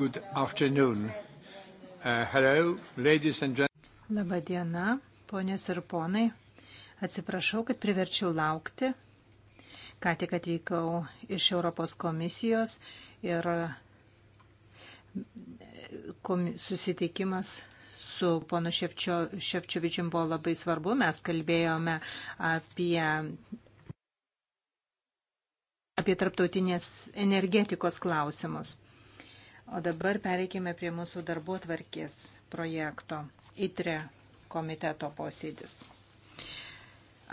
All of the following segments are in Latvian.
Good afternoon. Uh, hello, ladies and gentlemen. Labą dieną, ponios ir ponai. Atsiprašau, kad priverčiau laukti. Ką tik atvykau iš Europos komisijos ir mm, komi susitikimas su ponu Ševčio, Ševčiovičium buvo labai svarbu. Mes kalbėjome apie, apie tarptautinės energetikos klausimus. O dabar pereikime prie mūsų darbo tvarkės projekto ITRE komiteto posėdis.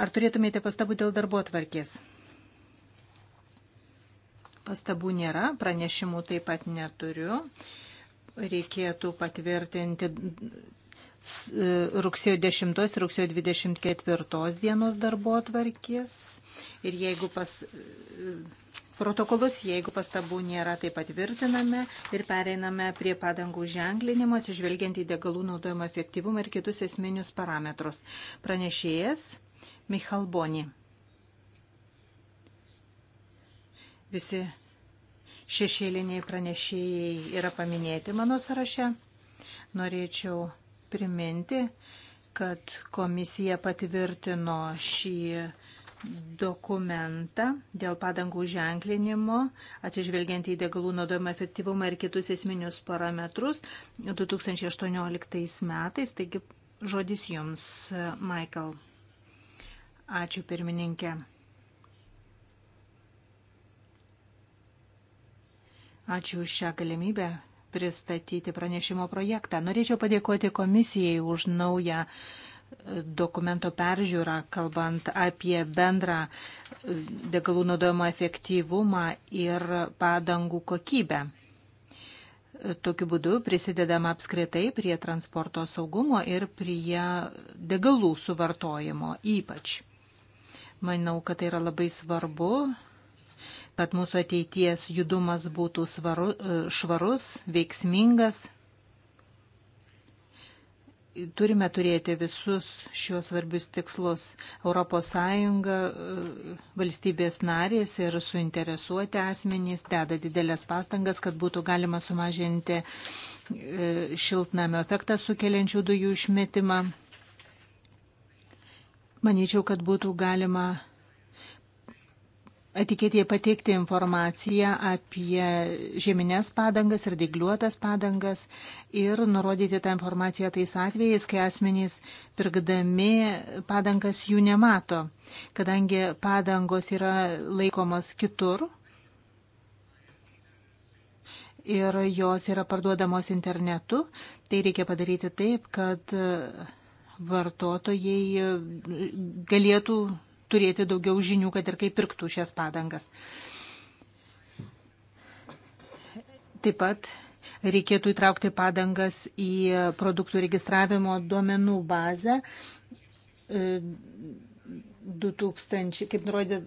Ar turėtumėte pastabų dėl darbo tvarkės? Pastabų nėra, pranešimų taip pat neturiu. Reikėtų patvirtinti e, rugsėjo 10 ir rugsėjo 24 dienos darbo atvarkės. Ir jeigu pas, protokolus, jeigu pastabų nėra, tai patvirtiname ir pereiname prie padangų ženklinimo, atsižvelgiant į degalų naudojimo efektyvumą ir kitus esminius parametrus. Pranešėjas Michal Boni. Visi šešėliniai pranešėjai yra paminėti mano sąraše. Norėčiau priminti, kad komisija patvirtino šį dokumentą dėl padangų ženklinimo, atsižvelgiant į degalų naudojimo efektyvumą ir kitus esminius parametrus 2018 metais. Taigi žodis jums, Michael. Ačiū pirmininkė. Ačiū už šią galimybę pristatyti pranešimo projektą. Norėčiau padėkoti komisijai už naują uh, dokumento peržiūrą, kalbant apie bendrą e, degalų naudojimo efektyvumą ir padangų kokybę. E, tokiu būdu prisidedama apskritai prie transporto saugumo ir prie degalų suvartojimo ypač. Manau, kad tai yra labai svarbu, kad mūsų ateities judumas būtų svaru, e, švarus, veiksmingas, turime turėti visus šios svarbius tikslus. ES, e, valstybės narės ir suinteresuoti asmenys deda didelės pastangas, kad būtų galima sumažinti e, šiltnamio efektą sukeliančių dujų išmetimą. Manyčiau, kad būtų galima etiketėje pateikti informaciją apie žemines padangas ir digliuotas padangas ir nurodyti tą informaciją tais atvejais, kai asmenys pirkdami padangas jų nemato, kadangi padangos yra laikomos kitur. Ir jos yra parduodamos internetu, tai reikia padaryti taip, kad vartotojai galėtų turėti daugiau žinių, kad ir kaip pirktų šias padangas. Taip pat reikėtų įtraukti padangas į produktų registravimo duomenų bazę 2000, kaip nurodė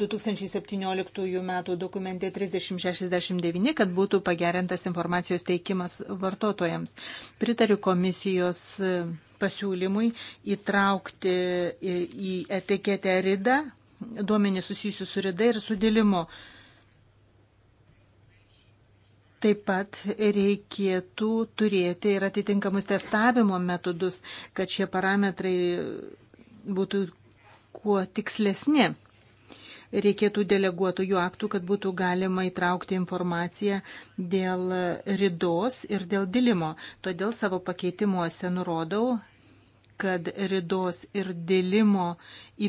2017 m. dokumente 3069, kad būtų pagerintas informacijos teikimas vartotojams. Pritariu komisijos e, pasiūlymui įtraukti e, į etiketę ridą duomenį susijusiu su rida ir sudėlimu. Taip pat reikėtų turėti ir atitinkamus testavimo metodus, kad šie parametrai būtų kuo tikslesni. Reikėtų deleguotojų aktų, kad būtų galima įtraukti informaciją dėl ridos ir dėl dilimo. Todėl savo pakeitimuose nurodau, kad ridos ir dėlimo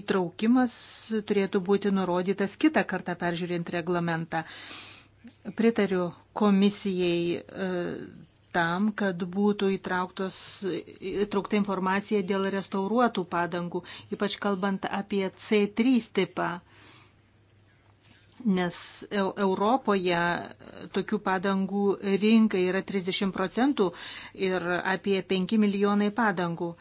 įtraukimas turėtų būti nurodytas kitą kartą peržiūrint reglamentą. Pritariu komisijai e, tam, kad būtų įtrauktos, įtraukta informacija dėl restauruotų padangų, ypač kalbant apie C3 tipą. Nes Europoje tokių padangų rinka yra 30 procentų ir apie 5 milijonai padangų.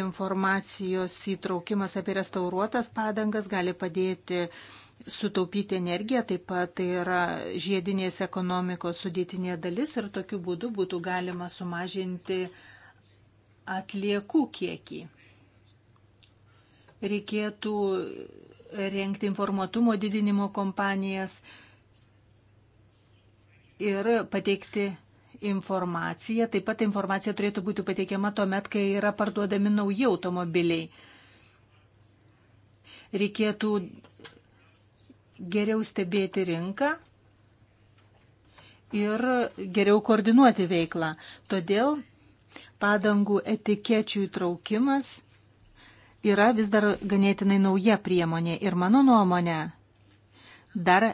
Informacijos įtraukimas apie restauruotas padangas gali padėti uh, sutaupyti energiją, taip pat tai yra žiedinės ekonomikos sudėtinė dalis ir tokiu būdu būtų galima sumažinti atliekų kiekį. Reikėtų rengti informatumo didinimo kompanijas ir pateikti informaciją. Taip pat informacija turėtų būti pateikiama tuo met, kai yra parduodami nauji automobiliai. Reikėtų geriau stebėti rinką ir geriau koordinuoti veiklą. Todėl padangų etikečių įtraukimas yra vis dar ganėtinai nauja priemonė ir mano nuomonė dar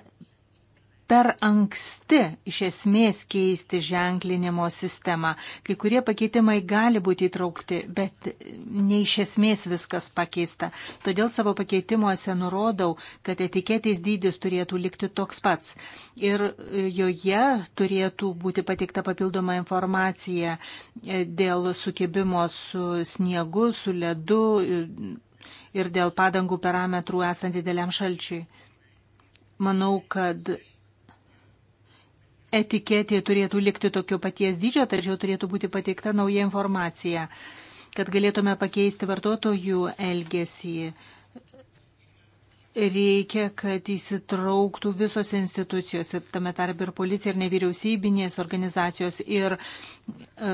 per anksti iš esmės keisti ženklinimo sistemą. Kai kurie pakeitimai gali būti įtraukti, bet ne iš esmės viskas pakeista. Todėl savo pakeitimuose nurodau, kad etiketės dydis turėtų likti toks pats. Ir joje turėtų būti pateikta papildoma informacija dėl sukibimo su sniegu, su ledu ir dėl padangų parametrų esant dideliam šalčiui. Manau, kad etiketė turėtų likti tokio paties dydžio, tačiau turėtų būti pateikta nauja informacija, kad galėtume pakeisti vartotojų elgesį. Reikia, kad įsitrauktų visos institucijos, tame tarp ir policija, ir nevyriausybinės organizacijos, ir e,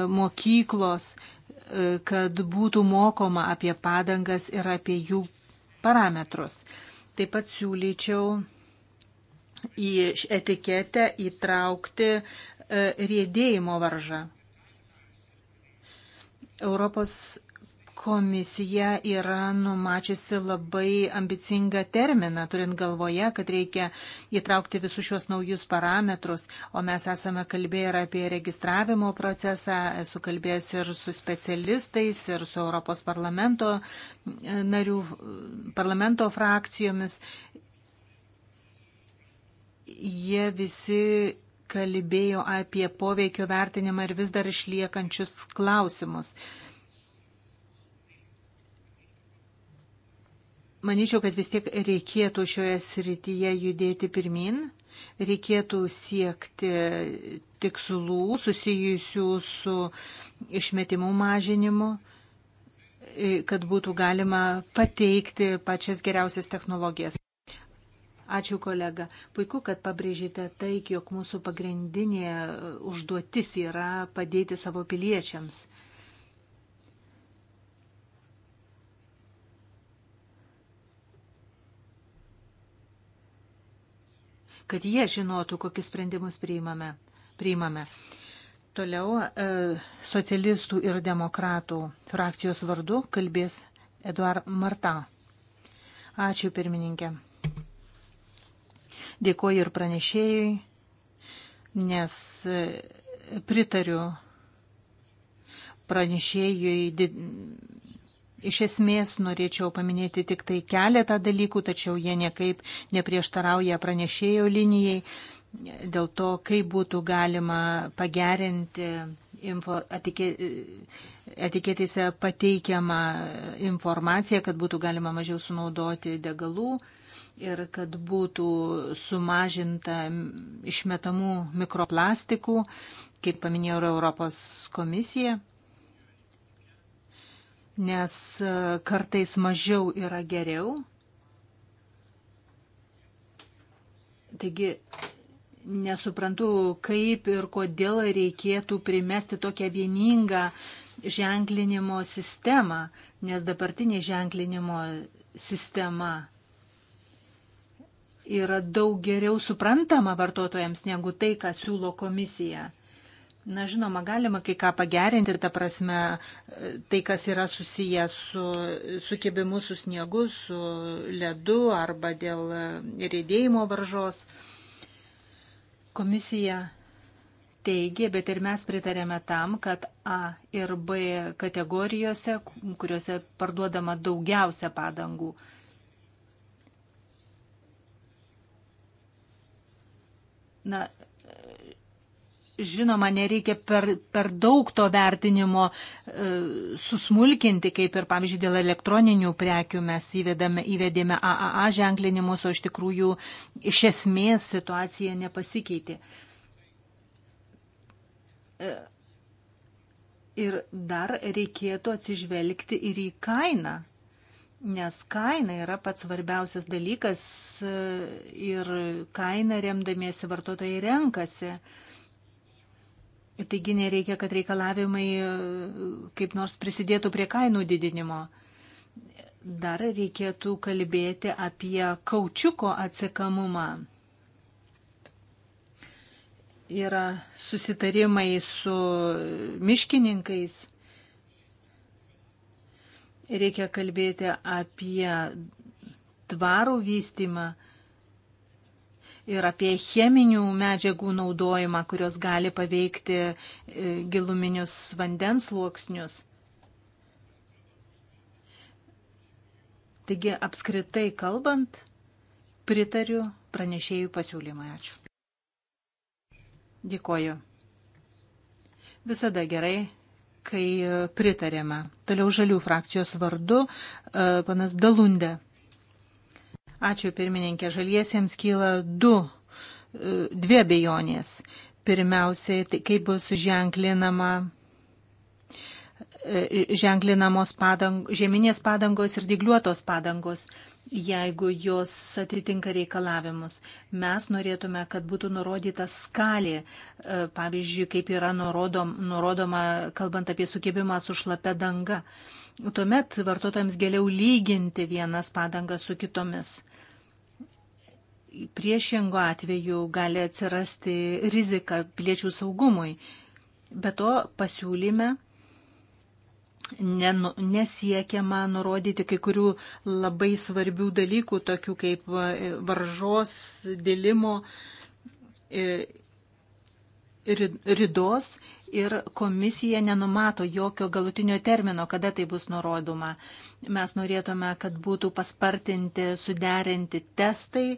mokyklos, e, kad būtų mokoma apie padangas ir apie jų parametrus. Taip pat siūlyčiau į etiketę įtraukti e, riedėjimo varžą. Europos komisija yra numačiusi labai ambicingą terminą, turint galvoje, kad reikia įtraukti visus šios naujus parametrus, o mes esame kalbėję ir apie registravimo procesą, esu kalbėjęs ir su specialistais, ir su Europos parlamento e, narių, parlamento frakcijomis jie visi kalbėjo apie poveikio vertinimą ir vis dar išliekančius klausimus. Maničiau, kad vis tiek reikėtų šioje srityje judėti pirmin, reikėtų siekti tikslų susijusių su išmetimų mažinimu, kad būtų galima pateikti pačias geriausias technologijas. Ačiū, kolega. Puiku, kad pabrėžite tai, jog mūsų pagrindinė uh, užduotis yra padėti savo piliečiams. kad jie žinotų, kokius sprendimus priimame. priimame. Toliau uh, socialistų ir demokratų frakcijos vardu kalbės Eduard Marta. Ačiū pirmininkė. Dėkoju ir pranešėjui, nes e, pritariu pranešėjui. Iš esmės norėčiau paminėti tik tai keletą dalykų, tačiau jie niekaip neprieštarauja pranešėjo linijai dėl to, kaip būtų galima pagerinti etiketėse pateikiamą informaciją, kad būtų galima mažiau sunaudoti degalų ir kad būtų sumažinta išmetamų mikroplastikų, kaip paminėjo Europos komisija, nes e, kartais mažiau yra geriau. Taigi nesuprantu, kaip ir kodėl reikėtų primesti tokią vieningą ženklinimo sistemą, nes dabartinė ženklinimo sistema yra daug geriau suprantama vartotojams negu tai, ką siūlo komisija. Na, žinoma, galima kai ką pagerinti, ta prasme, tai, kas yra susijęs su, su kibimu, su sniegu, su ledu arba dėl rėdėjimo varžos. Komisija teigė, bet ir mes pritarėme tam, kad A ir B kategorijose, kuriuose parduodama daugiausia padangų, Na, žinoma, nereikia per, per daug to vertinimo e, susmulkinti, kaip ir, pavyzdžiui, dėl elektroninių prekių mes įvedame, įvedėme AAA ženklinimus, o iš tikrųjų iš esmės situacija nepasikeitė. E, ir dar reikėtų atsižvelgti ir į kainą. Nes kaina yra pats svarbiausias dalykas e, ir kaina remdamiesi vartotojai renkasi. Taigi nereikia, kad reikalavimai e, kaip nors prisidėtų prie kainų didinimo. Dar reikėtų kalbėti apie kaučiuko atsikamumą. Yra susitarimai su miškininkais Reikia kalbėti apie tvarų vystimą ir apie cheminių medžiagų naudojimą, kurios gali paveikti e, giluminius vandens sluoksnius. Taigi apskritai kalbant, pritariu pranešėjų pasiūlymai. Ačiū. Dėkoju. Visada gerai kai e, pritarėme. Toliau žalių frakcijos vardu e, panas Dalundė. Ačiū pirmininkė. Žaliesiems kyla du, e, dvi abejonės. Pirmiausiai, tai kaip bus ženklinama ženklinamos padang, žeminės padangos ir digliuotos padangos jeigu jos atitinka reikalavimus. Mes norėtume, kad būtų nurodyta skalė, e, pavyzdžiui, kaip yra nurodom, nurodoma, kalbant apie sukibimą su šlapia danga. Tuomet vartotojams geriau lyginti vienas padangas su kitomis. Priešingo atveju gali atsirasti rizika piliečių saugumui. Be to pasiūlyme nesiekiama nurodyti kai kurių labai svarbių dalykų, tokių kaip e, varžos, dėlimo, e, rydos ir komisija nenumato jokio galutinio termino, kada tai bus nurodoma. Mes norėtume, kad būtų paspartinti, suderinti testai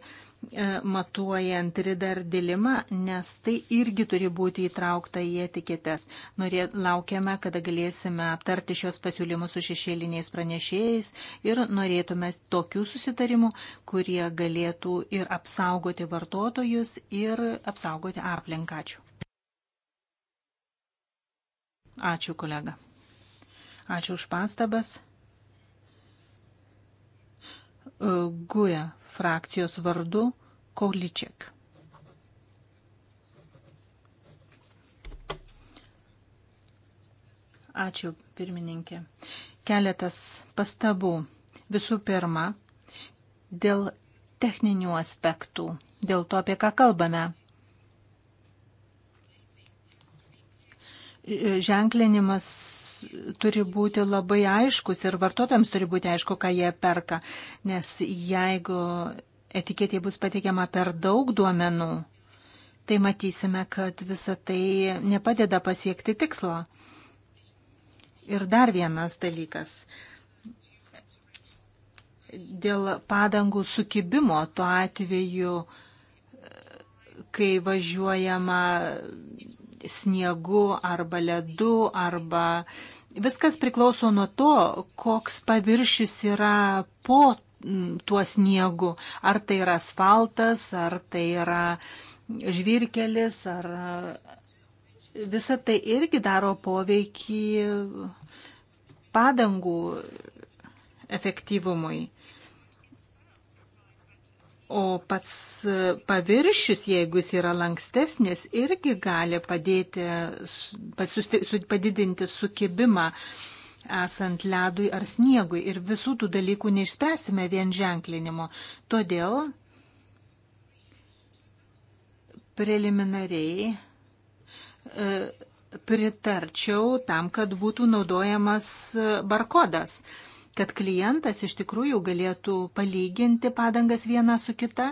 E, matuojant ridardilimą, nes tai irgi turi būti įtraukta į etiketes. Norė, laukiame, kada galėsime aptarti šios pasiūlymus su šešėliniais pranešėjais ir norėtume tokių susitarimų, kurie galėtų ir apsaugoti vartotojus, ir apsaugoti aplinkačių. Ačiū, kolega. Ačiū už pastabas. E, GUE frakcijos vardu Kauličiek. Ačiū, pirmininkė. Keletas pastabų. Visų pirma, dėl techninių aspektų, dėl to, apie ką kalbame. ženklinimas turi būti labai aiškus ir vartotojams turi būti aišku, ką jie perka, nes jeigu etiketėje bus pateikiama per daug duomenų, tai matysime, kad visa tai nepadeda pasiekti tikslo. Ir dar vienas dalykas. Dėl padangų sukibimo tuo atveju, kai važiuojama sniegu arba ledu arba viskas priklauso nuo to, koks paviršius yra po tuo sniegu. Ar tai yra asfaltas, ar tai yra žvirkelis, ar visa tai irgi daro poveikį padangų efektyvumui. O pats e, paviršius, jeigu jis yra lankstesnis, irgi gali padėti e, pasusti, padidinti sukibimą esant ledui ar sniegui. Ir visų tų dalykų neišspręsime vien ženklinimo. Todėl preliminariai e, pritarčiau tam, kad būtų naudojamas barkodas kad klientas iš tikrųjų galėtų palyginti padangas vieną su kita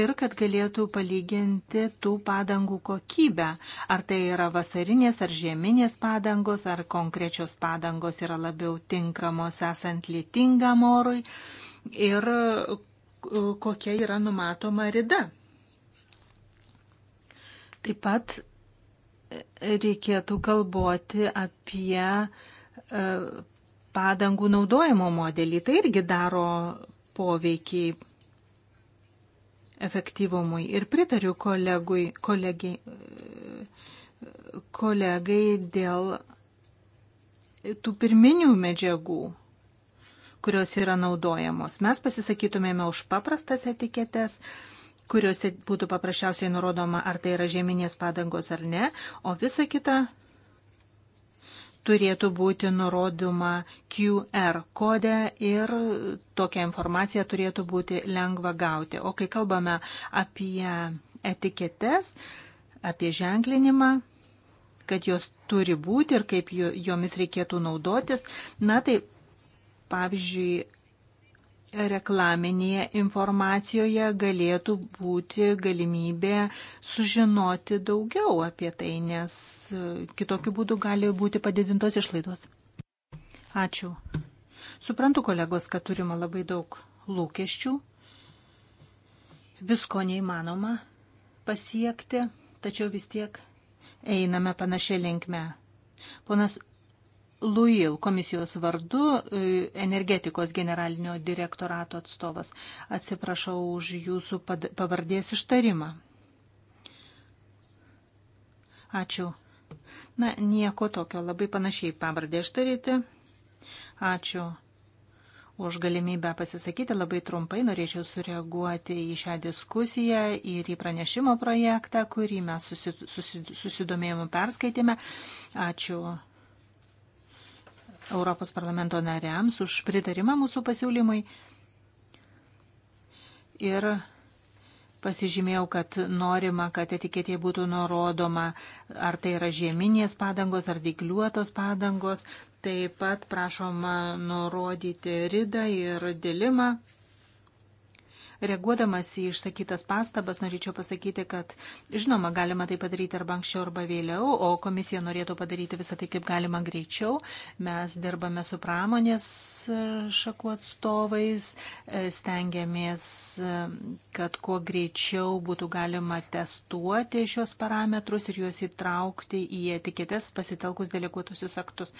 ir kad galėtų palyginti tų padangų kokybę. Ar tai yra vasarinės ar žieminės padangos, ar konkrečios padangos yra labiau tinkamos esant lytingam orui ir e, kokia yra numatoma rida. Taip pat e, reikėtų galvoti apie e, padangų naudojimo modelį. Tai irgi daro poveikį efektyvumui. Ir pritariu kolegui, kolegiai, kolegai dėl tų pirminių medžiagų, kurios yra naudojamos. Mes pasisakytumėme už paprastas etiketės kuriuose būtų paprasčiausiai nurodoma, ar tai yra žeminės padangos ar ne, o visa kita turėtų būti nurodoma QR kodė ir tokią informaciją turėtų būti lengva gauti. O kai kalbame apie etiketes, apie ženklinimą, kad jos turi būti ir kaip jomis reikėtų naudotis, na tai pavyzdžiui, reklaminėje informacijoje galėtų būti galimybė sužinoti daugiau apie tai, nes e, kitokiu būdu gali būti padidintos išlaidos. Ačiū. Suprantu, kolegos, kad turima labai daug lūkesčių. Visko neįmanoma pasiekti, tačiau vis tiek einame panašią linkmę. Ponas Luil komisijos vardu e, energetikos generalinio direktorato atstovas. Atsiprašau už jūsų pavardės ištarimą. Ačiū. Na, nieko tokio, labai panašiai pavardę ištarėte. Ačiū už galimybę pasisakyti. Labai trumpai norėčiau sureaguoti į šią diskusiją ir į pranešimo projektą, kurį mes susidomėjimu perskaitėme. Ačiū Europos parlamento nariams už pritarimą mūsų pasiūlymui. Ir pasižymėjau, kad norima, kad etiketėje būtų nurodoma, ar tai yra žieminės padangos, ar dikliuotos padangos. Taip pat prašoma nurodyti ridą ir dėlimą Reaguodamas į išsakytas pastabas, norėčiau pasakyti, kad žinoma, galima tai padaryti arba anksčiau, arba vėliau, o komisija norėtų padaryti visą tai kaip galima greičiau. Mes dirbame su pramonės šakų atstovais, e, stengiamės, e, kad kuo greičiau būtų galima testuoti šios parametrus ir juos įtraukti į etiketes pasitelkus deleguotusius aktus.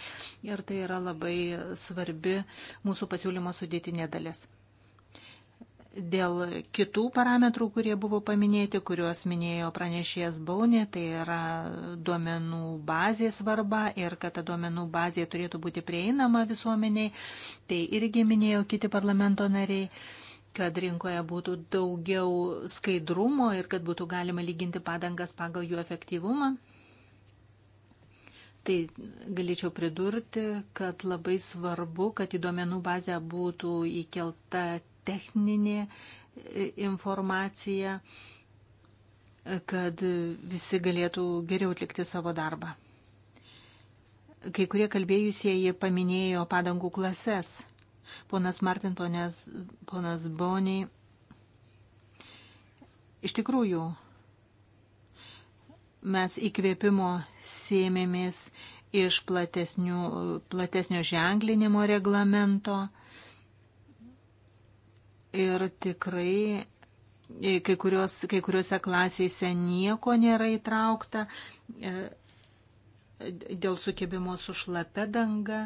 Ir tai yra labai svarbi mūsų pasiūlymo sudėtinė dalis dėl kitų parametrų, kurie buvo paminėti, kuriuos minėjo pranešėjas Baunė, tai yra duomenų bazės svarba ir kad ta duomenų bazė turėtų būti prieinama visuomeniai, tai irgi minėjo kiti parlamento nariai kad rinkoje būtų daugiau skaidrumo ir kad būtų galima lyginti padangas pagal jų efektyvumą. Tai galėčiau pridurti, kad labai svarbu, kad į duomenų bazę būtų įkelta techninė e, informacija, kad visi galėtų geriau atlikti savo darbą. Kai kurie kalbėjusieji paminėjo padangų klases. Ponas Martin, ponas, ponas Boniai. Iš tikrųjų, mes įkvėpimo sėmėmės iš platesnių, platesnio ženklinimo reglamento ir tikrai e, kai, kurios, kai kuriuose klasėse nieko nėra įtraukta e, dėl sukibimo su šlape danga.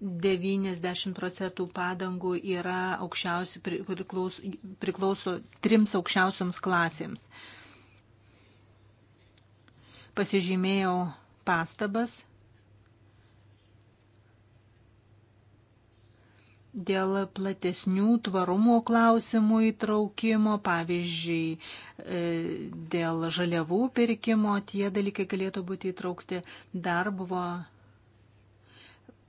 90 procentų padangų yra aukščiausi, priklauso, priklauso trims aukščiausioms klasėms. Pasižymėjau pastabas dėl platesnių tvarumo klausimų įtraukimo, pavyzdžiui, e, dėl žaliavų pirkimo, tie dalykai galėtų būti įtraukti. Dar buvo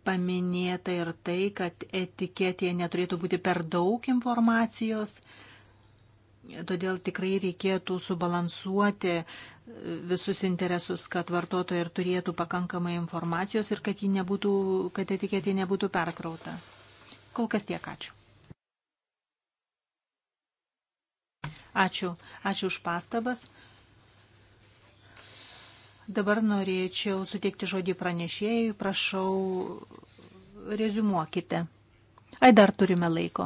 paminėta ir tai, kad etiketėje neturėtų būti per daug informacijos, todėl tikrai reikėtų subalansuoti e, visus interesus, kad vartotojai ir turėtų pakankamai informacijos ir kad, nebūtų, kad etiketė nebūtų perkrauta. Kol kas tiek ačiū. Ačiū. Ačiū už pastabas. Dabar norėčiau suteikti žodį pranešėjui. Prašau, rezumuokite. Ai, dar turime laiko.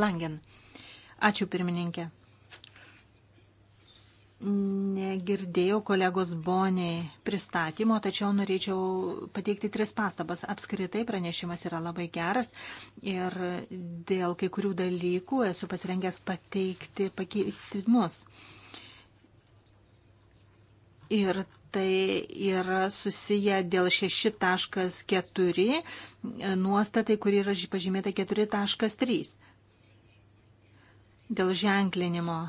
Langen. Ačiū pirmininkė. Negirdėjau kolegos Boniai pristatymo, tačiau norėčiau pateikti tris pastabas. Apskritai pranešimas yra labai geras ir dėl kai kurių dalykų esu pasirengęs pateikti pakeitimus. Ir tai yra susiję dėl 6.4 nuostatai, kuri yra pažymėta 4.3 dėl ženklinimo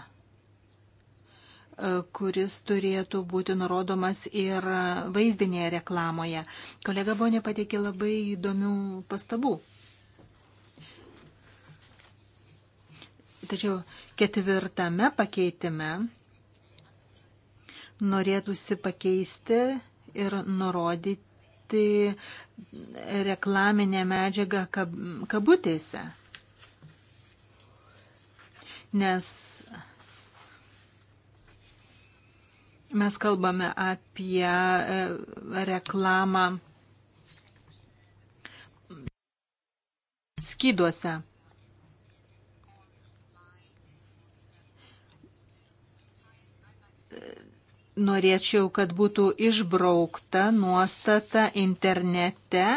kuris turėtų būti nurodomas ir vaizdinėje reklamoje. Kolega Bonė pateikė labai įdomių pastabų. Tačiau ketvirtame pakeitime norėtųsi pakeisti ir nurodyti reklaminę medžiagą kabutėse. Nes Mes kalbame apie e, reklamą skyduose. Norėčiau, kad būtų išbraukta nuostata internete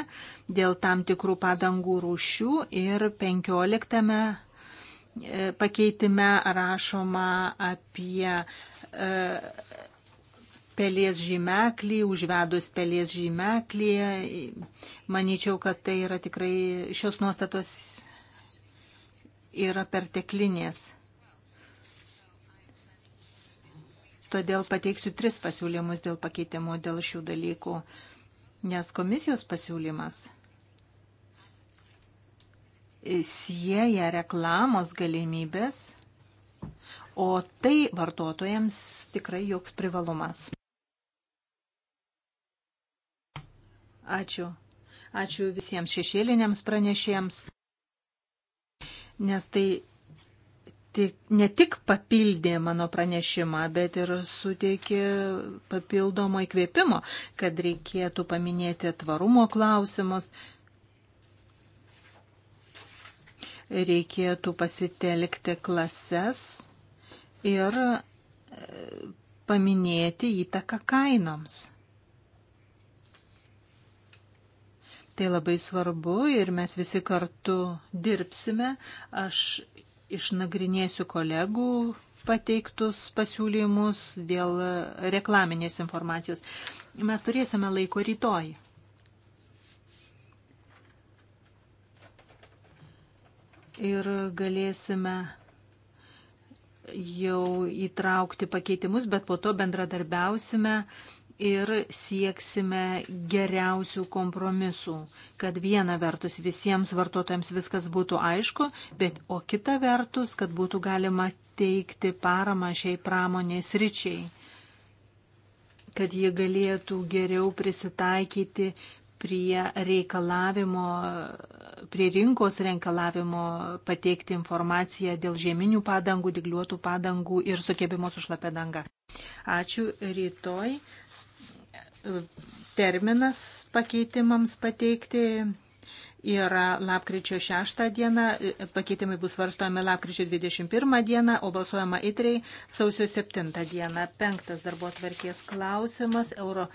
dėl tam tikrų padangų rūšių ir 15 e, pakeitime rašoma apie e, pelės žymeklį, užvedus pelės žymeklį, manyčiau, kad tai yra tikrai šios nuostatos yra perteklinės. Todėl pateiksiu tris pasiūlymus dėl pakeitimų dėl šių dalykų, nes komisijos pasiūlymas sieja reklamos galimybės, o tai vartotojams tikrai joks privalumas. Ačiū. Ačiū visiems šešėliniams pranešėjams, nes tai tik, ne tik papildė mano pranešimą, bet ir suteikė papildomo įkvėpimo, kad reikėtų paminėti tvarumo klausimus, reikėtų pasitelkti klases ir e, paminėti įtaką kainoms. Tai labai svarbu ir mes visi kartu dirbsime. Aš išnagrinėsiu kolegų pateiktus pasiūlymus dėl reklaminės informacijos. Mes turėsime laiko rytoj. Ir galėsime jau įtraukti pakeitimus, bet po to bendradarbiausime uh, ir sieksime geriausių kompromisų, kad viena vertus visiems vartotojams viskas būtų aišku, bet o kita vertus, kad būtų galima teikti paramą šiai pramonės ryčiai, kad jie galėtų geriau prisitaikyti prie reikalavimo, prie rinkos reikalavimo pateikti informaciją dėl žieminių padangų, digliuotų padangų ir sukėbimo su šlapia danga. Ačiū rytoj terminas pakeitimams pateikti yra lapkričio 6 diena, pakeitimai bus varstomi lapkričio 21 dieną, o balsuojama įtrei sausio 7 dieną. Penktas darbo tvarkės klausimas Euro,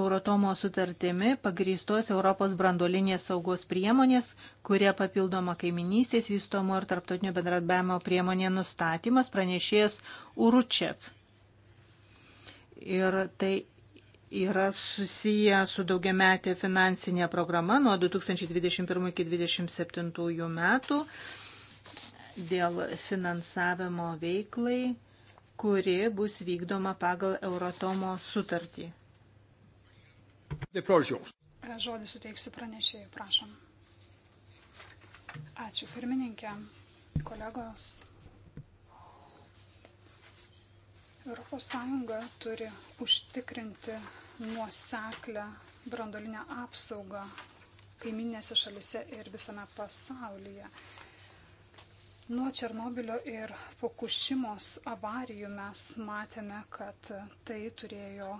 Eurotomo sutartimi pagrįstos Europos brandolinės saugos priemonės, kurie papildoma kaiminystės vystomo ir tarptautinio bendradarbiavimo priemonė nustatymas pranešėjas Uručev. Ir tai yra susiję su daugiametė finansinė programa nuo 2021 iki 2027 metų dėl finansavimo veiklai, kuri bus vykdoma pagal Euratomo sutartį. Žodį suteiksiu pranešėjai, prašom. Ačiū pirmininkė, kolegos. ES turi užtikrinti nuoseklę brandolinę apsaugą kaiminėse šalise ir visame pasaulyje. Nuo Černobilio ir Fukushimos avarijų mes matėme, kad tai turėjo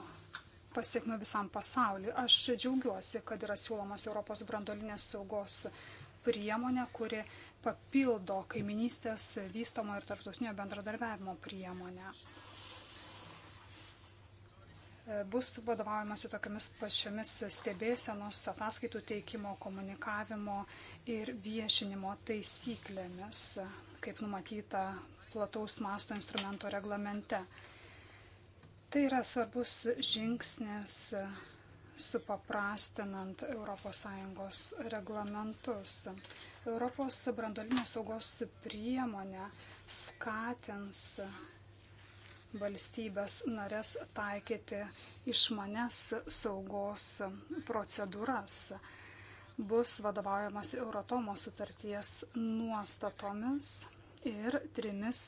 pasiekmių visam pasauliu. Aš džiaugiuosi, kad yra siūlomas Europos brandolinės saugos priemonė, kuri papildo kaiminystės vystomo ir tarptautinio bendradarbiavimo priemonę. E, bus vadovaujamasi tokiamis pačiomis stebėsenos ataskaitų teikimo, komunikavimo ir viešinimo taisyklėmis, kaip numatyta plataus masto instrumento reglamente. Tai yra svarbus žingsnis e, supaprastinant ES reglamentus. Europos brandolinės saugos priemonė skatins valstybės narės taikyti išmanes saugos procedūras. Bus vadovaujamas Euratomo sutarties nuostatomis ir trimis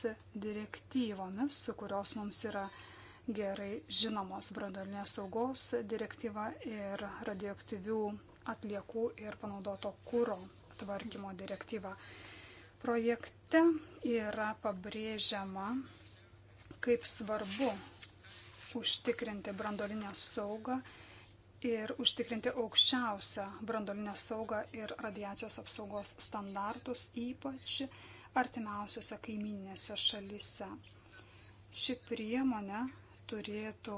direktyvomis, kurios mums yra gerai žinomos - brandolinės saugos direktyva ir radioaktyvių atliekų ir panaudoto kūro tvarkymo direktyva. Projekte yra pabrėžiama kaip svarbu užtikrinti brandolinę saugą ir užtikrinti aukščiausią brandolinę saugą ir radiacijos apsaugos standartus, ypač artimiausiose kaiminėse šalyse. Ši priemonė turėtų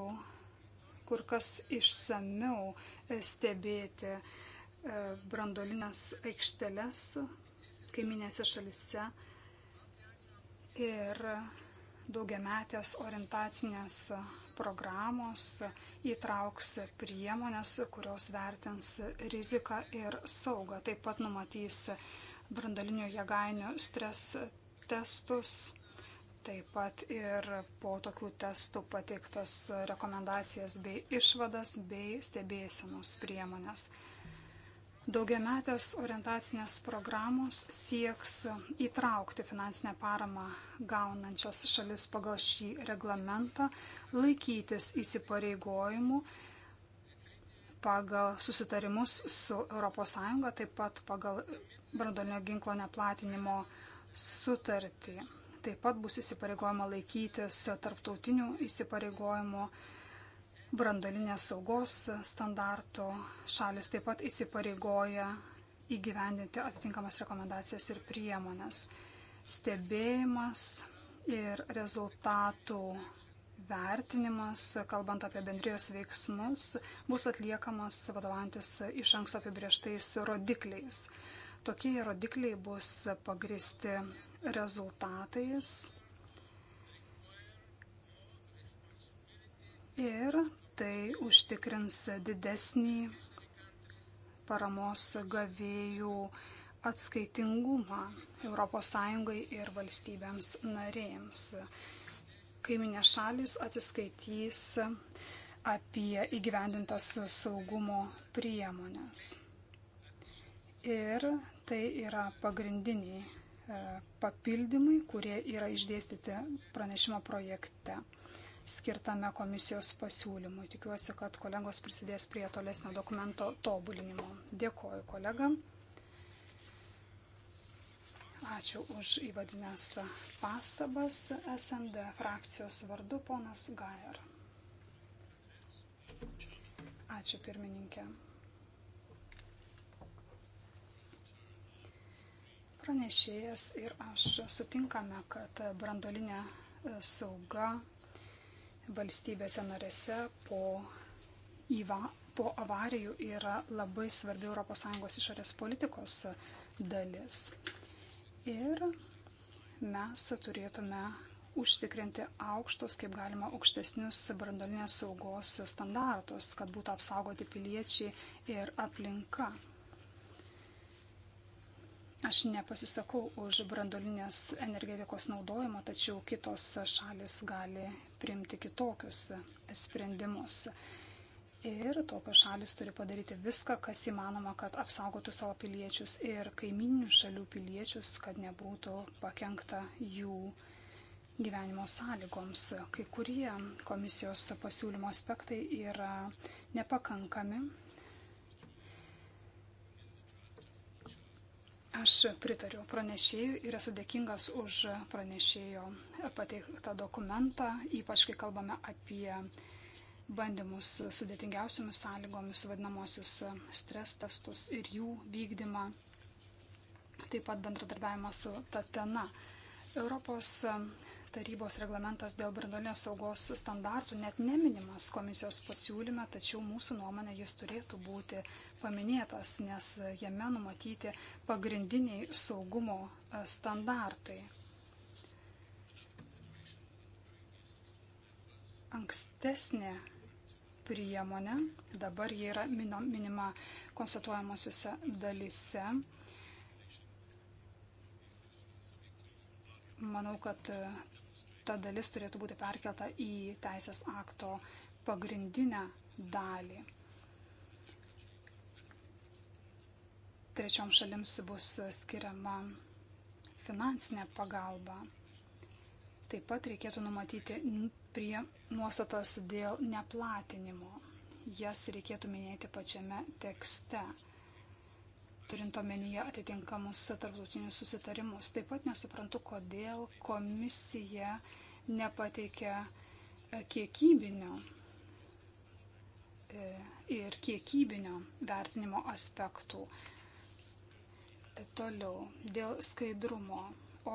kur kas išsamiau e, stebėti e, brandolinės aikšteles kaiminėse šalyse ir daugiametės orientacinės programos įtrauks priemonės, kurios vertins riziką ir saugą. Taip pat numatys brandalinių jėgainių stres testus. Taip pat ir po tokių testų pateiktas rekomendacijas bei išvadas bei stebėsenos priemonės. Daugiametės orientacinės programos sieks įtraukti finansinę paramą gaunančias šalis pagal šį reglamentą, laikytis įsipareigojimų pagal susitarimus su ES, taip pat pagal brandolinio ginklo neplatinimo sutartį. Taip pat bus įsipareigojama laikytis tarptautinių įsipareigojimų brandolinės saugos standartų. Šalis taip pat įsipareigoja įgyvendinti atitinkamas rekomendacijas ir priemonės. Stebėjimas ir rezultatų vertinimas, kalbant apie bendrijos veiksmus, bus atliekamas vadovantis iš anksto apibrieštais rodikliais. Tokie rodikliai bus pagristi rezultatais ir tai užtikrins didesnį paramos gavėjų atskaitingumą ES ir valstybėms narėms. Kaiminės šalis atsiskaitys apie įgyvendintas saugumo priemonės. Ir tai yra pagrindiniai e, papildymai, kurie yra išdėstyti pranešimo projekte skirtame komisijos pasiūlymui. Tikiuosi, kad kolegos prisidės prie tolesnio dokumento tobulinimo. Dėkoju kolegam. Ačiū už įvadinės pastabas SND frakcijos vardu, ponas Gajer. Ačiū pirmininkė. Pranešėjas ir aš sutinkame, kad brandolinė sauga valstybėse narėse po, įva, po avarijų yra labai svarbi ES išorės politikos dalis. Ir mes turėtume užtikrinti aukštus, kaip galima aukštesnius brandolinės saugos standartus, kad būtų apsaugoti piliečiai ir aplinka. Aš nepasisakau už brandolinės energetikos naudojimą, tačiau kitos šalis gali priimti kitokius sprendimus. Ir tokios šalis turi padaryti viską, kas įmanoma, kad apsaugotų savo piliečius ir kaimininių šalių piliečius, kad nebūtų pakengta jų gyvenimo sąlygoms. Kai kurie komisijos pasiūlymo aspektai yra nepakankami, Aš pritariu pranešėjui ir esu dėkingas už pranešėjo pateiktą dokumentą, ypač kai kalbame apie bandymus sudėtingiausiamis sąlygomis, vadinamosius stres testus ir jų vykdymą, taip pat bendradarbiavimą su Tatena. Europos Tarybos reglamentas dėl branduolinės saugos standartų net neminimas komisijos pasiūlyme, tačiau mūsų nuomonė jis turėtų būti paminėtas, nes jame numatyti pagrindiniai saugumo e, standartai. Ankstesnė priemonė, dabar jie yra minima konstatuojamosiuose dalyse. Manau, kad ta dalis turėtų būti perkelta į teisės akto pagrindinę dalį. Trečiom šalims bus skiriama finansinė pagalba. Taip pat reikėtų numatyti prie nuostatas dėl neplatinimo. Jas reikėtų minėti pačiame tekste turint omenyje atitinkamus tarptautinius susitarimus. Taip pat nesuprantu, kodėl komisija nepateikia e, kiekybinio e, ir kiekybinio vertinimo aspektų. E, toliau, dėl skaidrumo.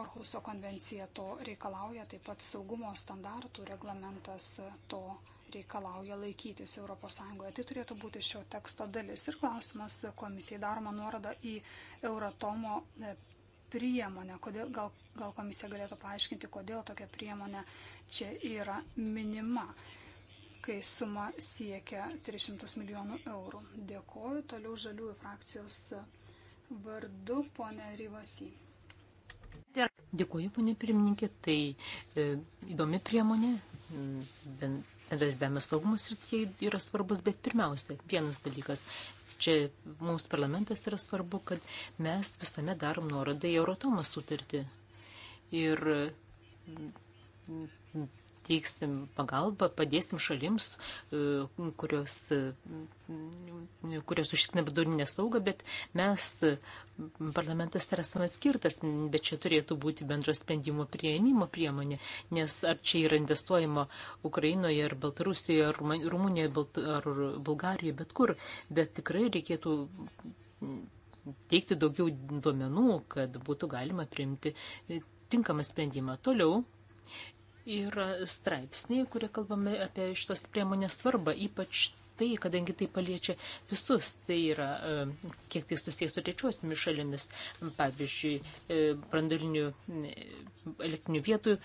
Orhuso konvencija to reikalauja, taip pat saugumo standartų reglamentas to reikalauja reikalauja laikytis ES. Tai turėtų būti šio teksto dalis. Ir klausimas komisijai daroma nuoroda į Euratomo e, priemonę. Kodėl, gal, gal komisija galėtų paaiškinti, kodėl tokia priemonė čia yra minima, kai suma siekia 300 milijonų eurų. Dėkoju toliau žaliųjų frakcijos vardu, ponė Ryvasi. Dėkuoju, ponė pirmininkė, tai e, įdomi priemonė, mm, bendradarbiavimas saugumo srityje yra svarbus, bet pirmiausia, vienas dalykas, čia mums parlamentas yra svarbu, kad mes visame darom nuorodą į Eurotomą sutartį. Ir mm, teiksim pagalbą, padėsim šalims, e, kurios, e, kurios užtikrina vidurinę saugą, bet mes, parlamentas, esame atskirtas, bet čia turėtų būti bendro sprendimo prieimimo priemonė, nes ar čia yra investuojama Ukrainoje, ar Baltarusijoje, ar Rumunijoje, ar Bulgarijoje, bet kur, bet tikrai reikėtų teikti daugiau duomenų, kad būtų galima priimti e, tinkamą sprendimą. Toliau yra straipsniai, kurie kalbame apie šitos priemonės svarbą, ypač tai, kadangi tai paliečia visus, tai yra, e, kiek tai susijęs su trečiosiomis šalimis, pavyzdžiui, e, brandalinių e, elektrinių vietų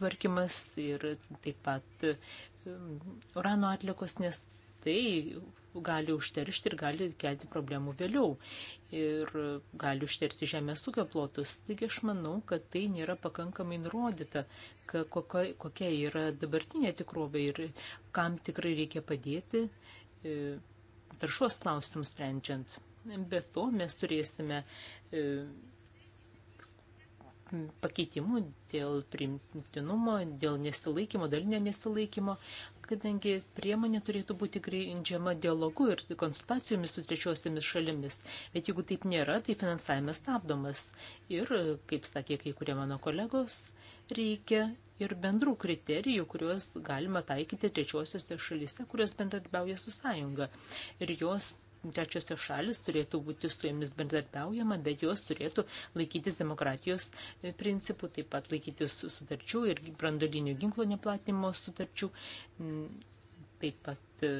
tvarkymas ir taip pat urano atlikos, nes tai gali užteršti ir gali kelti problemų vėliau. Ir gali užteršti žemės ūkio plotus. Taigi aš manau, kad tai nėra pakankamai nurodyta, kokia yra dabartinė tikrovė ir kam tikrai reikia padėti e, taršos klausimams sprendžiant. Be to mes turėsime e, pakeitimų dėl primtinumo, dėl nesilaikymo, dalinio nesilaikymo kadangi priemonė turėtų būti grindžiama dialogu ir konsultacijomis su trečiosiamis šalimis. Bet jeigu taip nėra, tai finansavimas stabdomas. Ir, kaip sakė kai kurie mano kolegos, reikia ir bendrų kriterijų, kuriuos galima taikyti trečiosiuose šalyse, kurios bendradarbiauja su sąjunga. Ir jos trečiosios šalis turėtų būti su jomis bendradarbiaujama, bet jos turėtų laikytis demokratijos e, principų, taip pat laikytis sutarčių ir brandolinių ginklo neplatinimo sutarčių, taip pat e,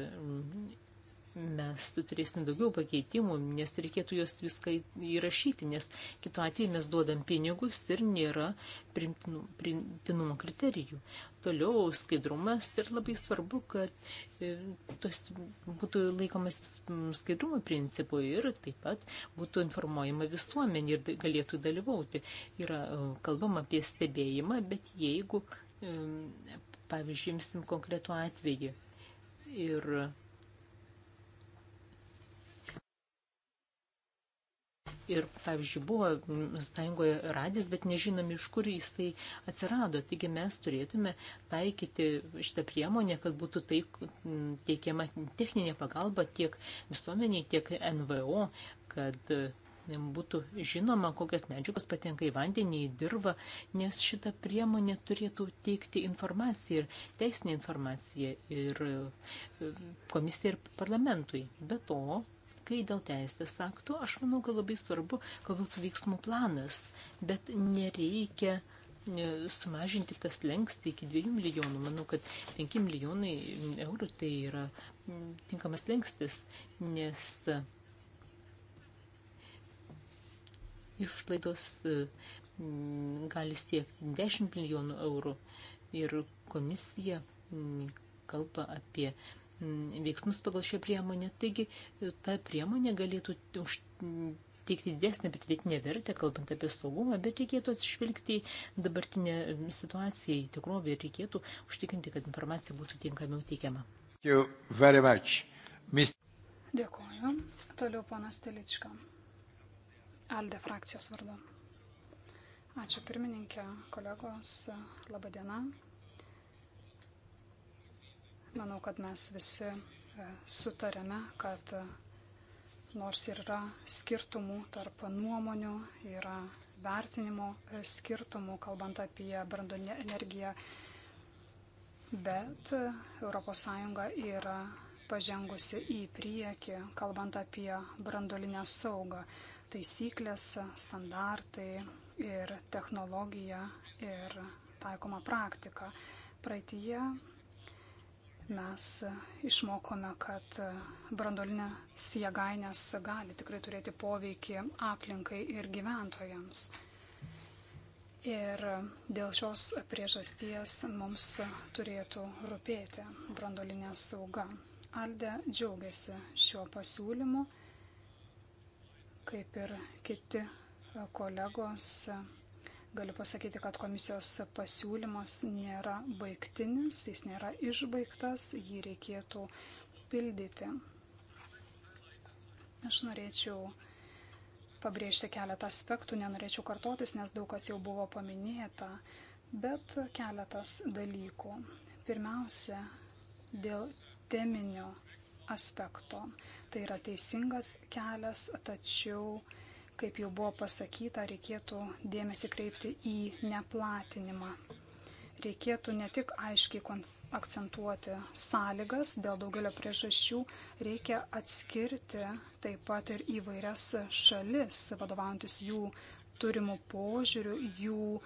mes turėsim daugiau pakeitimų, nes reikėtų juos viską įrašyti, nes kitu atveju mes duodam pinigus ir nėra primtinu, primtinumo kriterijų. Toliau skaidrumas ir labai svarbu, kad e, tos būtų laikomas mm, skaidrumo principu ir taip pat būtų informuojama visuomenė ir galėtų dalyvauti. Yra e, kalbama apie stebėjimą, bet jeigu, e, pavyzdžiui, imsim konkretų atvejį ir Ir, pavyzdžiui, buvo sąjungoje radis, bet nežinom, iš kur jisai atsirado. Taigi mes turėtume taikyti šitą priemonę, kad būtų taik, teikiama techninė pagalba tiek visuomeniai, tiek NVO, kad būtų žinoma, kokias medžiagos patenka į vandenį, į dirvą, nes šita priemonė turėtų teikti informaciją ir teisinę informaciją ir komisijai ir parlamentui. Be to, kai dėl teisės aktų, aš manau, kad labai svarbu, kad būtų veiksmų planas, bet nereikia e, sumažinti tas lengstį iki 2 milijonų. Manau, kad 5 milijonai eurų tai yra tinkamas lengstis, nes e, išlaidos e, gali siekti 10 milijonų eurų ir komisija kalba apie veiksmus pagal šią priemonę. Taigi, ta priemonė galėtų teikti didesnį pridėtinę vertę, kalbant apie saugumą, bet reikėtų atsižvelgti į dabartinę situaciją, į tikrovę ir reikėtų užtikrinti, kad informacija būtų tinkamiau teikiama. Dėkuoju. Toliau ponas Telička. Alde frakcijos vardu. Ačiū pirmininkė, kolegos, laba diena. Manau, kad mes visi e, sutarėme, kad e, nors ir yra skirtumų tarp nuomonių, yra vertinimo e, skirtumų, kalbant apie branduolinę energiją, bet ES yra pažengusi į priekį, kalbant apie branduolinę saugą. Taisyklės, standartai ir technologija ir taikoma praktika. Praeitie Mes e, išmokome, kad e, brandolinės jėgainės gali tikrai turėti poveikį aplinkai ir gyventojams. Ir e, dėl šios priežasties mums turėtų rūpėti brandolinė sauga. Alde džiaugiasi šiuo pasiūlymu, kaip ir kiti kolegos Galiu pasakyti, kad komisijos pasiūlymas nėra baigtinis, jis nėra išbaigtas, jį reikėtų pildyti. Aš norėčiau pabrėžti keletą aspektų, nenorėčiau kartotis, nes daug kas jau buvo paminėta, bet keletas dalykų. Pirmiausia, dėl teminio aspekto. Tai yra teisingas kelias, tačiau kaip jau buvo pasakyta, reikėtų dėmesį kreipti į neplatinimą. Reikėtų ne tik aiškiai akcentuoti sąlygas, dėl daugelio priežasčių reikia atskirti taip pat ir įvairias šalis, vadovaujantis jų turimų požiūrių, jų e,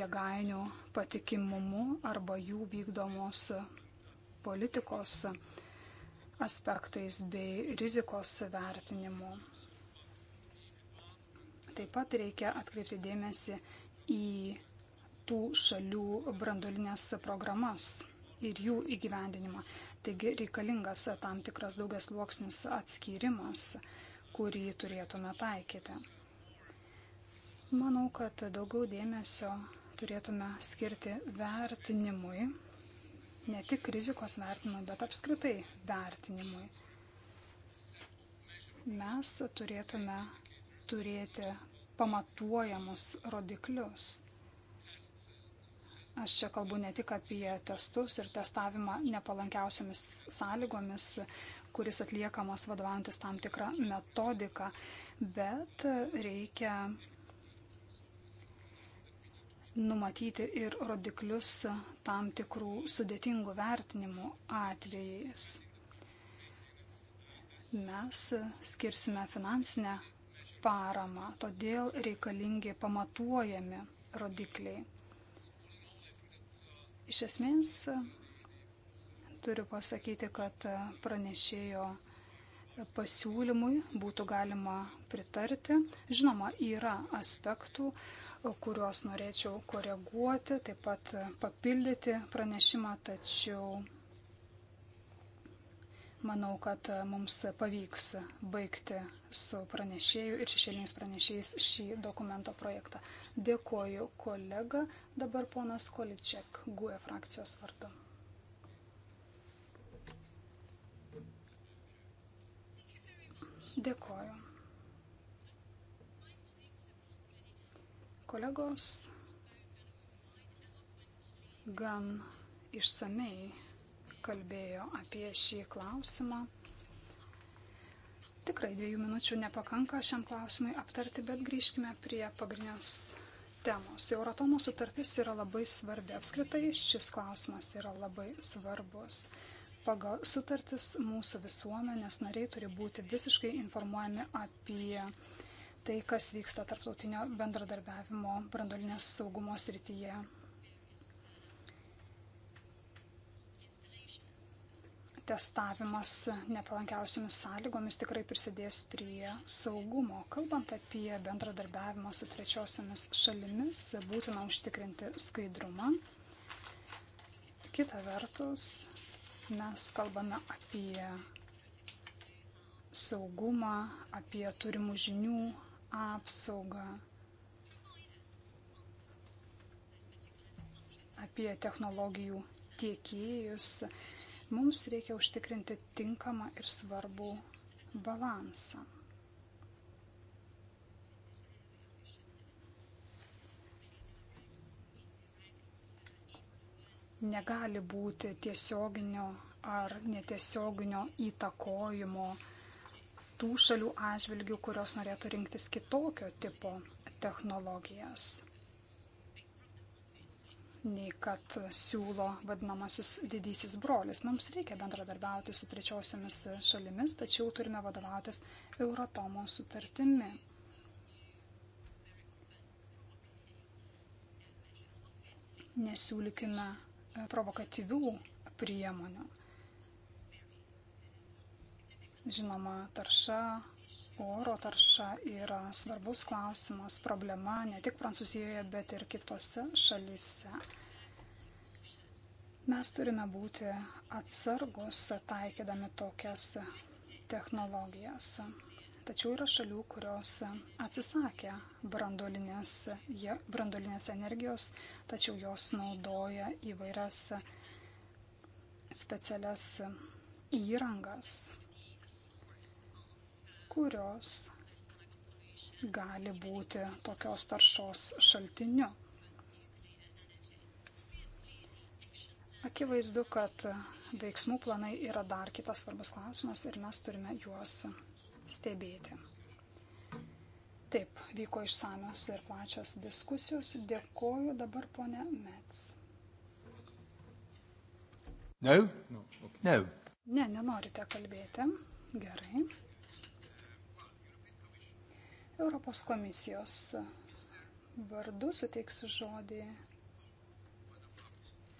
jėgainių patikimumu arba jų vykdomos politikos aspektais bei rizikos vertinimu. Taip pat reikia atkreipti dėmesį į tų šalių brandulinės programas ir jų įgyvendinimą. Taigi reikalingas tam tikras daugias luoksnis atskyrimas, kurį turėtume taikyti. Manau, kad daugiau dėmesio turėtume skirti vertinimui, ne tik rizikos vertinimui, bet apskritai vertinimui. Mes turėtume turėti pamatuojamus rodiklius. Aš čia kalbu ne tik apie testus ir testavimą nepalankiausiamis sąlygomis, kuris atliekamas vadovantis tam tikrą metodiką, bet reikia numatyti ir rodiklius tam tikrų sudėtingų vertinimų atvejais. Mes skirsime finansinę paramą, todėl reikalingi pamatuojami rodikliai. Iš esmės, turiu pasakyti, kad pranešėjo pasiūlymui būtų galima pritarti. Žinoma, yra aspektų, kuriuos norėčiau koreguoti, taip pat papildyti pranešimą, tačiau Manau, kad e, mums pavyks baigti su pranešėju ir šešėliniais pranešėjais šį dokumento projektą. Dėkoju kolega, dabar ponas Količek, GUE frakcijos vardu. Dėkoju. Kolegos gan išsamei kalbėjo apie šį klausimą. Tikrai dviejų minučių nepakanka šiam klausimui aptarti, bet grįžkime prie pagrindinės temos. Euratomo sutartis yra labai svarbi. Apskritai šis klausimas yra labai svarbus. Pagal sutartis mūsų visuomenės nariai turi būti visiškai informuojami apie tai, kas vyksta tarptautinio bendradarbiavimo brandolinės saugumos rytyje testavimas nepalankiausiamis sąlygomis tikrai prisidės prie saugumo. Kalbant apie bendradarbiavimą su trečiosiomis šalimis, būtina užtikrinti skaidrumą. Kita vertus, mes kalbame apie saugumą, apie turimų žinių apsaugą, apie technologijų tiekėjus. Mums reikia užtikrinti tinkamą ir svarbų balansą. Negali būti tiesioginio ar netiesioginio įtakojimo tų šalių atžvilgių, kurios norėtų rinktis kitokio tipo technologijas nei kad siūlo vadinamasis didysis brolis. Mums reikia bendradarbiauti su trečiosiomis šalimis, tačiau turime vadovautis Euratomo sutartimi. Nesiūlykime provokatyvių priemonių. Žinoma, tarša, Oro tarša yra svarbus klausimas, problema ne tik Prancūzijoje, bet ir kitose šalyse. Mes turime būti atsargus taikydami tokias technologijas. Tačiau yra šalių, kurios atsisakė brandolinės, brandolinės energijos, tačiau jos naudoja įvairias specialias įrangas kurios gali būti tokios taršos šaltiniu. Akivaizdu, kad veiksmų planai yra dar kitas svarbus klausimas ir mes turime juos stebėti. Taip, vyko išsamios ir plačios diskusijos. Dėkoju dabar ponė Mets. No? No. Ne, nenorite kalbėti. Gerai. Europos komisijos vardu suteiksiu žodį.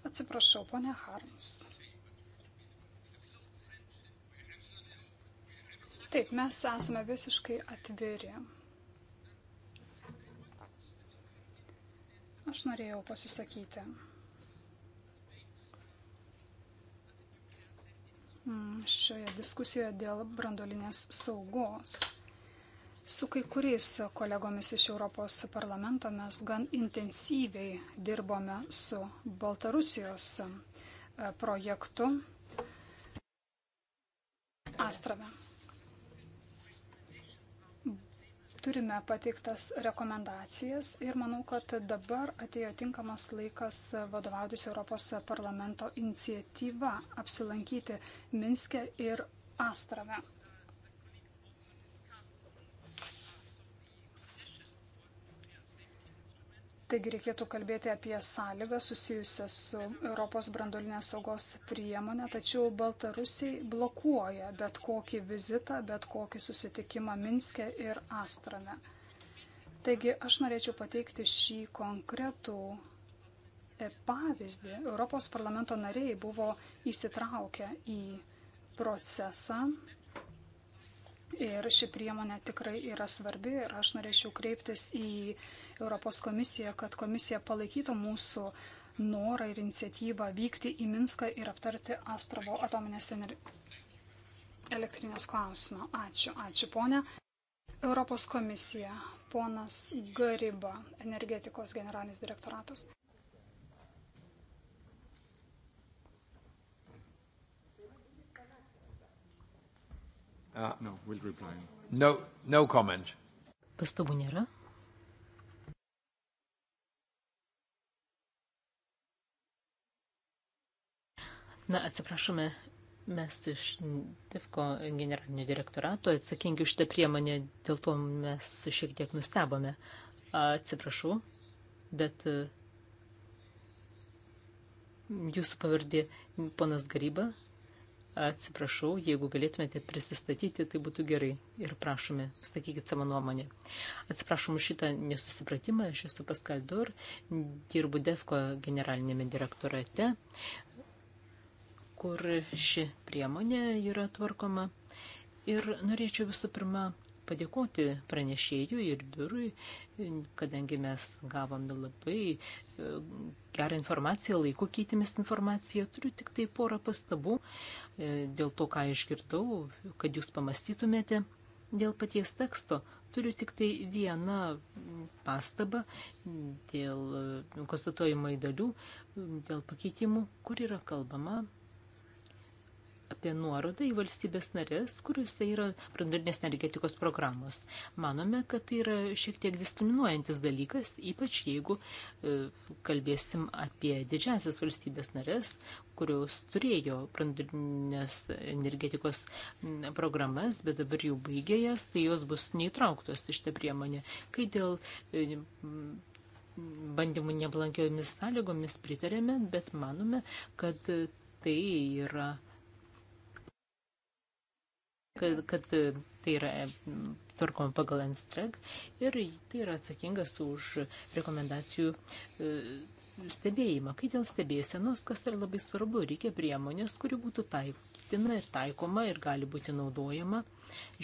Atsiprašau, ponia Harms. Taip, mes esame visiškai atviri. Aš norėjau pasisakyti. Mm, šioje diskusijoje dėl brandolinės saugos. Su kai kuriais kolegomis iš Europos parlamento mes gan intensyviai dirbome su Baltarusijos e, projektu Astrave. Turime pateiktas rekomendacijas ir manau, kad dabar atėjo tinkamas laikas vadovautis Europos parlamento iniciatyva apsilankyti Minske ir Astrave. Taigi reikėtų kalbėti apie sąlygas susijusias su Europos brandolinės saugos priemonė, tačiau Baltarusiai blokuoja bet kokį vizitą, bet kokį susitikimą Minske ir Astrame. Taigi aš norėčiau pateikti šį konkretų e, pavyzdį. Europos parlamento nariai buvo įsitraukę į procesą ir ši priemonė tikrai yra svarbi ir aš norėčiau kreiptis į Europos komisiją, kad komisija palaikytų mūsų norą ir iniciatyvą vykti į Minską ir aptarti Astravo atominės elektrinės klausimą. Ačiū, ačiū ponė. Europos komisija, ponas Gariba, energetikos generalinis direktoratas. Uh, no, we'll reply. No, no comment. Pastabų nėra. Na, atsiprašome, mes iš DIFCO generalinio direktorato atsakingi už šitą priemonę, dėl to mes šiek tiek nustebome. Atsiprašau, bet e, jūsų pavardė ponas Garyba. Atsiprašau, jeigu galėtumėte prisistatyti, tai būtų gerai. Ir prašome, sakykit savo nuomonę. Atsiprašom už šitą nesusipratimą, aš esu Paskaldur, dirbu DEFCO generalinėme direktorate kur ši priemonė yra tvarkoma. Ir norėčiau visų pirma padėkoti pranešėjui ir biurui, kadangi mes gavome labai e, gerą informaciją, laiko keitėmės informaciją. Turiu tik tai porą pastabų e, dėl to, ką išgirdau, kad jūs pamastytumėte. Dėl paties teksto turiu tik tai vieną pastabą dėl konstatuojimo įdalių, dėl pakeitimų, kur yra kalbama apie nuorodą į valstybės narės, kuriuose yra branduolinės energetikos programos. Manome, kad tai yra šiek tiek diskriminuojantis dalykas, ypač jeigu e, kalbėsim apie didžiasias valstybės narės, kurios turėjo branduolinės energetikos programas, bet dabar jau baigėjas, tai jos bus neįtrauktos iš tą priemonę. Kai dėl e, bandymų neblankiomis sąlygomis pritarėme, bet manome, kad e, tai yra kad, kad eh, tai yra eh, tvarkoma pagal NSTREG ir tai yra atsakingas už rekomendacijų eh, stebėjimą. Kai dėl stebėsenos, kas yra labai svarbu, reikia priemonės, kuri būtų taikytina ir taikoma ir gali būti naudojama.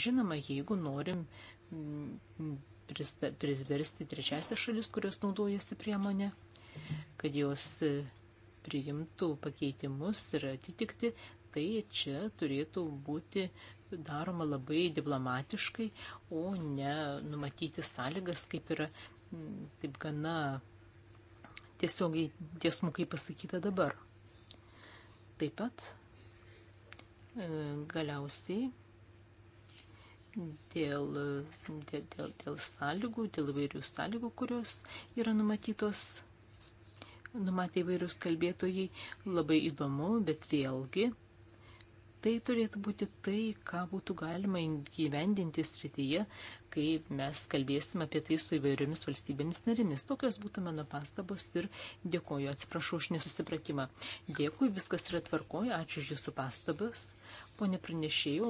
Žinoma, jeigu norim mm, prisversti trečiasią šalis, kurios naudojasi priemonė, kad jos priimtų pakeitimus ir atitikti, tai čia turėtų būti daroma labai diplomatiškai, o ne numatyti sąlygas, kaip yra taip gana tiesiogiai tiesmukai pasakyta dabar. Taip pat e, galiausiai dėl, dėl, dėl, dėl sąlygų, dėl įvairių sąlygų, kurios yra numatytos, numatė įvairius kalbėtojai, labai įdomu, bet vėlgi tai turėtų būti tai, ką būtų galima gyvendinti srityje, kai mes kalbėsime apie tai su įvairiomis valstybėmis narimis. Tokios būtų mano pastabos ir dėkoju, atsiprašau už nesusipratimą. Dėkui, viskas yra tvarkoje, ačiū už jūsų pastabas. Pone pranešėjau,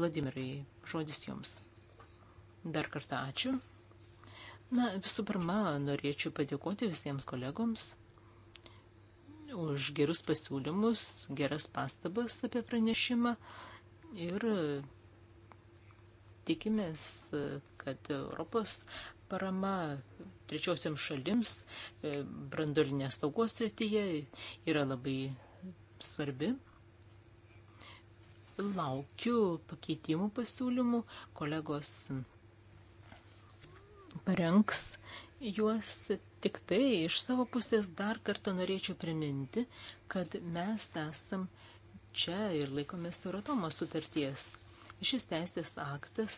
Vladimirai, žodis jums. Dar kartą ačiū. Na, visų pirma, norėčiau padėkoti visiems kolegoms už gerus pasiūlymus, geras pastabas apie pranešimą ir e, tikimės, e, kad Europos parama trečiosiam šalims e, brandolinės saugos srityje yra labai svarbi laukiu pakeitimų pasiūlymų, kolegos parengs juos Tik tai iš savo pusės dar kartą norėčiau priminti, kad mes esam čia ir laikomės Euratomos sutarties. Šis teisės aktas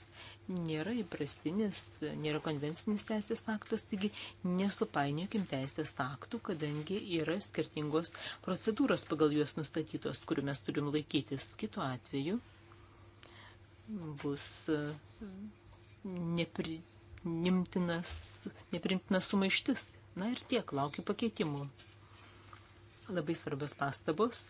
nėra įprastinis, nėra konvencinis teisės aktas, taigi nesupainiokim teisės aktų, kadangi yra skirtingos procedūros pagal juos nustatytos, kurių mes turim laikytis. Kitu atveju bus e, nepri, nimtinas, neprimtinas sumaištis. Na ir tiek, laukiu pakeitimų. Labai svarbios pastabos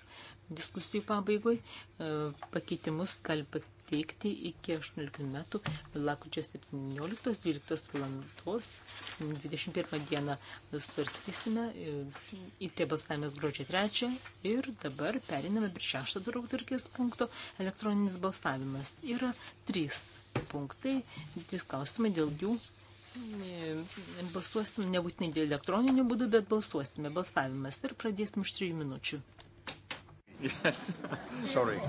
diskusijų pabaigoj. E, pakeitimus kalba teikti iki 18 metų, lakučio 17-12 valandos, 21 dieną svarstysime, į tie balsavimas gruodžio 3 ir dabar periname prie 6 draugtarkės punkto elektroninis balsavimas. Yra 3 punktai, 3 klausimai dėl jų balsuosim nebūtinai dėl elektroninių būdų, bet balsuosime balsavimas ir pradėsim už trijų minučių. Yes. Sorry.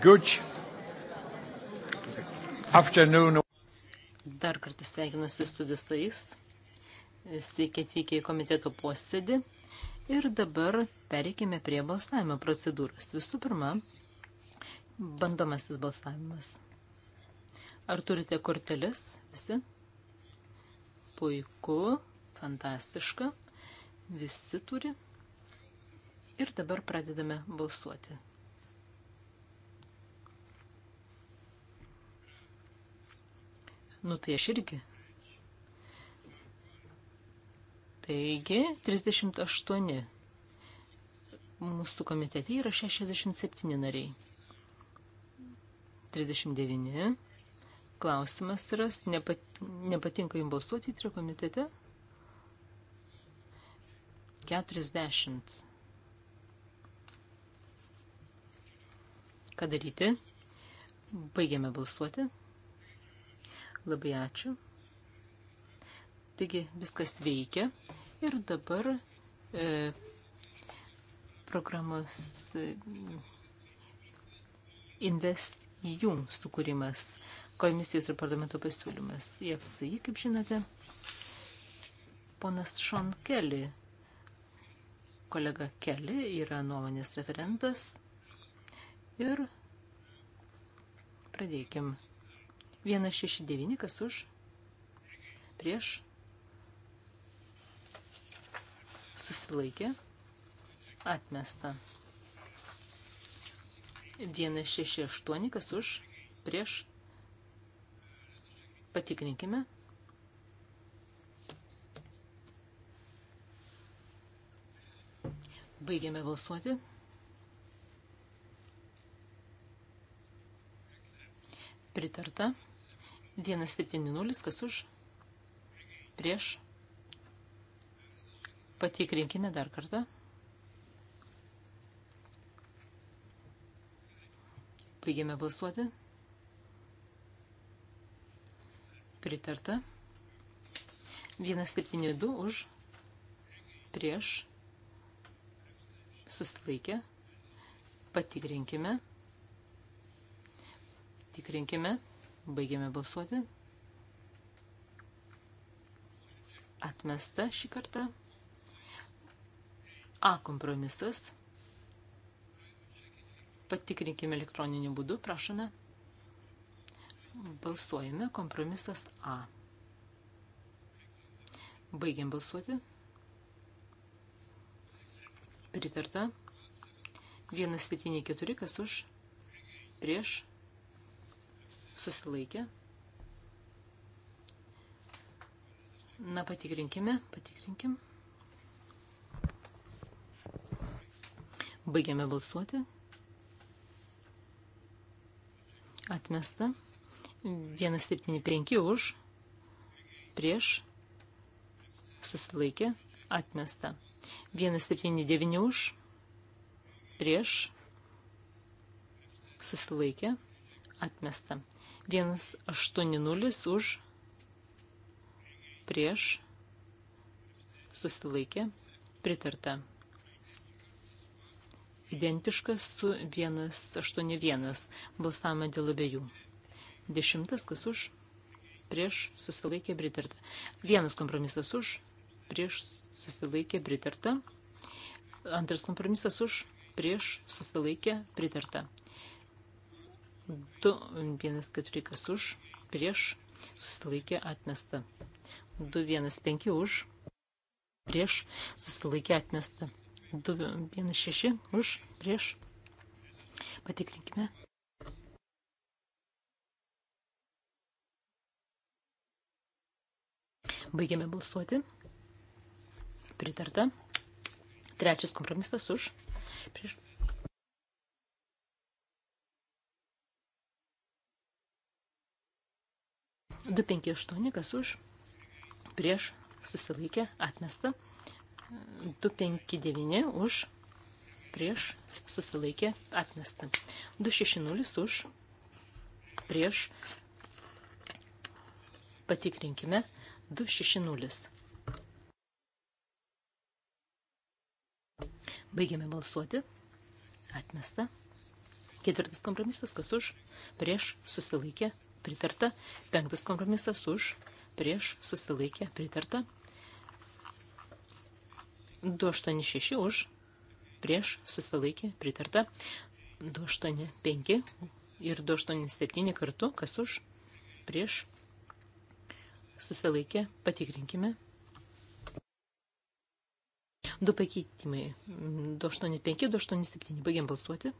Good afternoon. Dar kartą sveikinuosi su visais. Sveiki atvykę į komiteto posėdį. Ir dabar pereikime prie balsavimo procedūros. Visų pirma, bandomasis balsavimas. Ar turite kortelis visi? Puiku, fantastiška. Visi turi. Ir dabar pradedame balsuoti. Nu tai aš irgi. Taigi, 38. Mūsų komitete yra 67 nariai. 39. Klausimas yra, nepat, nepatinka jums balsuoti į komitete? 40. Ką daryti? Baigiame balsuoti. Labai ačiū. Taigi viskas veikia ir dabar e, programos e, Invest EU sukūrimas, komisijos ir parlamento pasiūlymas į FCI, kaip žinote, ponas Sean Kelly, kolega Kelly yra nuomonės referentas ir pradėkim 169, kas už, prieš, susilaikė, atmesta. 168, kas už, prieš, patikrinkime. Baigiame balsuoti. Pritarta. 170, kas už, prieš. Patikrinkime dar kartą. Baigėme balsuoti. Pritarta. 172 už. Prieš. Susilaikė. Patikrinkime. Tikrinkime. Baigėme balsuoti. Atmesta šį kartą. A kompromisas. Patikrinkime elektroniniu būdu, prašome. Balsuojame kompromisas A. Baigiam balsuoti. Pritarta. 174, kas už, prieš, susilaikė. Na, patikrinkime, patikrinkim. Baigiame balsuoti. Atmesta. 175 už, prieš, susilaikė, atmesta. 179 už, prieš, susilaikė, atmesta. 180 už prieš susilaikė pritarta. Identiškas su 181 balsavimą dėl abiejų. Dešimtas kas už prieš susilaikė pritarta. Vienas kompromisas už prieš susilaikė pritarta. Antras kompromisas už prieš susilaikė pritarta. 2, 1, 4, kas už, prieš, susilaikė atmesta. 2, 1, 5 už, prieš, susilaikė atmesta. 2, 1, 6 už, prieš. Patikrinkime. Baigiame balsuoti. Pritarta. Trečias kompromisas už. Prieš 258, kas už, prieš, susilaikė, atmesta. 259 už, prieš, susilaikė, atmesta. 260 už, prieš, patikrinkime, 260. Baigiame balsuoti. Atmesta. Ketvirtas kompromisas, kas už, prieš, susilaikė, pritarta. Penktas kompromisas už, prieš, susilaikė, pritarta. 286 už, prieš, susilaikė, pritarta. 285 ir 287 kartu, kas už, prieš, susilaikė, patikrinkime. Du pakeitimai. 285, 287. Baigiam balsuoti.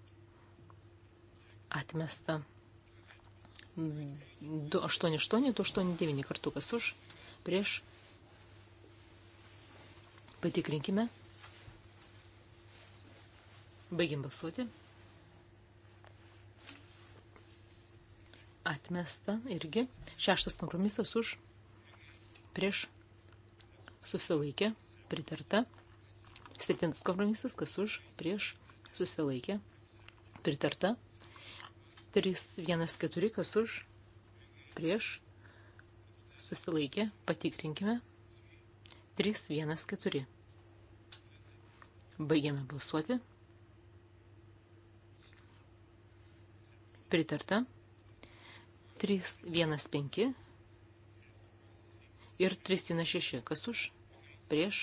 Atmesta. 288, 289 kartu kas už, prieš. Patikrinkime. Baigim balsuoti. Atmesta irgi. Šeštas kompromisas už, prieš, susilaikė, pritarta. Septintas kompromisas, kas už, prieš, susilaikė, pritarta. 314, kas už, prieš, susilaikė, patikrinkime, 314. Baigiame balsuoti. Pritarta. 315 ir 316, kas už, prieš,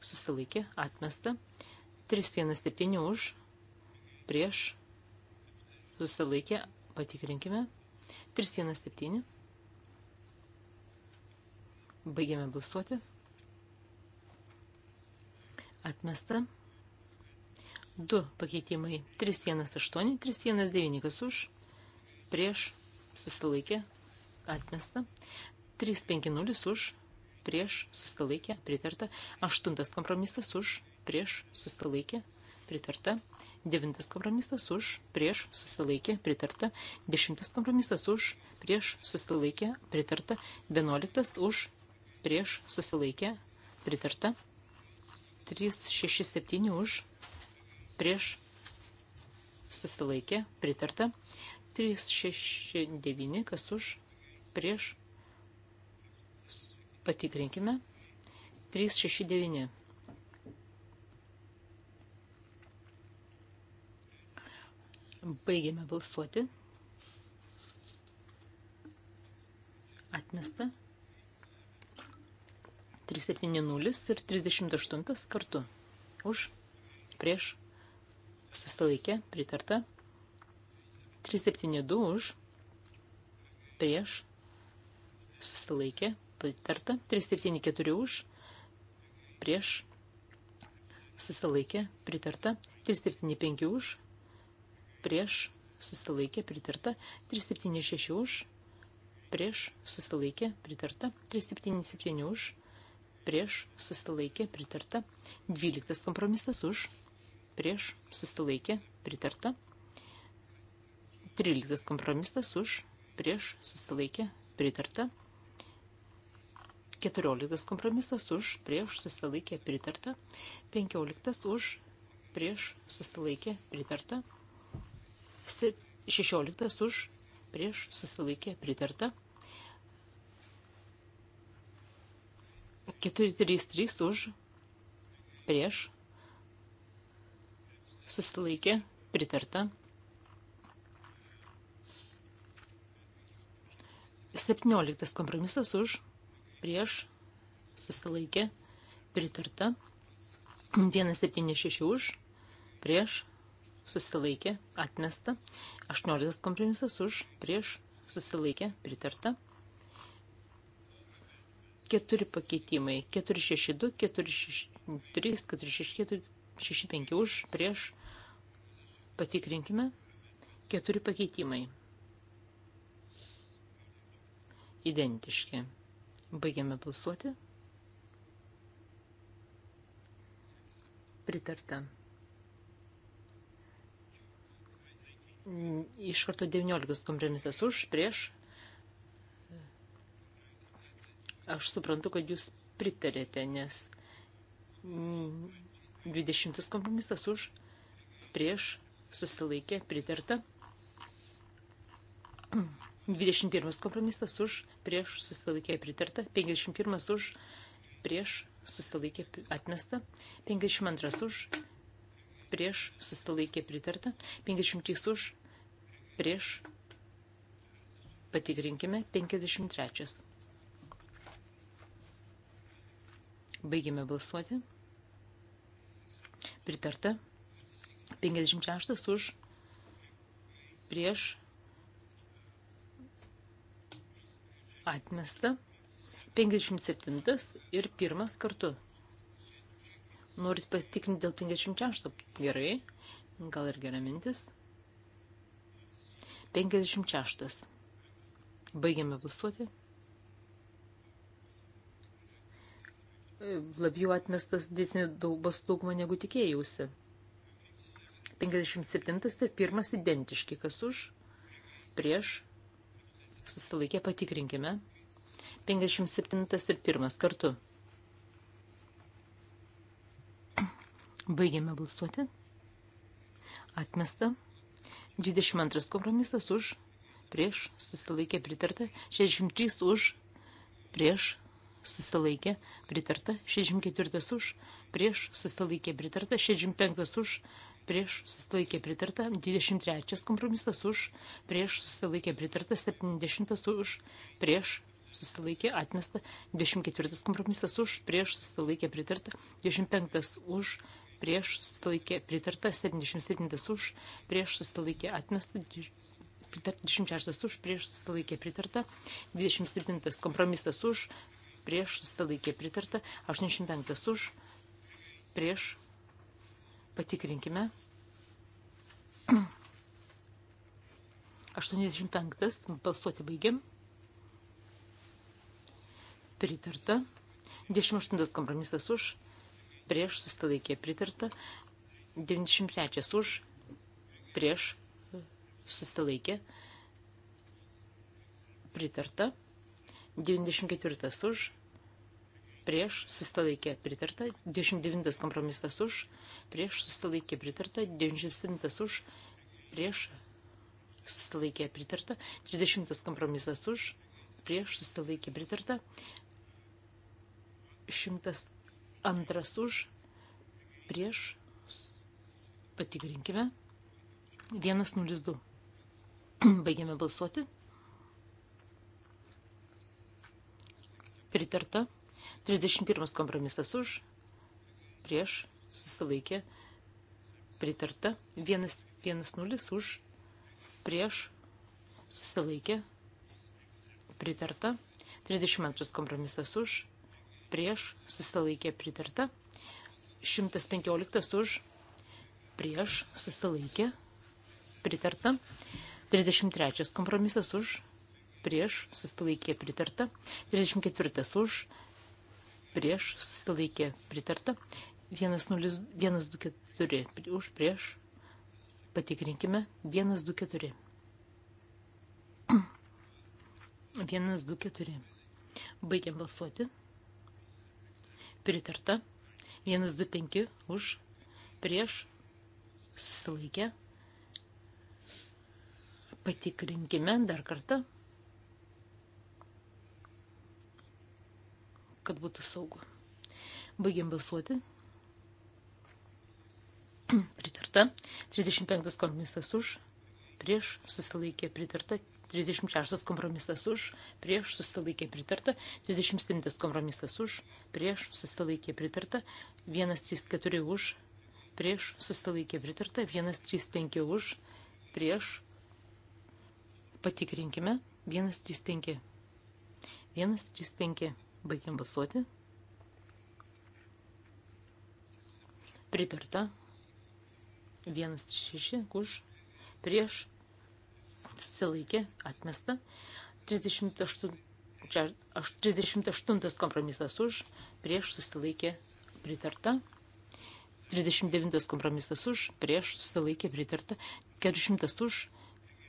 susilaikė, atmesta, 317 už, prieš, susilaikė, patikrinkime. 317. Baigėme balsuoti. Atmesta. 2 pakeitimai. 318, 319, kas už, prieš, susilaikė, atmesta. 350 už, prieš, susilaikė, pritarta. 8 kompromisas už, prieš, susilaikė, pritarta. Devintas kompromisas už, prieš, susilaikė, pritarta. Dešimtas kompromisas už, prieš, susilaikė, pritarta. Vienuoliktas už, prieš, susilaikė, pritarta. 367 už, prieš, susilaikė, pritarta. 369 kas už, prieš, patikrinkime. 369. Baigėme balsuoti. Atmesta. 370 ir 38 kartu. Už, prieš, susilaikė, pritarta. 372 už, prieš, susilaikė, pritarta. 374 už, prieš, susilaikė, pritarta. 375 už, prieš susilaikė pritarta, 376 už, prieš susilaikė pritarta, 377 už, prieš susilaikė pritarta, 12 kompromisas už, prieš susilaikė pritarta, 13 kompromisas už, prieš susilaikė pritarta, 14 kompromisas už, prieš susilaikė pritarta, 15 už, prieš susilaikė pritarta, 15 16 už prieš susilaikė pritarta. 433 už prieš susilaikė pritarta. 17 kompromisas už prieš susilaikė pritarta. 176 už prieš susilaikė, atmesta. 18 kompromisas už, prieš, susilaikė, pritarta. Keturi pakeitimai. 462, 463, 464, 65 už, prieš. Patikrinkime. Keturi pakeitimai. Identiški. Baigiame balsuoti. Pritarta. Mm, iš karto 19 kompromisas už, prieš. Aš suprantu, kad jūs pritarėte, nes 20 mm, kompromisas už, prieš, susilaikė, pritarta. 21 kompromisas už, prieš, susilaikė, pritarta. 51 už, prieš, susilaikė, atmesta. 52 už, prieš, susilaikė pritarta, 53 už, prieš, patikrinkime, 53. Baigime balsuoti. Pritarta, 56 už, prieš, atmesta, 57 ir pirmas kartu Norit pasitikrinti dėl 56. Gerai. Gal ir gera mintis. 56. Baigiame balsuoti. Labiau atmestas didesnė daugmas dauguma negu tikėjausi. 57 ir pirmas identiški, kas už, prieš, susilaikė patikrinkime. 57 ir pirmas kartu. Baigiame balsuoti. Atmesta. 22 kompromisas už, prieš, susilaikė pritarta. 63 už, prieš, susilaikė pritarta. 64 už, prieš, susilaikė pritarta. 65 už, prieš, susilaikė pritarta. 23 kompromisas už, prieš, susilaikė pritarta. 70 už, prieš, susilaikė atmesta. 24 kompromisas už, prieš, susilaikė pritarta. 25 už, prieš prieš susilaikė pritarta, 77 už, prieš susilaikė atmesta, pritarta, 26 už, prieš susilaikė pritarta, 27 kompromisas už, prieš susilaikė pritarta, 85 už, prieš patikrinkime. 85 balsuoti baigiam. Pritarta. 28 kompromisas už, prieš susilaikė pritarta, 93 už, prieš susilaikė pritarta, 94 už, prieš susilaikė pritarta, 29 kompromisas už, prieš susilaikė pritarta, 97 už, prieš susilaikė pritarta, 30 kompromisas už, prieš susilaikė pritarta, 100 Antras už, prieš, patikrinkime. 102. Baigiame balsuoti. Pritarta. 31 kompromisas už, prieš, susilaikė. Pritarta. 110 už, prieš, susilaikė. Pritarta. 32 kompromisas už, prieš, susilaikė pritarta. 115 už, prieš, susilaikė pritarta. 33 kompromisas už, prieš, susilaikė pritarta. 34 už, prieš, susilaikė pritarta. 124 už, prieš, patikrinkime 124. 1, 2, 4. Baigiam balsuoti pritarta. 125 už, prieš, susilaikę. Patikrinkime dar kartą, kad būtų saugu. Baigiam balsuoti. Pritarta. 35 kompromisas už, prieš, susilaikė pritarta. 36 kompromisas už, prieš susilaikė pritarta, 27 kompromisas už, prieš susilaikė pritarta, 134 už, prieš susilaikė pritarta, 135 už, prieš patikrinkime, 135. 135. Baigiam balsuoti. Pritarta. 1-6 už prieš susilaikė, atmesta. 38, 38 kompromisas už, prieš susilaikė, pritarta. 39 kompromisas už, prieš susilaikė, pritarta. 400 už,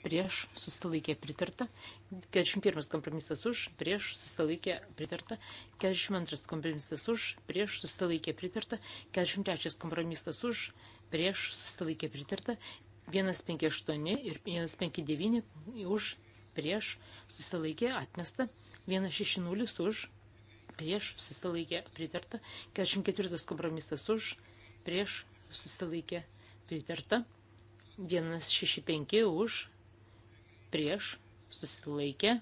prieš susilaikė, pritarta. 41 kompromisas už, prieš susilaikė, pritarta. 42 kompromisas už, prieš susilaikė, pritarta. 43 kompromisas už, prieš susilaikė pritarta, 158 ir 159 už prieš susilaikė atmesta, 160 už prieš susilaikė pritarta, 44 kompromisas už prieš susilaikė pritarta, 165 už prieš susilaikė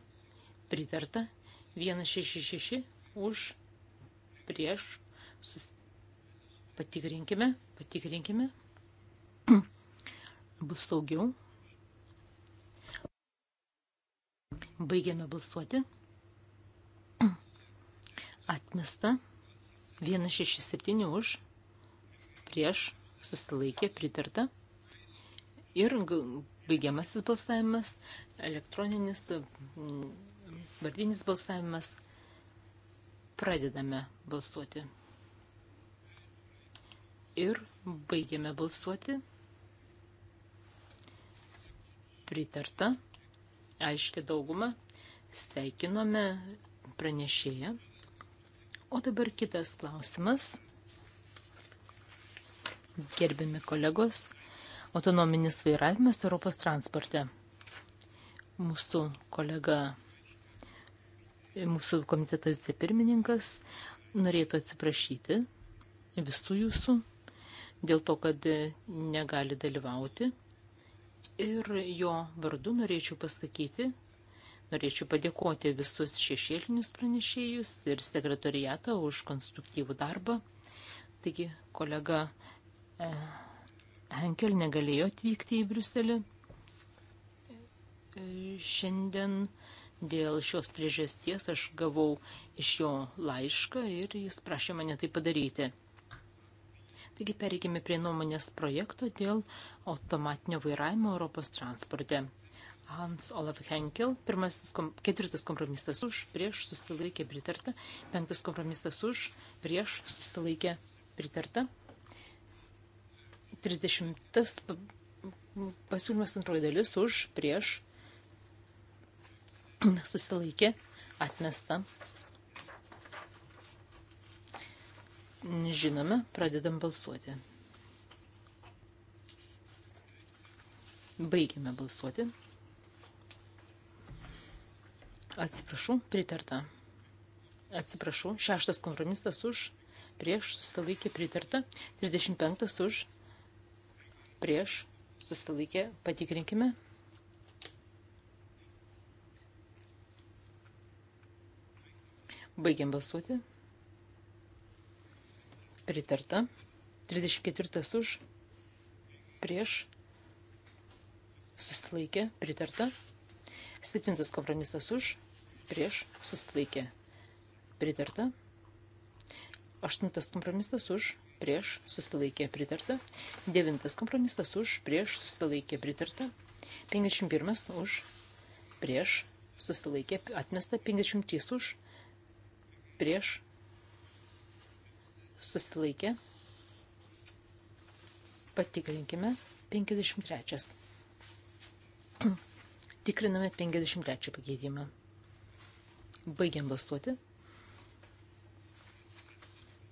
pritarta, 166 už prieš susilaikė. Patikrinkime, patikrinkime bus saugiau. Baigiame balsuoti. Atmesta. 167 už. Prieš susilaikė pritarta. Ir baigiamasis balsavimas, elektroninis, vardinis balsavimas. Pradedame balsuoti. Ir baigiame balsuoti pritarta, aiškia dauguma, sveikinome pranešėją. O dabar kitas klausimas. Gerbiami kolegos, autonominis vairavimas Europos transporte. Mūsų kolega, mūsų komiteto vicepirmininkas norėtų atsiprašyti visų jūsų dėl to, kad negali dalyvauti ir jo vardu norėčiau pasakyti, norėčiau padėkoti visus šešėlinius pranešėjus ir sekretoriatą už konstruktyvų darbą. Taigi kolega e, Henkel negalėjo atvykti į Briuselį e, šiandien. Dėl šios priežasties aš gavau iš jo laišką ir jis prašė mane tai padaryti. Taigi pereikime prie nuomonės projekto dėl automatinio vairavimo Europos transporte. Hans Olaf Henkel, pirmasis, kom, ketvirtas kompromisas už, prieš susilaikė pritarta, penktas kompromisas už, prieš susilaikė pritarta, trisdešimtas pasiūlymas antroji dalis už, prieš susilaikė atmesta, Žinome, pradedam balsuoti. Baigime balsuoti. Atsiprašau, pritarta. Atsiprašau, šeštas kompromisas už, prieš, susilaikė pritarta, 35 už, prieš, susilaikė, patikrinkime. Baigiam balsuoti pritarta. 34 už, prieš, susilaikė, pritarta. 7 kompromisas už, prieš, susilaikė, pritarta. 8 kompromisas už, prieš, susilaikė, pritarta. 9 kompromisas už, prieš, susilaikė, pritarta. 51 už, prieš, susilaikė, atmesta. 53 už, prieš, susilaikė. Patikrinkime 53. Tikriname 53 pakeitimą. Baigiam balsuoti.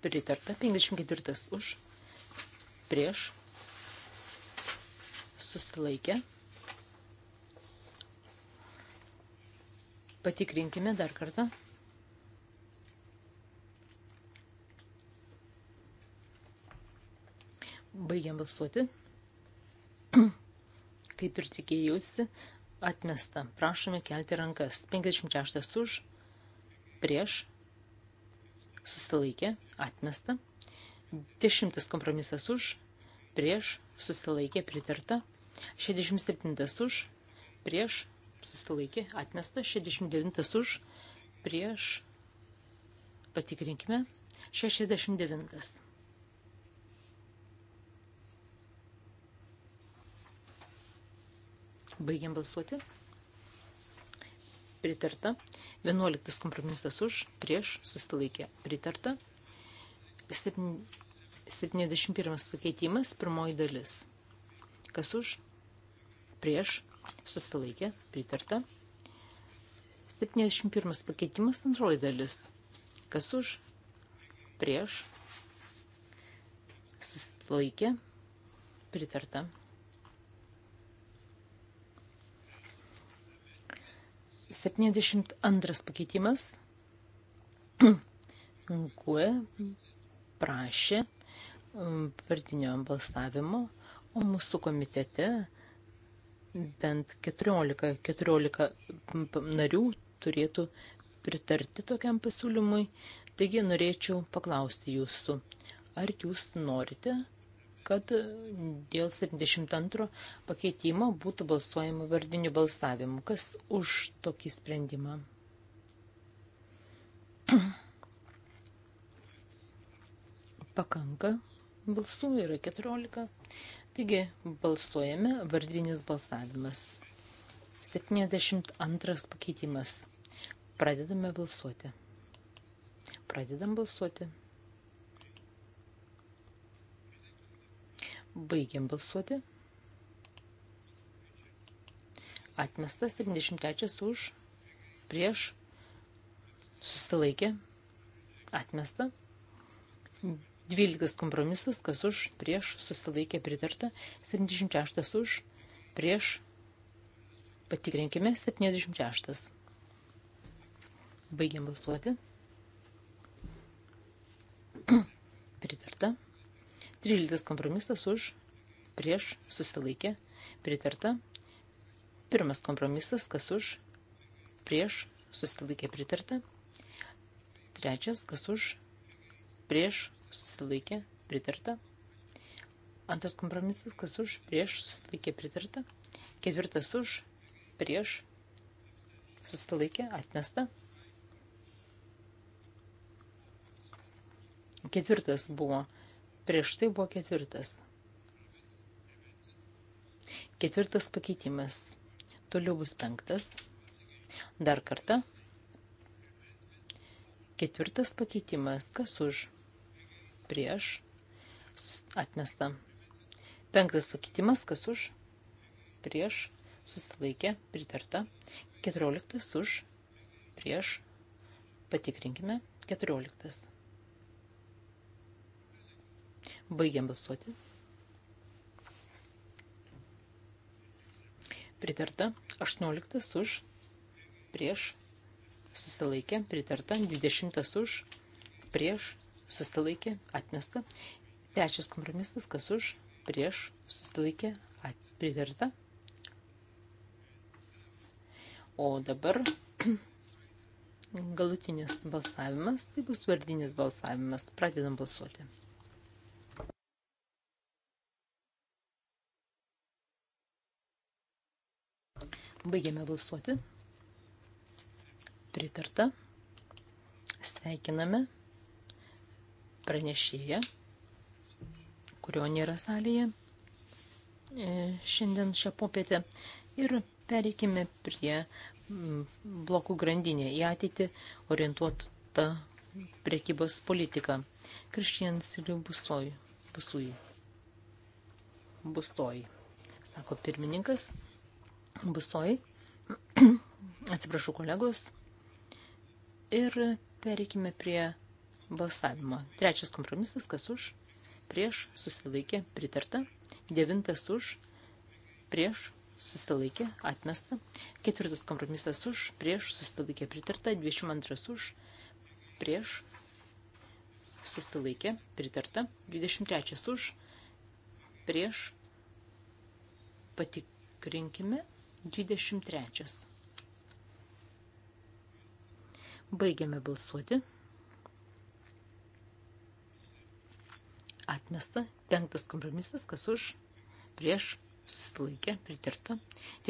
Pritarta 54 už, prieš, susilaikė. Patikrinkime dar kartą. Baigiam balsuoti. Kaip ir tikėjausi, atmesta. Prašome kelti rankas. 56 už, prieš, susilaikė, atmesta. 10 kompromisas už, prieš, susilaikė, pritarta. 67 už, prieš, susilaikė, atmesta. 69 už, prieš, patikrinkime. 69. Baigiam balsuoti. Pritarta. 11 kompromisas už, prieš, susilaikė. Pritarta. 71 pakeitimas, pirmoji dalis. Kas už, prieš, susilaikė. Pritarta. 71 pakeitimas, antroji dalis. Kas už, prieš, susilaikė. Pritarta. 72 pakeitimas. Gue prašė um, partinio balsavimo, o mūsų komitete bent 14, 14 narių turėtų pritarti tokiam pasiūlymui. Taigi norėčiau paklausti jūsų, ar jūs norite kad e, dėl 72 pakeitimo būtų balsuojama vardiniu balsavimu. Kas už tokį sprendimą? Pakanka balsų, yra 14. Taigi balsuojame vardinis balsavimas. 72 pakeitimas. Pradedame balsuoti. Pradedam balsuoti. Baigiam balsuoti. Atmestas 73 už. Prieš. Susilaikė. Atmesta. 12 kompromisas, kas už, prieš, susilaikė pritarta, 76 už, prieš, patikrinkime, 76. Baigiam balsuoti. 13 kompromisas už, prieš, susilaikė, pritarta. Pirmas kompromisas, kas už, prieš, susilaikė, pritarta. Trečias, kas už, prieš, susilaikė, pritarta. Antras kompromisas, kas už, prieš, susilaikė, pritarta. Ketvirtas už, prieš, susilaikė, atmesta. Ketvirtas buvo prieš prieš tai buvo ketvirtas. Ketvirtas pakeitimas. Toliau bus penktas. Dar kartą. Ketvirtas pakeitimas. Kas už? Prieš. Atmesta. Penktas pakeitimas. Kas už? Prieš. Susilaikė. Pritarta. Keturioliktas už. Prieš. Patikrinkime. Keturioliktas. Baigiam balsuoti. Pritarta 18 už, prieš, susilaikė, pritarta 20 už, prieš, susilaikė, atmesta. Trečias kompromisas, kas už, prieš, susilaikė, at, pritarta. O dabar galutinis balsavimas, tai bus vardinis balsavimas. Pradedam balsuoti. Baigėme balsuoti. Pritarta. Sveikiname pranešėją, kurio nėra salėje e, šiandien šią popietę. Ir pereikime prie blokų grandinė į ateitį orientuota prekybos politika. Kristijan Siliu Busloj. Busloj. Busloj, sako pirmininkas. Busoj. Atsiprašau kolegos. Ir pereikime prie balsavimo. Trečias kompromisas, kas už, prieš, susilaikė, pritarta. Devintas už, prieš, susilaikė, atmesta. Ketvirtas kompromisas už, prieš, susilaikė, pritarta. 22 už, prieš, susilaikė, pritarta. 23 už, prieš, patikrinkime. 23. Baigiame balsuoti. Atmesta. Penktas kompromisas, kas už, prieš, susilaikė, pritarta.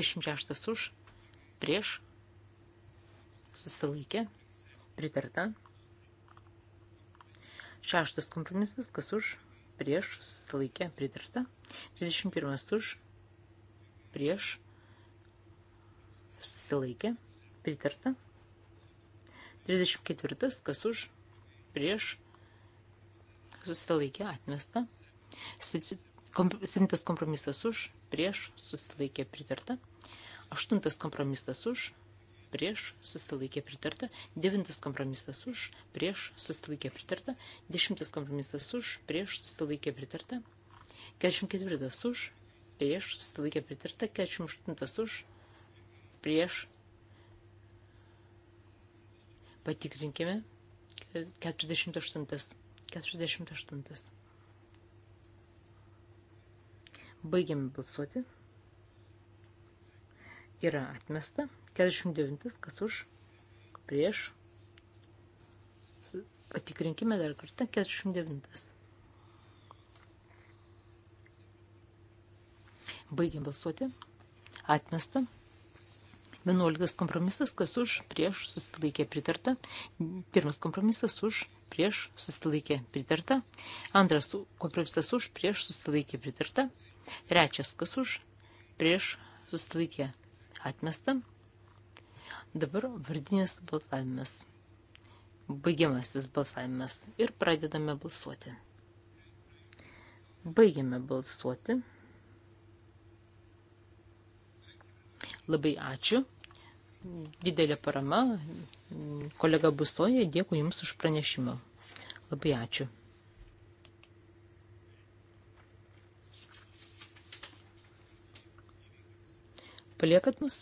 26 už, prieš, susilaikė, pritarta. Šeštas kompromisas, kas už, prieš, susilaikė, pritarta. 21 už, prieš, susilaikė susilaikė, pritarta. 34. Kas už, prieš, susilaikė, atmesta. 7. Kompromisas už, prieš, susilaikė, pritarta. 8. Kompromisas už, prieš, susilaikė, pritarta. 9. Kompromisas už, prieš, susilaikė, pritarta. 10. Kompromisas už, prieš, susilaikė, pritarta. 44. Už, prieš, susilaikė, pritarta. 48. Už, prieš. Patikrinkime. 48. 48. Baigiame balsuoti. Yra atmesta. 49. Kas už? Prieš. Patikrinkime dar kartą. 49. Baigiam balsuoti. Atmesta. 11 kompromisas, kas už, prieš, susilaikė pritarta. Pirmas kompromisas už, prieš, susilaikė pritarta. Antras kompromisas už, prieš, susilaikė pritarta. Trečias, kas už, prieš, susilaikė atmesta. Dabar vardinis balsavimas. Baigiamasis balsavimas. Ir pradedame balsuoti. Baigiame balsuoti. Labai ačiū. Didelė parama. Kolega Bustoje, dėkui Jums už pranešimą. Labai ačiū. Paliekat mus?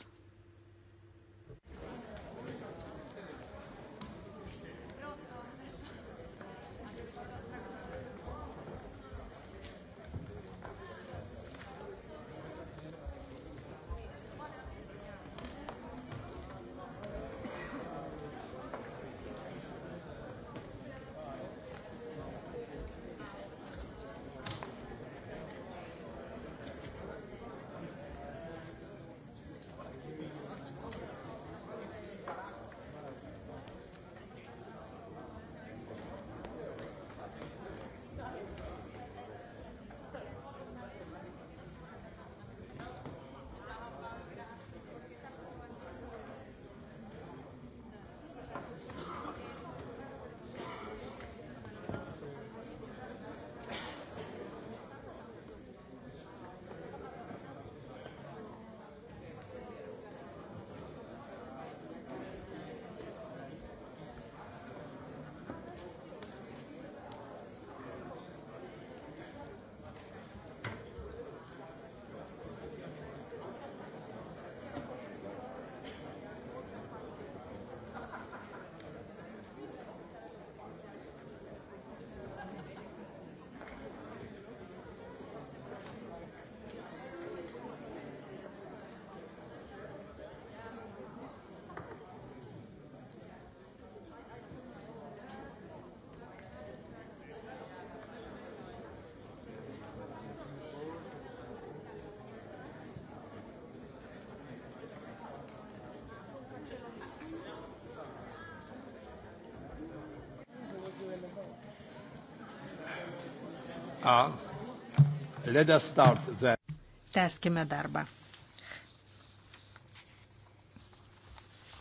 Uh, let us start then. Teskime darbą.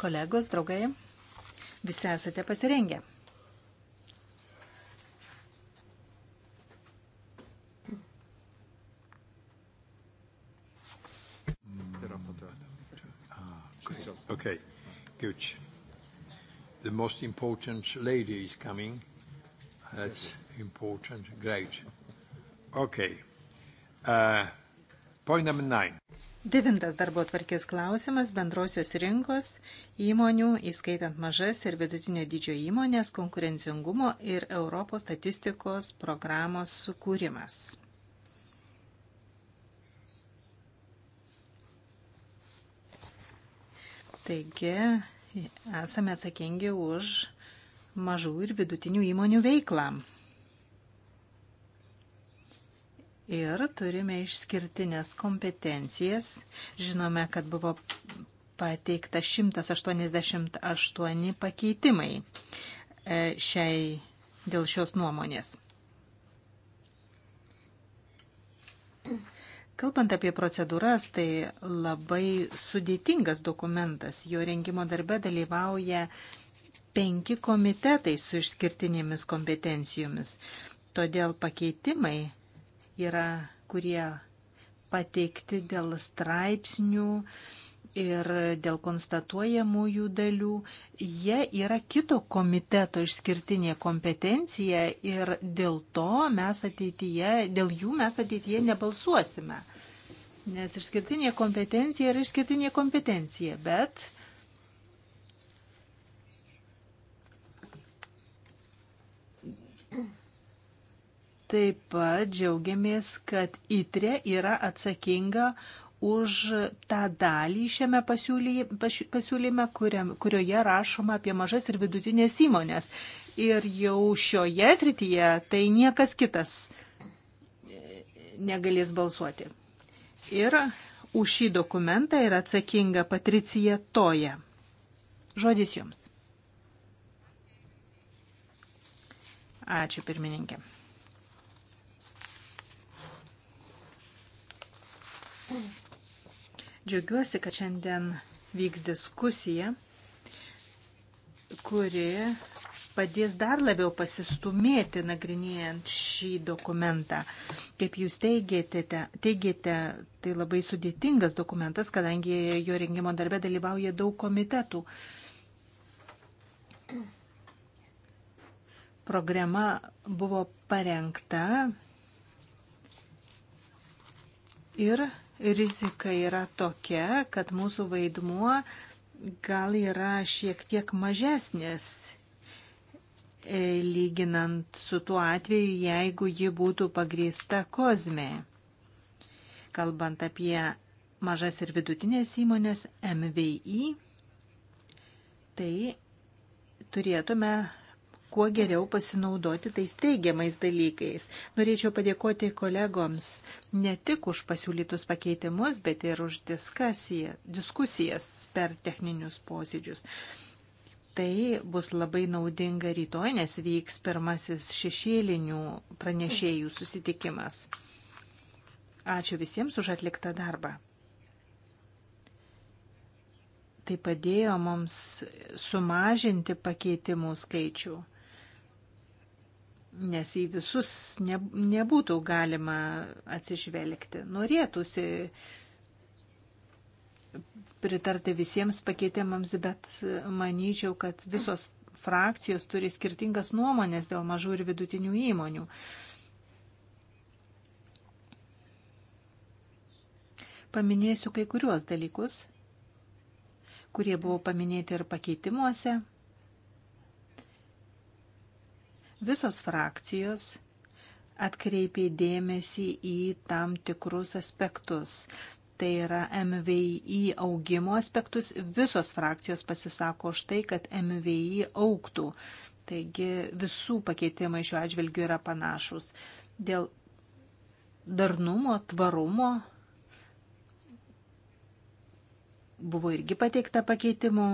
Kolegos, draugai, visi esate pasirengę. Ah, okay, good. The most important lady is coming. That's important. Great. Okay. Uh, point number nine. Devintas darbo tvarkės klausimas - bendrosios rinkos įmonių, įskaitant mažas ir vidutinio dydžio įmonės, konkurencingumo ir Europos statistikos programos sukūrimas. Taigi, esame atsakingi už mažų ir vidutinių įmonių veiklą. ir turime išskirtinės kompetencijas. Žinome, kad buvo pateikta 188 pakeitimai e, šiai dėl šios nuomonės. Kalbant apie procedūras, tai labai sudėtingas dokumentas. Jo rengimo darbe dalyvauja penki komitetai su išskirtinėmis kompetencijomis. Todėl pakeitimai yra, kurie pateikti dėl straipsnių ir dėl konstatuojamųjų dalių, jie yra kito komiteto išskirtinė kompetencija ir dėl to mes ateityje, dėl jų mes ateityje nebalsuosime. Nes išskirtinė kompetencija yra išskirtinė kompetencija, bet Taip pat džiaugiamės, kad ITRE yra atsakinga už tą dalį šiame pasiūlyme, kurioje rašoma apie mažas ir vidutinės įmonės. Ir jau šioje srityje tai niekas kitas e, negalės balsuoti. Ir už šį dokumentą yra atsakinga Patricija Toja. Žodis jums. Ačiū pirmininkė. Džiaugiuosi, kad šiandien vyks diskusija, kuri padės dar labiau pasistumėti nagrinėjant šį dokumentą. Kaip jūs teigėte, teigėte, tai labai sudėtingas dokumentas, kadangi jo rengimo darbe dalyvauja daug komitetų. Programa buvo parengta ir rizika yra tokia, kad mūsų vaidmuo gal yra šiek tiek mažesnis e, lyginant su tuo atveju, jeigu ji būtų pagrįsta kozmė. Kalbant apie mažas ir vidutinės įmonės MVI, tai turėtume kuo geriau pasinaudoti tais teigiamais dalykais. Norėčiau padėkoti kolegoms ne tik už pasiūlytus pakeitimus, bet ir už diskusijas per techninius posėdžius. Tai bus labai naudinga rytoj, nes vyks pirmasis šešėlinių pranešėjų susitikimas. Ačiū visiems už atliktą darbą. Tai padėjo mums sumažinti pakeitimų skaičių nes į visus ne, nebūtų galima atsižvelgti. Norėtųsi pritarti visiems pakeitimams, bet manyčiau, kad visos frakcijos turi skirtingas nuomonės dėl mažų ir vidutinių įmonių. Paminėsiu kai kuriuos dalykus, kurie buvo paminėti ir pakeitimuose. Visos frakcijos atkreipė dėmesį į tam tikrus aspektus. Tai yra MVI augimo aspektus. Visos frakcijos pasisako už tai, kad MVI auktų. Taigi visų pakeitimai šiuo atžvilgiu yra panašus. Dėl darnumo, tvarumo buvo irgi pateikta pakeitimu.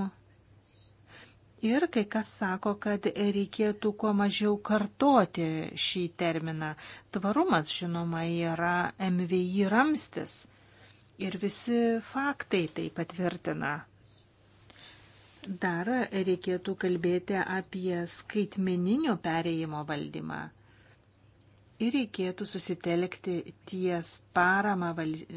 Ir kai kas sako, kad reikėtų kuo mažiau kartoti šį terminą. Tvarumas, žinoma, yra MVI ramstis. Ir visi faktai tai patvirtina. Dar reikėtų kalbėti apie skaitmeninio perėjimo valdymą ir reikėtų susitelkti ties parama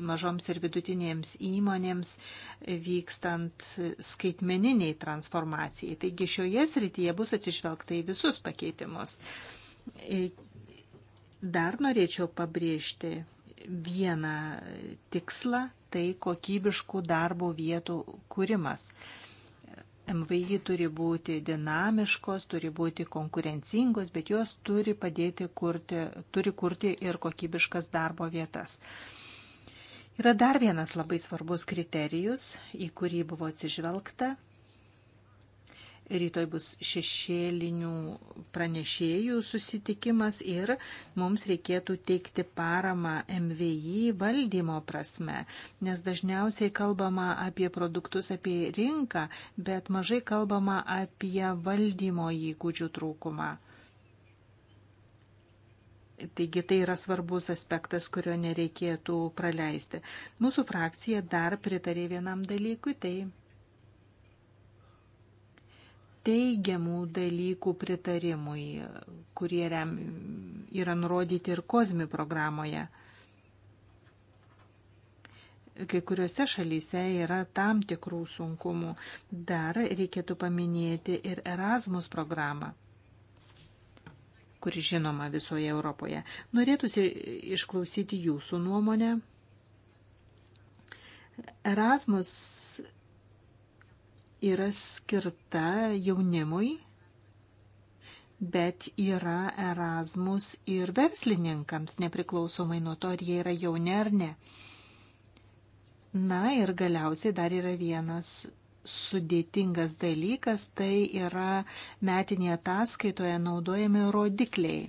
mažoms ir vidutinėms įmonėms e, vykstant skaitmeniniai transformacijai. Taigi šioje srityje bus atsižvelgta į visus pakeitimus. E, dar norėčiau pabrėžti vieną tikslą - tai kokybiškų darbo vietų kūrimas. MVI turi būti dinamiškos, turi būti konkurencingos, bet jos turi padėti kurti, turi kurti ir kokybiškas darbo vietas. Yra dar vienas labai svarbus kriterijus, į kurį buvo atsižvelgta Rytoj bus šešėlinių pranešėjų susitikimas ir mums reikėtų teikti paramą MVI valdymo prasme, nes dažniausiai kalbama apie produktus, apie rinką, bet mažai kalbama apie valdymo įgūdžių trūkumą. Taigi tai yra svarbus aspektas, kurio nereikėtų praleisti. Mūsų frakcija dar pritarė vienam dalykui, tai teigiamų dalykų pritarimui, kurie rem, yra nurodyti ir kozmi programoje. Kai kuriuose šalyse yra tam tikrų sunkumų. Dar reikėtų paminėti ir Erasmus programą kuri žinoma visoje Europoje. Norėtųsi išklausyti jūsų nuomonę. Erasmus yra skirta jaunimui, bet yra Erasmus ir verslininkams, nepriklausomai nuo to, ar jie yra jauni ar ne. Na ir galiausiai dar yra vienas sudėtingas dalykas, tai yra metinėje ataskaitoje naudojami rodikliai.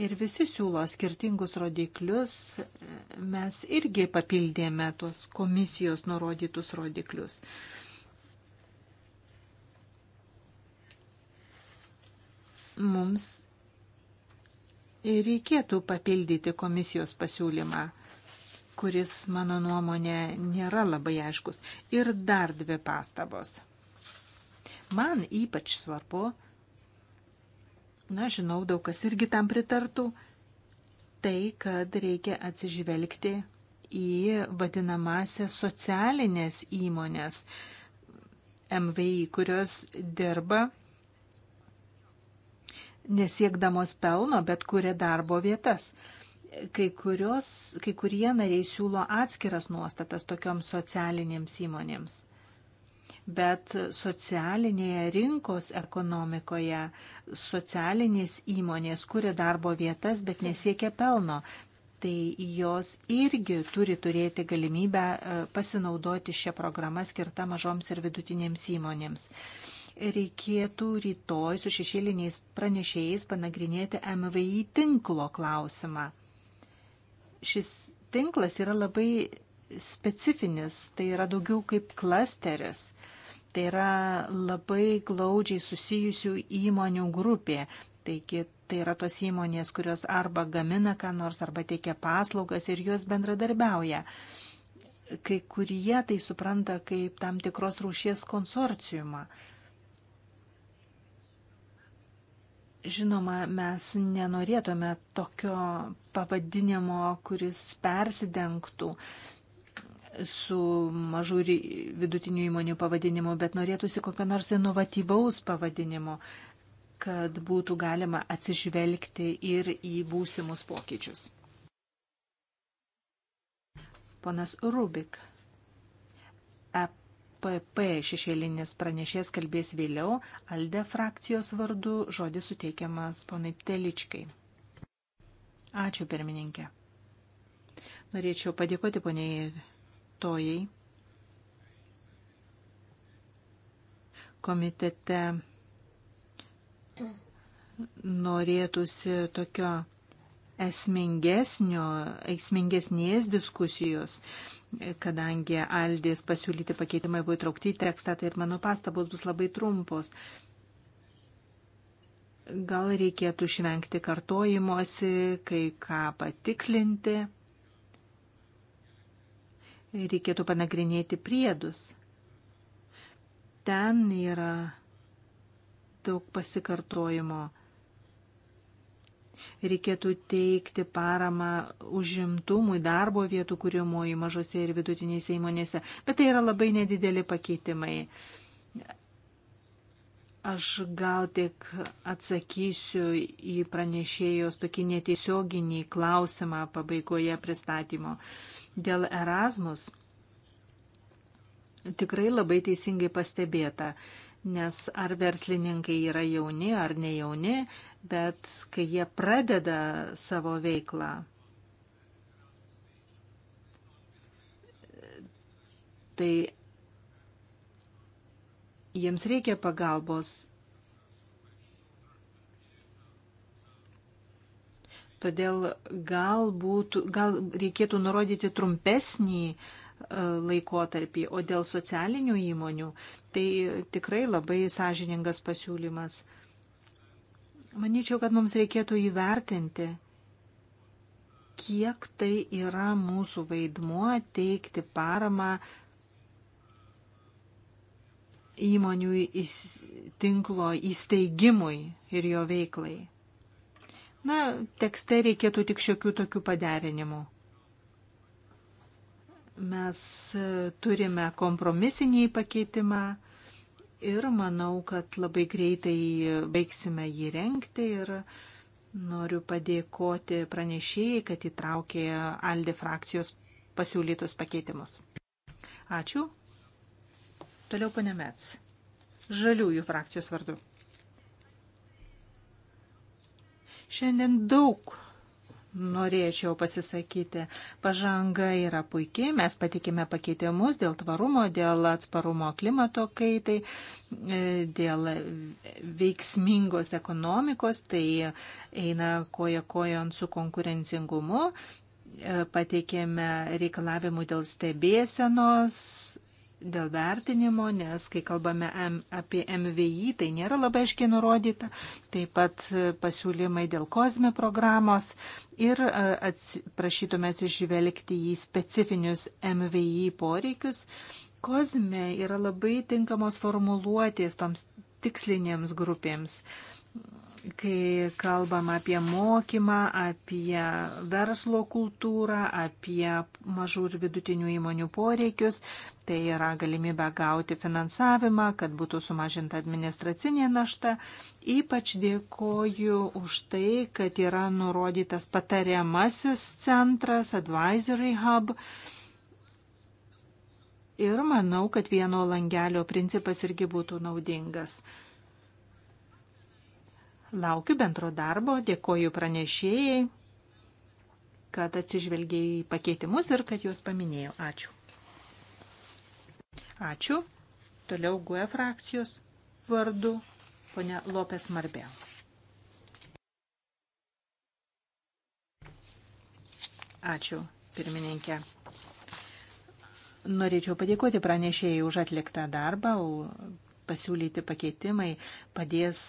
Ir visi siūlo skirtingus rodiklius, mes irgi papildėme tuos komisijos nurodytus rodiklius. mums reikėtų papildyti komisijos pasiūlymą, kuris, mano nuomonė, nėra labai aiškus. Ir dar dvi pastabos. Man ypač svarbu, na, žinau, daug kas irgi tam pritartų, tai, kad reikia atsižvelgti į vadinamąsias socialinės įmonės MVI, kurios dirba nesiekdamos pelno, bet kuria darbo vietas. Kai, kurios, kai kurie nariai siūlo atskiras nuostatas tokioms socialinėms įmonėms. Bet socialinėje rinkos ekonomikoje socialinės įmonės kuria darbo vietas, bet nesiekia pelno. Tai jos irgi turi turėti galimybę e, pasinaudoti šią programą skirtą mažoms ir vidutinėms įmonėms reikėtų rytoj su šešėliniais pranešėjais panagrinėti MVI tinklo klausimą. Šis tinklas yra labai specifinis, tai yra daugiau kaip klasteris. Tai yra labai glaudžiai susijusių įmonių grupė. Taigi tai yra tos įmonės, kurios arba gamina ką nors, arba teikia paslaugas ir jos bendradarbiauja kai kurie tai supranta kaip tam tikros rūšies konsorciumą. Žinoma, mes nenorėtume tokio pavadinimo, kuris persidengtų su mažų ir vidutinių įmonių pavadinimu, bet norėtųsi kokio nors inovatyvaus pavadinimo, kad būtų galima atsižvelgti ir į būsimus pokyčius. Ponas Rubik, EP EPP šešėlinis pranešės kalbės vėliau, Alde frakcijos vardu žodis suteikiamas ponai Teličkai. Ačiū, pirmininkė. Norėčiau padėkoti poniai Tojai. Komitete norėtųsi tokio esmingesnio, esmingesnės diskusijos kadangi Aldės pasiūlyti pakeitimai buvo įtraukti į tekstą, tai ir mano pastabos bus labai trumpos. Gal reikėtų išvengti kartojimuosi, kai ką patikslinti. Reikėtų panagrinėti priedus. Ten yra daug pasikartojimo reikėtų teikti paramą užimtumui, darbo vietų kūrimui mažose ir vidutinėse įmonėse, bet tai yra labai nedideli pakeitimai. Aš gal tik atsakysiu į pranešėjos tokį netiesioginį klausimą pabaigoje pristatymo. Dėl Erasmus tikrai labai teisingai pastebėta, nes ar verslininkai yra jauni ar nejauni, bet kai jie pradeda savo veiklą, tai jiems reikia pagalbos. Todėl galbūt, gal reikėtų nurodyti trumpesnį e, laikotarpį, o dėl socialinių įmonių tai tikrai labai sąžiningas pasiūlymas. Manyčiau, kad mums reikėtų įvertinti, kiek tai yra mūsų vaidmuo teikti paramą įmonių tinklo įsteigimui ir jo veiklai. Na, tekste reikėtų tik šiokių tokių paderinimų. Mes e, turime kompromisinį pakeitimą ir manau, kad labai greitai e, baigsime jį renkti ir noriu padėkoti pranešėjai, kad įtraukė Aldi frakcijos pasiūlytus pakeitimus. Ačiū. Toliau pane Mets. Žaliųjų frakcijos vardu. Šiandien daug norėčiau pasisakyti. Pažanga yra puikiai, mes patikime pakeitimus dėl tvarumo, dėl atsparumo klimato kaitai, e, dėl veiksmingos ekonomikos, tai eina koja kojon su konkurencingumu. E, pateikėme reikalavimų dėl stebėsenos dėl vertinimo, nes kai kalbame M, apie MVI, tai nėra labai aiškiai nurodyta. Taip pat e, pasiūlymai dėl kozmi programos ir e, ats, prašytume atsižvelgti į specifinius MVI poreikius. Kozme yra labai tinkamos formuluotės toms tikslinėms grupėms. Uh, kai kalbam apie mokymą, apie verslo kultūrą, apie mažų ir vidutinių įmonių poreikius, tai yra galimybė gauti finansavimą, kad būtų sumažinta administracinė našta. Ypač dėkoju už tai, kad yra nurodytas patariamasis centras, advisory hub. Ir manau, kad vieno langelio principas irgi būtų naudingas. Laukiu bendro darbo, dėkoju pranešėjai, kad atsižvelgiai į pakeitimus ir kad juos paminėjau. Ačiū. Ačiū. Toliau GUE frakcijos vardu ponia Lopes Marbė. Ačiū, pirmininkė. Norėčiau padėkoti pranešėjai už atliktą darbą, pasiūlyti pakeitimai padės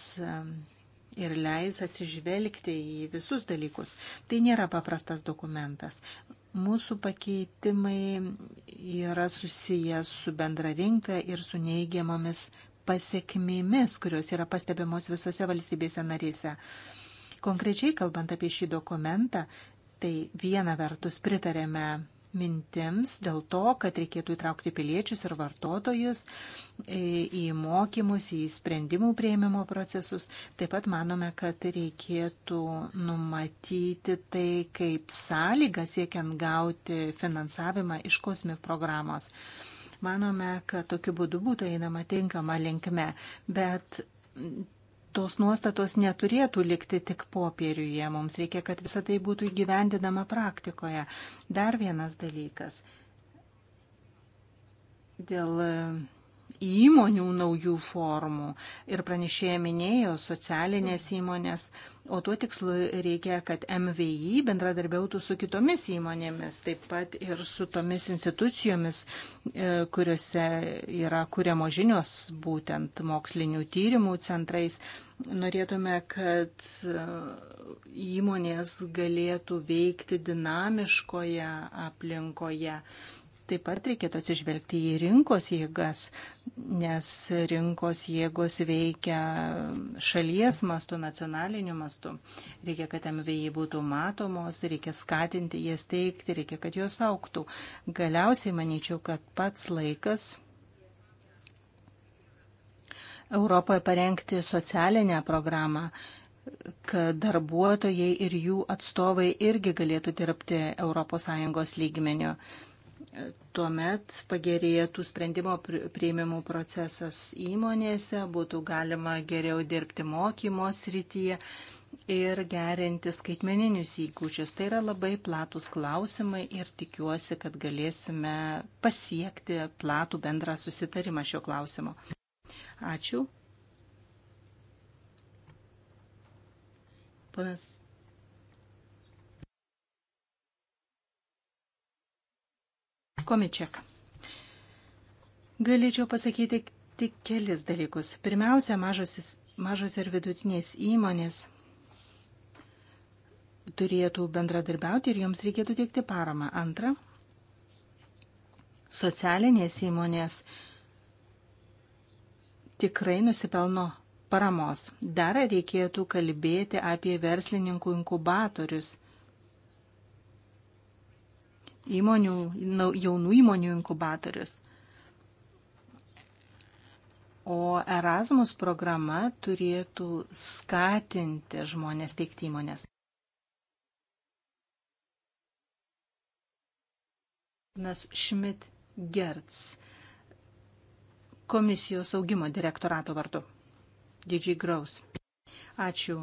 ir leis atsižvelgti į visus dalykus. Tai nėra paprastas dokumentas. Mūsų pakeitimai yra susijęs su bendra rinka ir su neigiamomis pasiekmėmis, kurios yra pastebimos visose valstybėse narėse. Konkrečiai kalbant apie šį dokumentą, tai viena vertus pritarėme mintims dėl to, kad reikėtų įtraukti piliečius ir vartotojus į mokymus, į sprendimų prieimimo procesus. Taip pat manome, kad reikėtų numatyti tai kaip sąlygą siekiant gauti finansavimą iš kosmi programos. Manome, kad tokiu būdu būtų einama tinkama linkme, bet tos nuostatos neturėtų likti tik popieriuje. Mums reikia, kad visa tai būtų įgyvendinama praktikoje. Dar vienas dalykas. Dėl įmonių naujų formų. Ir pranešėja minėjo socialinės įmonės, o tuo tikslu reikia, kad MVI bendradarbiautų su kitomis įmonėmis, taip pat ir su tomis institucijomis, e, kuriuose yra kuriamo žinios būtent mokslinių tyrimų centrais. Norėtume, kad e, įmonės galėtų veikti dinamiškoje aplinkoje Taip pat reikėtų atsižvelgti į rinkos jėgas, nes rinkos jėgos veikia šalies mastu, nacionaliniu mastu. Reikia, kad MVI būtų matomos, reikia skatinti jas teikti, reikia, kad jos auktų. Galiausiai manyčiau, kad pats laikas Europoje parengti socialinę programą kad darbuotojai ir jų atstovai irgi galėtų dirbti ES lygmeniu. Tuomet pagerėtų sprendimo prieimimų procesas įmonėse, būtų galima geriau dirbti mokymo srityje ir gerinti skaitmeninius įgūdžius. Tai yra labai platus klausimai ir tikiuosi, kad galėsime pasiekti platų bendrą susitarimą šio klausimo. Ačiū. Ponas Komiček. Galėčiau pasakyti tik kelis dalykus. Pirmiausia, mažosis, mažos ir vidutinės įmonės turėtų bendradarbiauti ir joms reikėtų teikti paramą. Antra, socialinės įmonės tikrai nusipelno paramos. Dar reikėtų kalbėti apie verslininkų inkubatorius – įmonių, jaunų įmonių inkubatorius. O Erasmus programa turėtų skatinti žmonės teikti įmonės. Nas Šmit Gertz, komisijos augimo direktorato vardu. Didžiai Graus. Ačiū.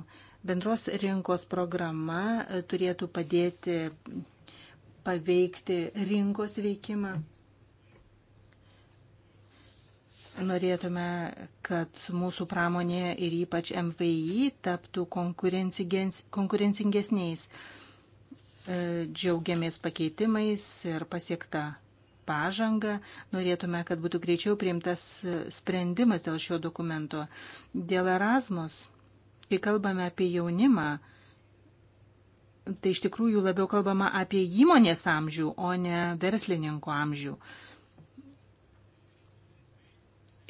Bendros rinkos programa turėtų padėti paveikti rinkos veikimą. Norėtume, kad mūsų pramonė ir ypač MVI taptų konkurencingesniais. E, džiaugiamės pakeitimais ir pasiekta pažanga. Norėtume, kad būtų greičiau priimtas sprendimas dėl šio dokumento. Dėl Erasmus, kai kalbame apie jaunimą, tai iš tikrųjų labiau kalbama apie įmonės amžių, o ne verslininko amžių.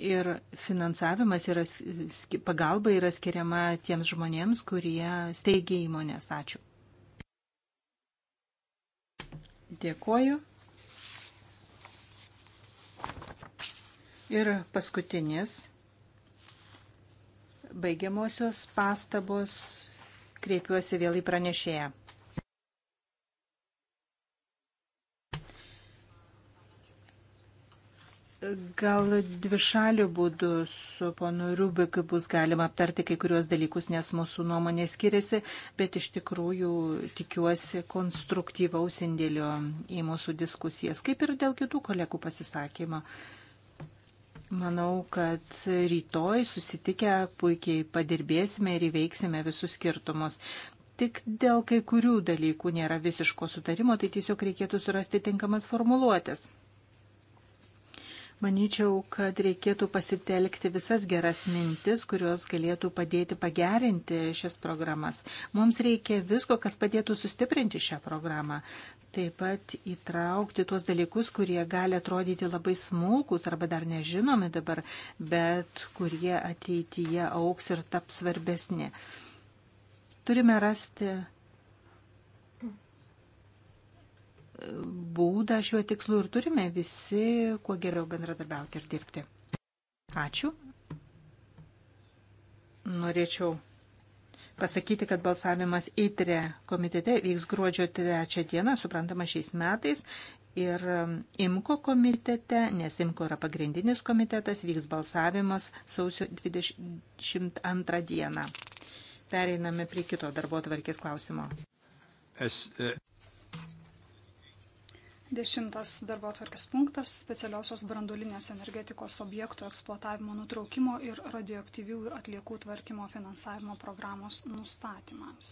Ir finansavimas yra, pagalba yra skiriama tiems žmonėms, kurie steigia įmonės. Ačiū. Dėkoju. Ir paskutinis baigiamosios pastabos kreipiuosi vėl į pranešėją. Gal dvišalių būdų su ponu Rubiku bus galima aptarti kai kuriuos dalykus, nes mūsų nuomonė skiriasi, bet iš tikrųjų tikiuosi konstruktyvaus indėlio į mūsų diskusijas, kaip ir dėl kitų kolegų pasisakymo. Manau, kad rytoj susitikę puikiai padirbėsime ir įveiksime visus skirtumus tik dėl kai kurių dalykų nėra visiško sutarimo, tai tiesiog reikėtų surasti tinkamas formuluotės. Manyčiau, kad reikėtų pasitelkti visas geras mintis, kurios galėtų padėti pagerinti šias programas. Mums reikia visko, kas padėtų sustiprinti šią programą. Taip pat įtraukti tuos dalykus, kurie gali atrodyti labai smulkus arba dar nežinomi dabar, bet kurie ateityje auks ir taps svarbesni. Turime rasti būdą šiuo tikslu ir turime visi kuo geriau bendradarbiauti ir dirbti. Ačiū. Norėčiau pasakyti, kad balsavimas įtrė komitete vyks gruodžio 3 dieną, suprantama, šiais metais. Ir um, IMKO komitete, nes IMKO yra pagrindinis komitetas, vyks balsavimas sausio 22 dieną. Pereiname prie kito darbo tvarkės klausimo. Es, e... Dešimtas darbo atvarkės punktas - specialiosios brandulinės energetikos objektų eksploatavimo nutraukimo ir radioaktyvių ir atliekų tvarkymo finansavimo programos nustatymams.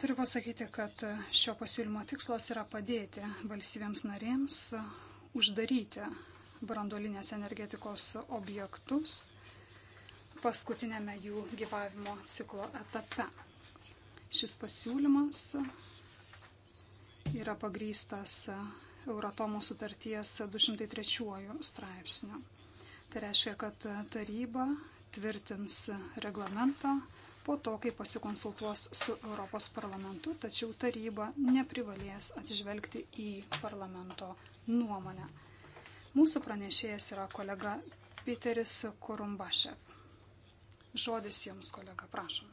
Turiu pasakyti, kad šio pasiūlymo tikslas yra padėti valstybėms narėms uždaryti brandulinės energetikos objektus paskutinėme jų gyvavimo ciklo etape. Šis pasiūlymas yra pagrystas Euratomo sutarties 203 straipsniu. Tai reiškia, kad e, taryba tvirtins reglamentą po to, kai pasikonsultuos su Europos parlamentu, tačiau taryba neprivalės atsižvelgti į parlamento nuomonę. Mūsų pranešėjas yra kolega Piteris Kurumbašev. Žodis jums, kolega, prašom.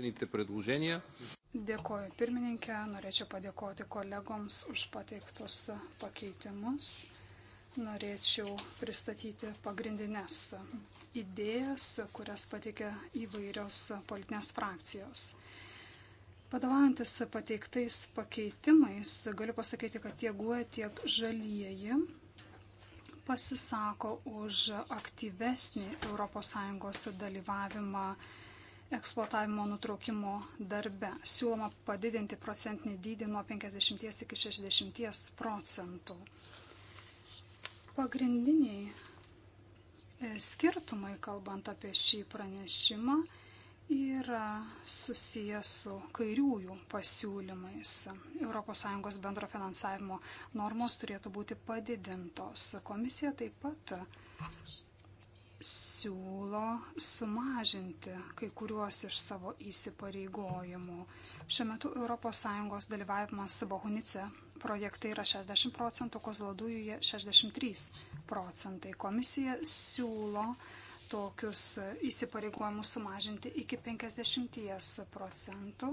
Dėkoju pirmininkė, norėčiau padėkoti kolegoms už pateiktus pakeitimus. Norėčiau pristatyti pagrindinės idėjas, kurias pateikė įvairios politinės frakcijos. Vadovaujantis pateiktais pakeitimais, galiu pasakyti, kad tiek guoja, tiek žalieji pasisako už aktyvesnį ES dalyvavimą eksploatavimo nutraukimo darbe. Siūloma padidinti procentinį dydį nuo 50 iki 60 procentų. Pagrindiniai e, skirtumai, kalbant apie šį pranešimą, yra susijęs su kairiųjų pasiūlymais. ES bendro finansavimo normos turėtų būti padidintos. Komisija taip pat siūlo sumažinti kai kuriuos iš savo įsipareigojimų. Šiuo metu ES dalyvavimas Bohunice projekte yra 60 procentų, Kozlodujuje 63 procentai. Komisija siūlo tokius įsipareigojimus sumažinti iki 50 procentų.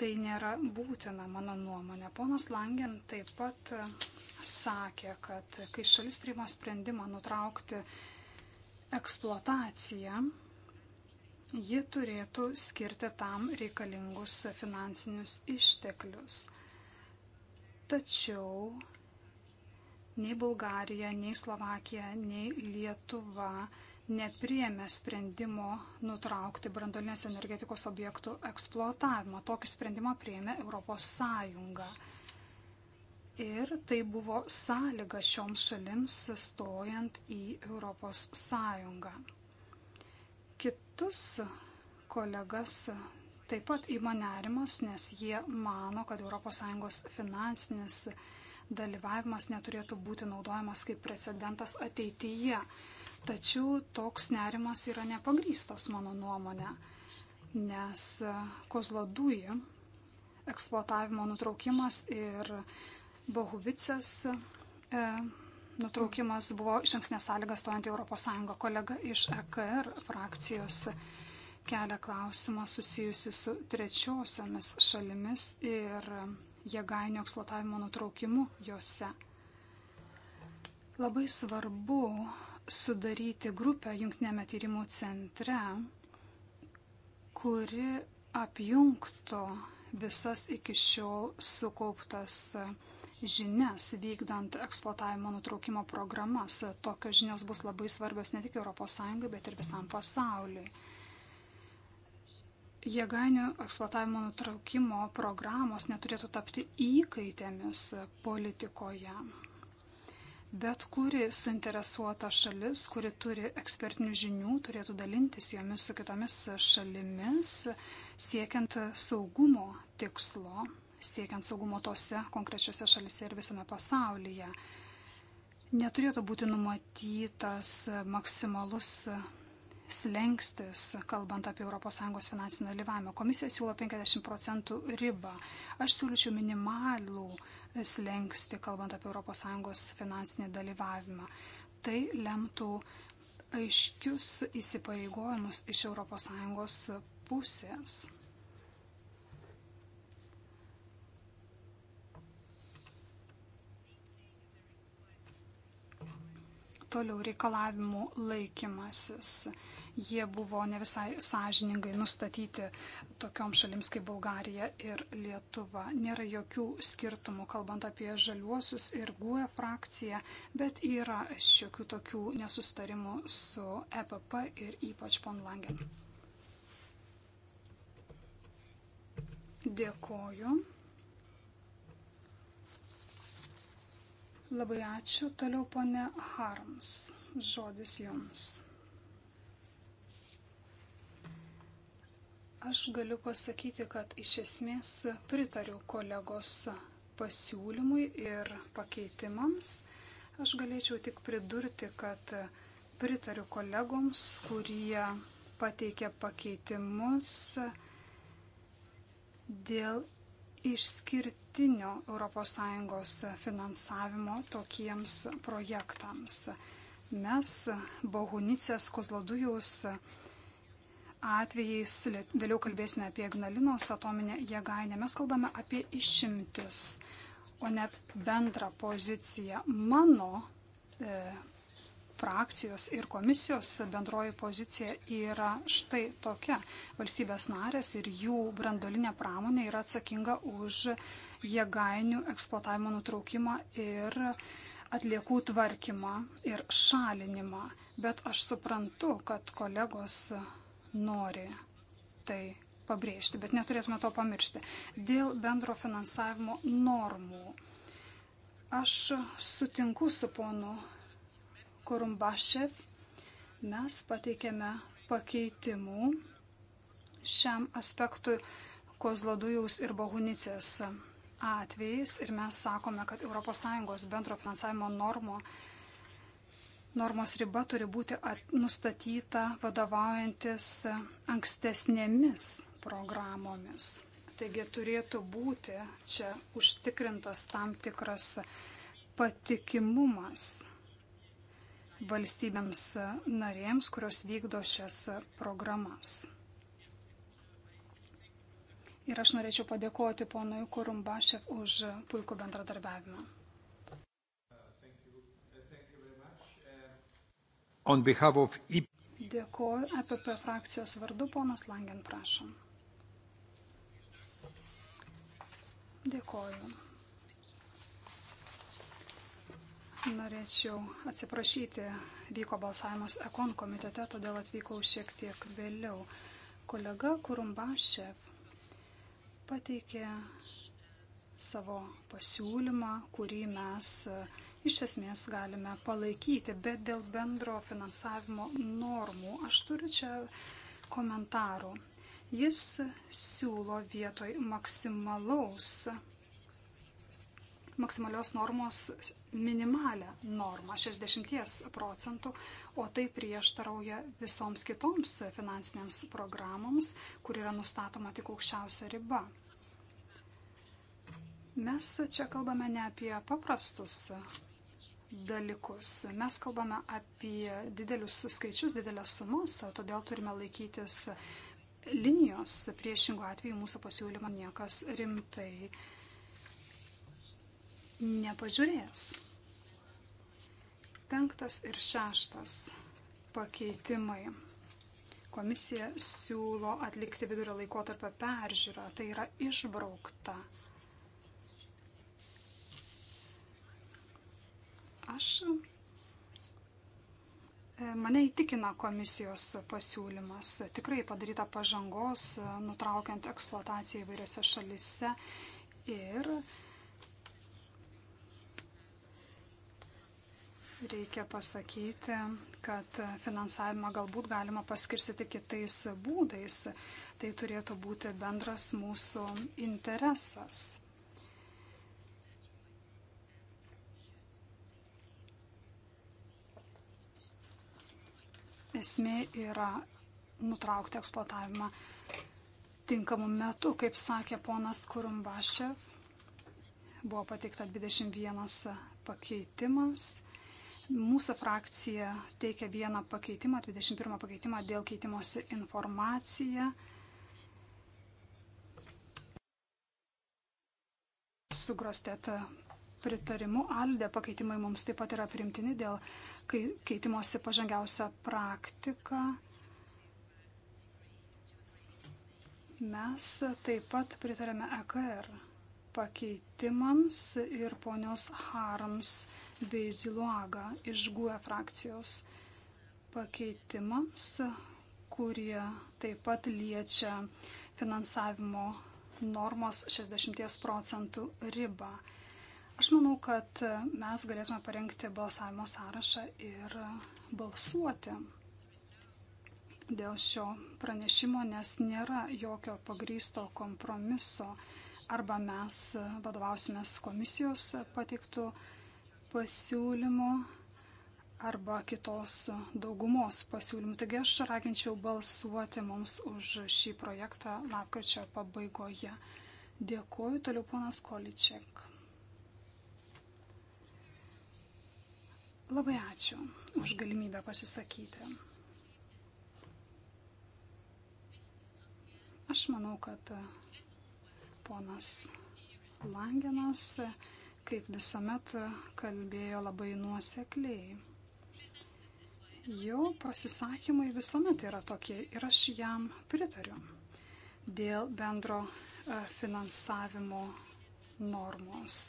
Tai nėra būtina, mano nuomonė. Ponas Langen taip pat sakė, kad kai šalis priima sprendimą nutraukti eksploatacija, ji turėtų skirti tam reikalingus finansinius išteklius. Tačiau nei Bulgarija, nei Slovakija, nei Lietuva nepriemė sprendimo nutraukti brandolinės energetikos objektų eksploatavimą. Tokį sprendimą priemė Europos Sąjunga ir tai buvo sąlyga šioms šalims stojant į Europos Sąjungą. Kitus kolegas taip pat įma nerimas, nes jie mano, kad ES finansinis dalyvavimas neturėtų būti naudojamas kaip precedentas ateityje. Tačiau toks nerimas yra nepagrystas mano nuomonė, nes kozlodujų eksploatavimo nutraukimas ir Bohubicas e, nutraukimas buvo iš anksnės sąlygas stojant į ES. Kolega iš EKR frakcijos kelia klausimą susijusi su trečiosiomis šalimis ir jėgainio eksploatavimo nutraukimu juose. Labai svarbu sudaryti grupę jungtinėme tyrimų centre, kuri apjungtų visas iki šiol sukauptas uh, žinias vykdant eksploatavimo nutraukimo programas. Tokios žinios bus labai svarbios ne tik ES, bet ir visam pasauliui. Jėgainių eksploatavimo nutraukimo programos neturėtų tapti įkaitėmis politikoje. Bet kuri suinteresuota šalis, kuri turi ekspertinių žinių, turėtų dalintis jomis su kitomis šalimis, siekiant saugumo tikslo siekiant saugumo tose konkrečiose šalise ir visame pasaulyje. Neturėtų būti numatytas maksimalus slengstis, kalbant apie ES finansinę dalyvavimą. Komisija siūlo 50 procentų ribą. Aš siūlyčiau minimalų slengsti, kalbant apie ES finansinį dalyvavimą. Tai lemtų aiškius įsipareigojimus iš ES pusės. toliau reikalavimų laikymasis. Jie buvo ne visai sąžiningai nustatyti tokiom šalims kaip Bulgarija ir Lietuva. Nėra jokių skirtumų, kalbant apie žaliuosius ir GUE frakciją, bet yra šiokių tokių nesustarimų su EPP ir ypač pon Langen. Dėkoju. Labai ačiū. Toliau ponė Harms. Žodis jums. Aš galiu pasakyti, kad iš esmės pritariu kolegos pasiūlymui ir pakeitimams. Aš galėčiau tik pridurti, kad pritariu kolegoms, kurie pateikė pakeitimus dėl išskirti nuolatinio ES finansavimo tokiems projektams. Mes Bohunicės Kozlodujus atvejais, vėliau kalbėsime apie Ignalinos atominę jėgainę, mes kalbame apie išimtis, o ne bendrą poziciją. Mano e, frakcijos ir komisijos bendroji pozicija yra štai tokia. Valstybės narės ir jų brandolinė pramonė yra atsakinga už jėgainių eksploatavimo nutraukimą ir atliekų tvarkymą ir šalinimą. Bet aš suprantu, kad kolegos nori tai pabrėžti, bet neturėtume to pamiršti. Dėl bendro finansavimo normų. Aš sutinku su ponu Korumbašev. Mes pateikėme pakeitimų šiam aspektui Kozlodujaus ir Bahunicės atvejais ir mes sakome, kad ES bendro finansavimo normo, normos riba turi būti at, nustatyta vadovaujantis ankstesnėmis programomis. Taigi turėtų būti čia užtikrintas tam tikras patikimumas valstybėms narėms, kurios vykdo šias programas. Ir aš norėčiau padėkoti ponui Kurumbašev už puikų bendradarbiavimą. Of... Dėkuoju EPP frakcijos vardu, ponas Langen, prašom. Dėkuoju. Norėčiau atsiprašyti, vyko balsavimas Ekon komitete, todėl atvykau šiek tiek vėliau. Kolega Kurumbašev pateikė savo pasiūlymą, kurį mes e, iš esmės galime palaikyti, bet dėl bendro finansavimo normų aš turiu čia komentarų. Jis siūlo vietoj maksimalaus, maksimalios normos minimalę normą 60 procentų, o tai prieštarauja visoms kitoms finansinėms programoms, kur yra nustatoma tik aukščiausia riba. Mes čia kalbame ne apie paprastus dalykus. Mes kalbame apie didelius skaičius, didelės sumas, todėl turime laikytis linijos. Priešingų atveju mūsų pasiūlymo niekas rimtai nepažiūrės. Penktas ir šeštas pakeitimai. Komisija siūlo atlikti vidurio laikotarpio peržiūrą, tai yra išbraukta Aš e, Mane įtikina komisijos pasiūlymas. Tikrai padaryta pažangos, e, nutraukiant eksploataciją įvairiose šalise. Ir reikia pasakyti, kad finansavimą galbūt galima paskirstyti kitais būdais. Tai turėtų būti bendras mūsų interesas. esmė yra nutraukti eksploatavimą tinkamu metu, kaip sakė ponas Kurumbašė. Buvo pateikta 21 pakeitimas. Mūsų frakcija teikia vieną pakeitimą, 21 pakeitimą dėl keitimosi informacija. Sugrostet pritarimu. Aldė pakeitimai mums taip pat yra primtini dėl keitimosi pažangiausią praktiką. Mes taip pat pritarėme EKR pakeitimams ir ponios Harams bei Ziluaga iš GUE frakcijos pakeitimams, kurie taip pat liečia finansavimo normos 60 procentų ribą. Aš manau, kad e, mes galėtume parengti balsavimo sąrašą ir e, balsuoti dėl šio pranešimo, nes nėra jokio pagrysto kompromiso. Arba mes e, vadovausimės komisijos pateiktų pasiūlymų, arba kitos daugumos pasiūlymų. Taigi aš raginčiau balsuoti mums už šį projektą lapkričio pabaigoje. Dėkuoju toliau ponas Količiak. Labai ačiū už galimybę pasisakyti. Aš manau, kad ponas Langenas, kaip visuomet, kalbėjo labai nuosekliai. Jo pasisakymai visuomet yra tokie ir aš jam pritariu dėl bendro e, finansavimo normos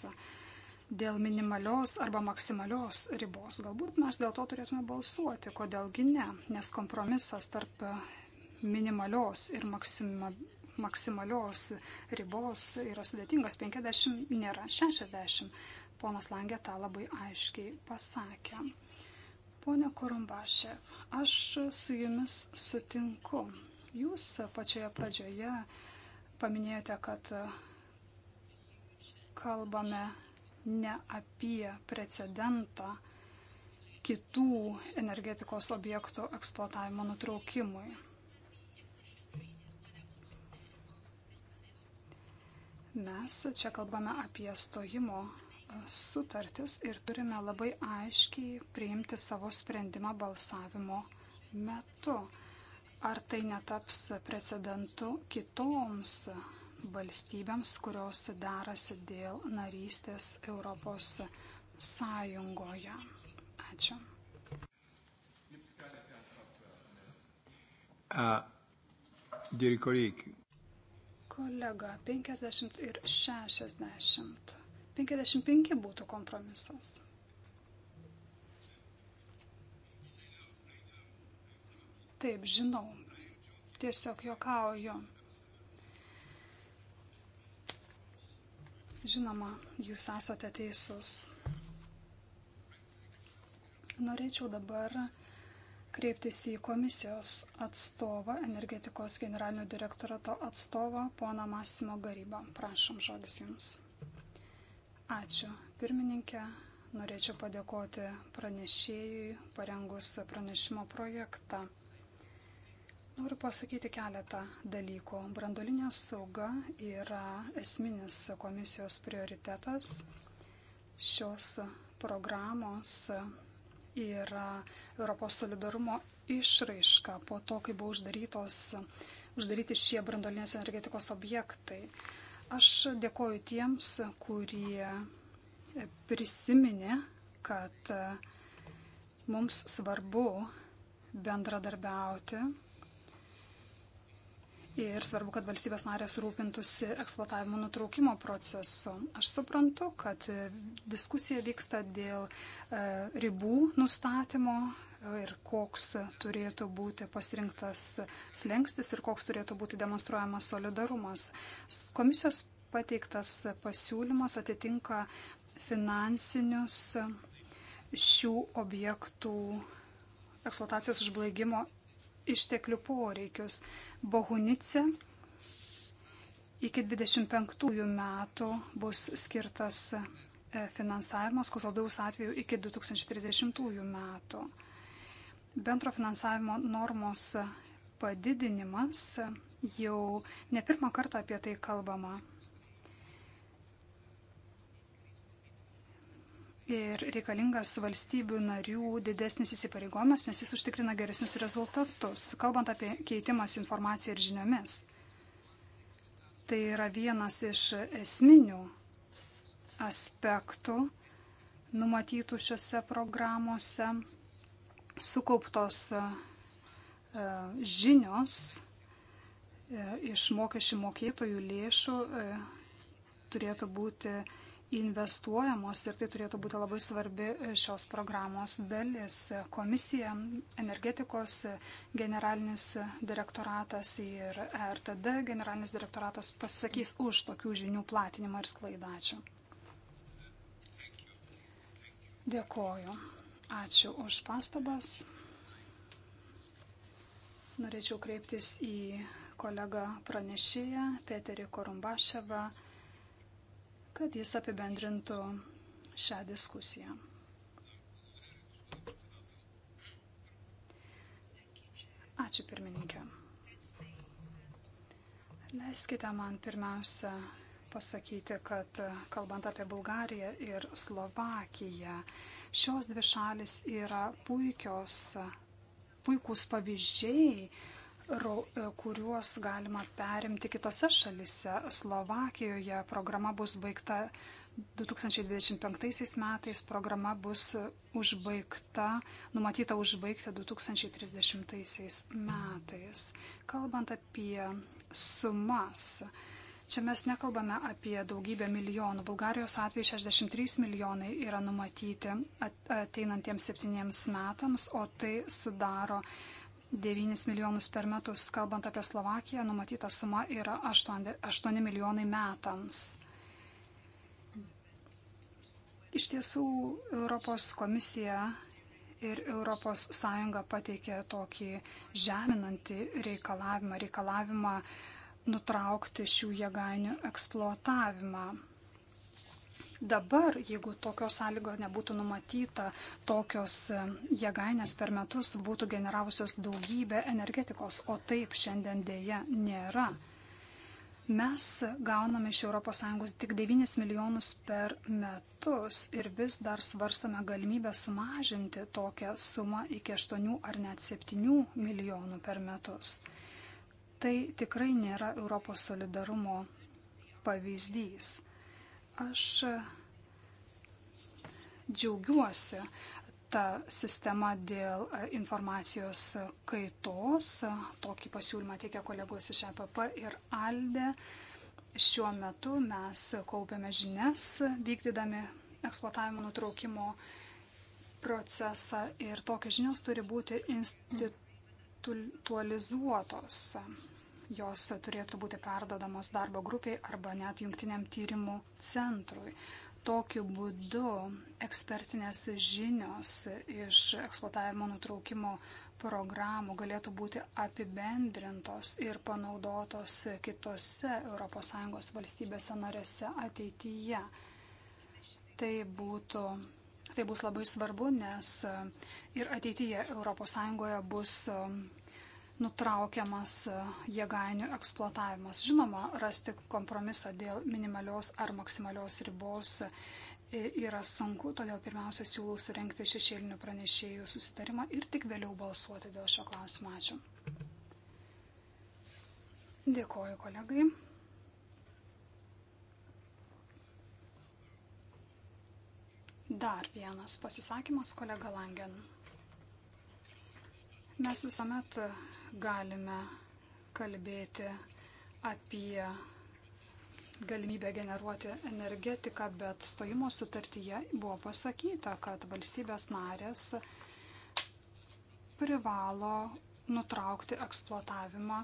dėl minimalios arba maksimalios ribos. Galbūt mes dėl to turėtume balsuoti, kodėlgi ne, nes kompromisas tarp minimalios ir maksima, maksimalios ribos yra sudėtingas, 50 nėra 60. Ponas Langė tą labai aiškiai pasakė. Pone Kurumbašė, aš su jumis sutinku. Jūs pačioje pradžioje paminėjote, kad kalbame ne apie precedentą kitų energetikos objektų eksploatavimo nutraukimui. Mes čia kalbame apie stojimo sutartis ir turime labai aiškiai priimti savo sprendimą balsavimo metu. Ar tai netaps precedentu kitoms valstybėms, kurios darasi dėl narystės Europos Sąjungoje. Ačiū. A, uh, dear colleague. Kolega, 50 ir 60. 55 būtų kompromisas. Taip, žinau. Tiesiog jokauju. Žinoma, jūs esate teisūs. Norėčiau dabar kreiptis į komisijos atstovą, energetikos generalinio direktorato atstovą, poną Masimo Garybą. Prašom žodis jums. Ačiū. Pirmininkė, norėčiau padėkoti pranešėjui parengus pranešimo projektą. Noriu pasakyti keletą dalykų. Brandolinė sauga yra esminis komisijos prioritetas. Šios programos yra Europos solidarumo išraiška po to, kai buvo uždarytos, uždaryti šie brandolinės energetikos objektai. Aš dėkoju tiems, kurie prisiminė, kad mums svarbu bendradarbiauti Ir svarbu, kad valstybės narės rūpintųsi eksploatavimo nutraukimo procesu. Aš suprantu, kad diskusija vyksta dėl e, ribų nustatymo ir koks turėtų būti pasirinktas slengstis ir koks turėtų būti demonstruojamas solidarumas. Komisijos pateiktas pasiūlymas atitinka finansinius šių objektų eksploatacijos užblaigimo išteklių poreikius. Bohunice iki 25 metų bus skirtas e, finansavimas, Kosaldaus atveju iki 2030 metų. Bendro finansavimo normos padidinimas jau ne pirmą kartą apie tai kalbama ir reikalingas valstybių narių didesnis įsipareigojimas, nes jis užtikrina geresnius rezultatus, kalbant apie keitimas informaciją ir žiniomis. Tai yra vienas iš esminių aspektų numatytų šiuose programuose. Sukauptos e, žinios e, iš mokesčių mokėtojų lėšų e, turėtų būti investuojamos ir tai turėtų būti labai svarbi e, šios programos dalis. Komisija, energetikos generalinis direktoratas ir ERTD generalinis direktoratas pasisakys už tokių žinių platinimą ir sklaidą. Ačiū. Dėkoju. Ačiū už pastabas. Norėčiau kreiptis į kolegą pranešėją Peterį Korumbaševą kad jis apibendrintų šią diskusiją. Ačiū pirmininkė. Leiskite man pirmiausia pasakyti, kad kalbant apie Bulgariją ir Slovakiją, šios dvi šalis yra puikios, puikūs pavyzdžiai, E, kuriuos galima perimti kitose šalise. Slovakijoje programa bus baigta 2025 metais, programa bus užbaigta, numatyta užbaigti 2030 metais. Kalbant apie sumas, čia mes nekalbame apie daugybę milijonų. Bulgarijos atveju 63 milijonai yra numatyti ateinantiems septyniems metams, o tai sudaro 1,5 9 milijonus per metus, kalbant apie Slovakiją, numatyta suma yra 8, 8 milijonai metams. Iš tiesų, Europos komisija ir ES pateikė tokį žeminantį reikalavimą, reikalavimą nutraukti šių jėgainių eksploatavimą. Dabar, jeigu tokios sąlygos nebūtų numatyta, tokios e, jėgainės per metus būtų generavusios daugybę energetikos, o taip šiandien dėja nėra. Mes gauname iš ES tik 9 milijonus per metus ir vis dar svarstame galimybę sumažinti tokią sumą iki 8 ar net 7 milijonų per metus. Tai tikrai nėra Europos solidarumo pavyzdys. Aš džiaugiuosi ta sistema dėl informacijos kaitos. Tokį pasiūlymą teikia kolegos iš EPP ir ALDE. Šiuo metu mes kaupiame žinias, vykdydami eksploatavimo nutraukimo procesą ir tokios žinios turi būti institucionalizuotos jos turėtų būti perdodamos darbo grupiai arba net jungtiniam tyrimų centrui. Tokiu būdu ekspertinės žinios iš eksploatavimo nutraukimo programų galėtų būti apibendrintos ir panaudotos kitose ES valstybėse narėse ateityje. Tai būtų Tai bus labai svarbu, nes ir ateityje ES bus nutraukiamas e, jėgainių eksploatavimas. Žinoma, rasti kompromisą dėl minimalios ar maksimalios ribos e, yra sunku, todėl pirmiausia siūlau surenkti šešėlinių pranešėjų susitarimą ir tik vėliau balsuoti dėl šio klausimo. Ačiū. Dėkoju kolegai. Dar vienas pasisakymas kolega Langen. Mes visuomet galime kalbėti apie galimybę generuoti energetiką, bet stojimo sutartyje buvo pasakyta, kad valstybės narės privalo nutraukti eksploatavimą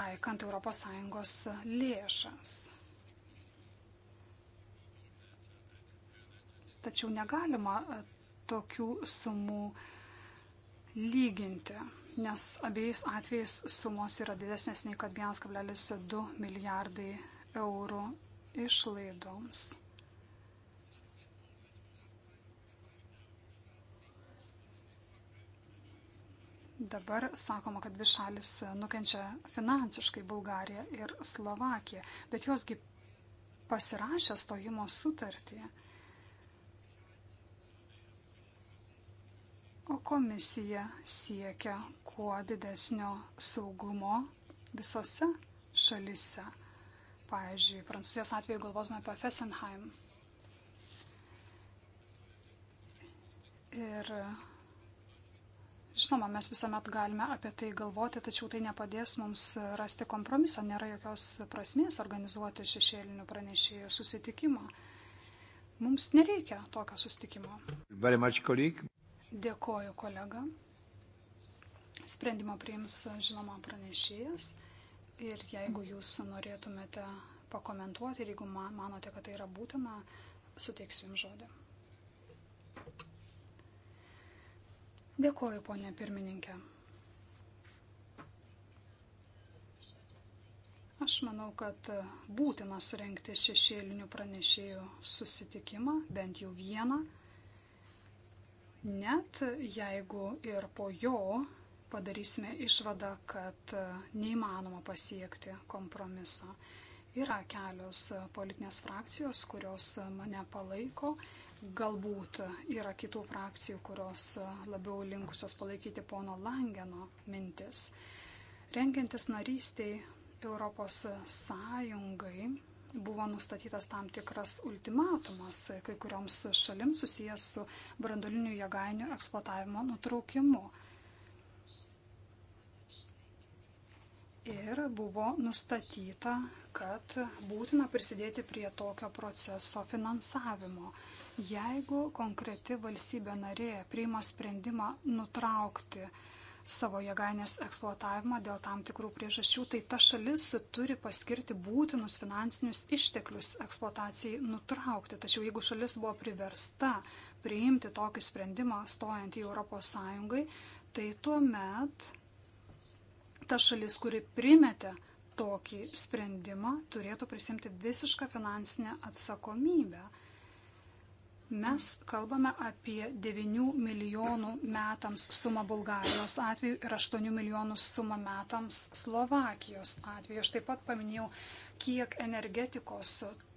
taikant ES lėšas. Tačiau negalima tokių sumų lyginti, nes abiejais atvejais sumos yra didesnės nei kad 1,2 milijardai eurų išlaidoms. Dabar sakoma, kad dvi šalis nukenčia finansiškai Bulgarija ir Slovakija, bet josgi pasirašė stojimo sutartį. O komisija siekia kuo didesnio saugumo visose šalise. Pavyzdžiui, Prancūzijos atveju galvotume apie Fessenheim. Ir žinoma, mes visuomet galime apie tai galvoti, tačiau tai nepadės mums rasti kompromiso. Nėra jokios prasmės organizuoti šešėlinių pranešėjų susitikimą. Mums nereikia tokio susitikimo. Dėkoju kolega. Sprendimą priims žinoma pranešėjas. Ir jeigu jūs norėtumėte pakomentuoti ir jeigu manote, kad tai yra būtina, suteiksiu jums žodį. Dėkoju, ponė pirmininkė. Aš manau, kad būtina surenkti šešėlinių pranešėjų susitikimą, bent jau vieną. Net jeigu ir po jo padarysime išvadą, kad e, neįmanoma pasiekti kompromiso. Yra kelios e, politinės frakcijos, kurios e, mane palaiko. Galbūt yra kitų frakcijų, kurios labiau linkusios palaikyti pono Langeno mintis. Renkiantis narystiai Europos Sąjungai buvo nustatytas tam tikras ultimatumas kai kurioms šalims susijęs su brandolinių jėgainių eksploatavimo nutraukimu. Ir buvo nustatyta, kad būtina prisidėti prie tokio proceso finansavimo. Jeigu konkreti valstybė narė priima sprendimą nutraukti uh, savo jėgainės eksploatavimą dėl tam tikrų priežasčių, tai ta šalis turi paskirti būtinus finansinius išteklius eksploatacijai nutraukti. Tačiau jeigu šalis buvo priversta priimti tokį sprendimą stojant į ES, tai tuomet ta šalis, kuri primetė tokį sprendimą, turėtų prisimti visišką finansinę atsakomybę Mes kalbame apie 9 milijonų metams sumą Bulgarijos atveju ir 8 milijonų sumą metams Slovakijos atveju. Aš taip pat paminėjau, kiek energetikos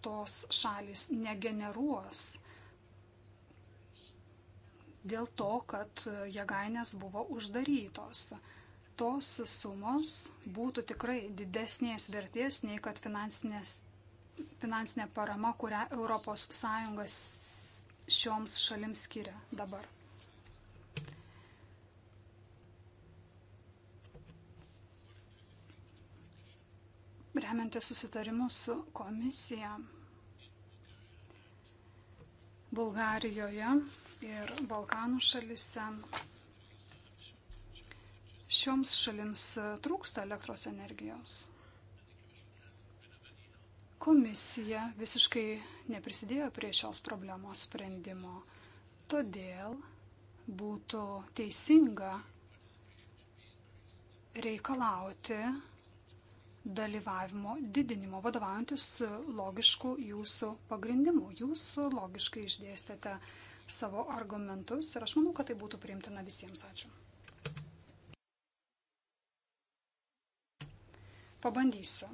tos šalis negeneruos dėl to, kad jėgainės buvo uždarytos. Tos sumos būtų tikrai didesnės vertės nei kad finansinė parama, kurią ES šioms šalims skiria dabar. Remiantis susitarimu su komisija Bulgarijoje ir Balkanų šalise šioms šalims trūksta elektros energijos. Komisija visiškai neprisidėjo prie šios problemos sprendimo. Todėl būtų teisinga reikalauti dalyvavimo didinimo, vadovaujantis logiškų jūsų pagrindimų. Jūs logiškai išdėstėte savo argumentus ir aš manau, kad tai būtų priimtina visiems. Ačiū. Pabandysiu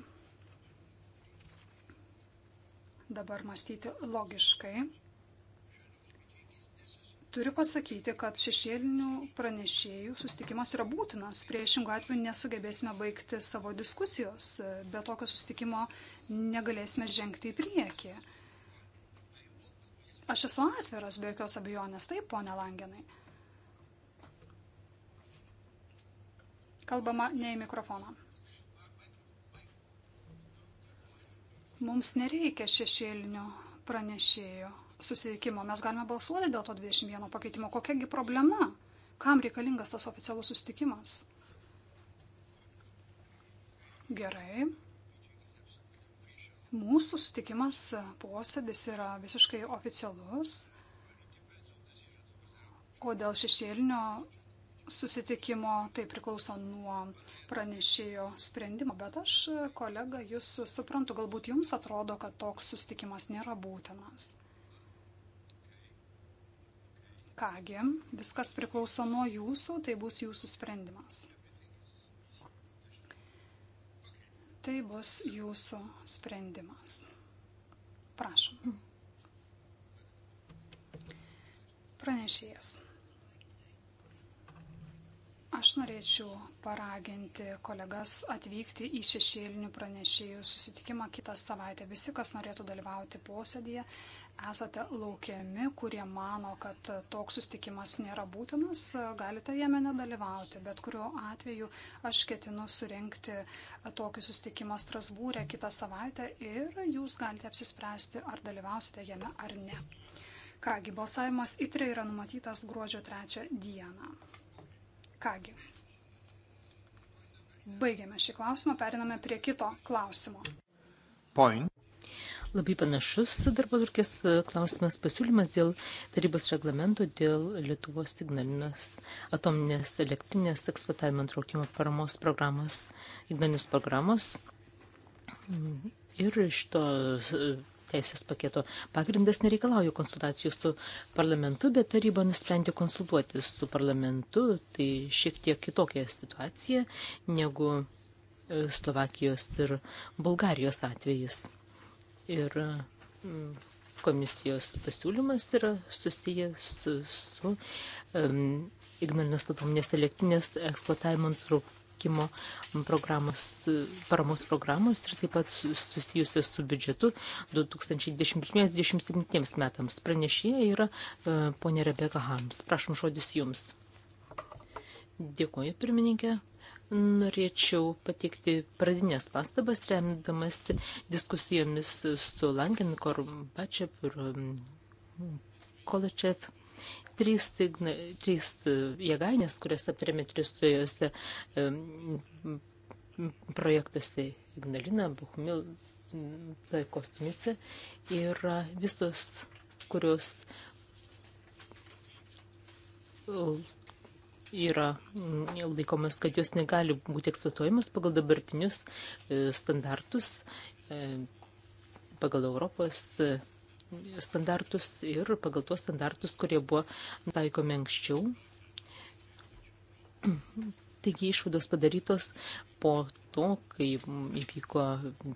dabar mąstyti logiškai. Turiu pasakyti, kad šešėlinių pranešėjų sustikimas yra būtinas. Priešingų atveju nesugebėsime baigti savo diskusijos. Be tokio sustikimo negalėsime žengti į priekį. Aš esu atviras, be jokios abejonės, taip, ponė Langenai. Kalbama ne į mikrofoną. Mums nereikia šešėlinio pranešėjo susitikimo. Mes galime balsuoti dėl to 21 pakeitimo. Kokiagi problema? Kam reikalingas tas oficialus susitikimas? Gerai. Mūsų susitikimas posėdis yra visiškai oficialus. O dėl šešėlinio susitikimo, tai priklauso nuo pranešėjo sprendimo, bet aš, kolega, jūs suprantu, galbūt jums atrodo, kad toks susitikimas nėra būtinas. Kągi, viskas priklauso nuo jūsų, tai bus jūsų sprendimas. Tai bus jūsų sprendimas. Prašom. Mm. Pranešėjas. Aš norėčiau paraginti kolegas atvykti į šešėlinių pranešėjų susitikimą kitą savaitę. Visi, kas norėtų dalyvauti posėdėje, esate laukiami, kurie mano, kad toks susitikimas nėra būtinas, galite jame nedalyvauti. Bet kuriuo atveju aš ketinu surenkti tokį susitikimą Strasbūrė kitą savaitę ir jūs galite apsispręsti, ar dalyvausite jame ar ne. Kągi, balsavimas įtrė yra numatytas gruodžio 3 dieną. Kągi, baigiame šį klausimą, periname prie kito klausimo. Point. Labai panašus darbo turkės e, klausimas pasiūlymas dėl tarybos reglamento dėl Lietuvos Ignalinos atominės elektrinės eksploatavimo antraukimo paramos programos, Ignalinos programos. Mm, ir iš to e, teisės paketo. Pagrindas nereikalauja konsultacijų su parlamentu, bet taryba nusprendė konsultuotis su parlamentu. Tai šiek tiek kitokia situacija negu e, Slovakijos ir Bulgarijos atvejis. Ir mm, komisijos pasiūlymas yra susijęs su, su um, Ignalinos atominės elektrinės eksploatavimo palaikymo programos, paramos programos ir taip pat susijusios su biudžetu 2021-2027 metams. Pranešėja yra e, ponė Rebeka Hams. Prašom žodis jums. Dėkuoju, pirmininkė. Norėčiau pateikti pradinės pastabas, remdamas diskusijomis su Langin Korbačev ir mm, Koločev trys, trys e, jėgainės, kurias aptarėme trisojose e, projektuose Ignalina, Buhumil, Kostumice, yra visos, kurios e, yra laikomas, kad jos negali būti eksploatuojamas pagal dabartinius standartus, pagal Europos standartus ir pagal tuos standartus, kurie buvo taikomi anksčiau. Taigi išvados padarytos po to, kai įvyko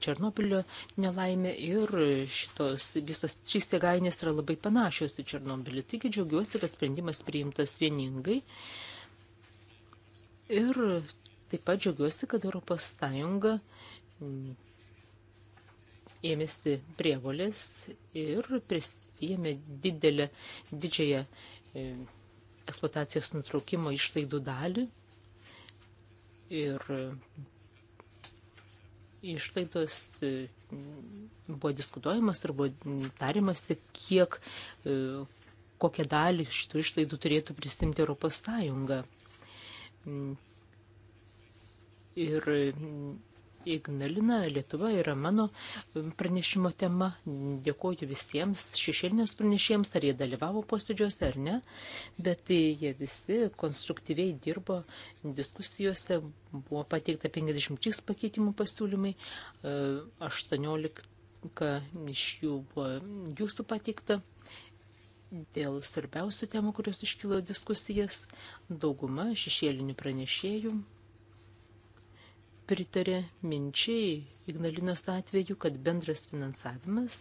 Černobilio nelaimė ir šitos visos trys jėgainės yra labai panašios į Černobilį. Taigi džiaugiuosi, kad sprendimas priimtas vieningai. Ir taip pat džiaugiuosi, kad Europos Sąjunga ėmėsi prievolės ir prisijėmė didelę, didžiąją e, eksploatacijos nutraukimo išlaidų dalį. Ir išlaidos e, buvo diskutuojamas ir buvo tarimasi, kiek, e, kokią dalį šitų išlaidų turėtų prisimti Europos Sąjunga. Mm. Ir Ignalina Lietuva yra mano pranešimo tema. Dėkoju visiems šešėlinėms pranešėjams, ar jie dalyvavo posėdžiuose ar ne, bet jie visi konstruktyviai dirbo diskusijose. Buvo pateikta 53 pakeitimų pasiūlymai, 18 e, iš jų buvo jūsų pateikta. Dėl svarbiausių temų, kurios iškilo diskusijas, dauguma šešėlinių pranešėjų pritarė minčiai Ignalinos atveju, kad bendras finansavimas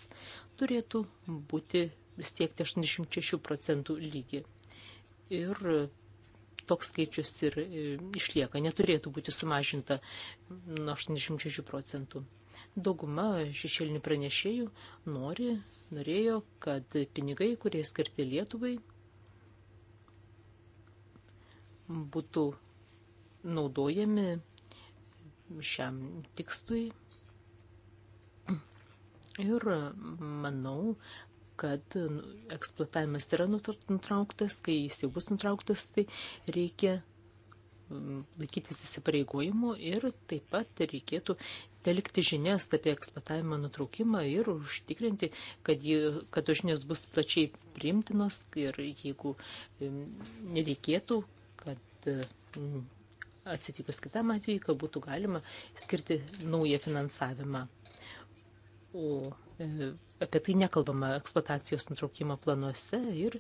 turėtų būti siekti 86 procentų lygį. Ir toks skaičius ir e, išlieka, neturėtų būti sumažinta nuo 86 procentų. Dauguma šešėlinių pranešėjų nori, norėjo, kad pinigai, kurie skirti Lietuvai, būtų naudojami šiam tikstui. Ir manau, kad nu, eksploatavimas yra nutrauktas, kai jis jau bus nutrauktas, tai reikia mm, laikytis įsipareigojimų ir taip pat reikėtų telkti žinias apie eksploatavimo nutraukimą ir užtikrinti, kad, jį, kad žinias bus plačiai priimtinos ir jeigu mm, nereikėtų, kad mm, atsitikus kitam atveju, kad būtų galima skirti naują finansavimą. O e, apie tai nekalbama eksploatacijos nutraukimo planuose ir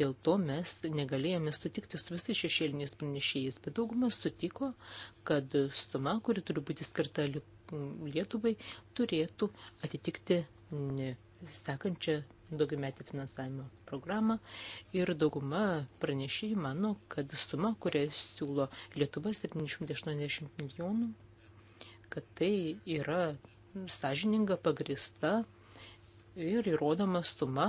dėl to mes negalėjome sutikti su visais šešėliniais pranešėjais, bet daugumas sutiko, kad suma, kuri turi būti skirta Lietuvai, turėtų atitikti sekančią daugiametį finansavimo programą ir dauguma pranešėjų mano, kad suma, kurią siūlo Lietuva 780 milijonų, kad tai yra sąžininga, pagrista ir įrodoma suma,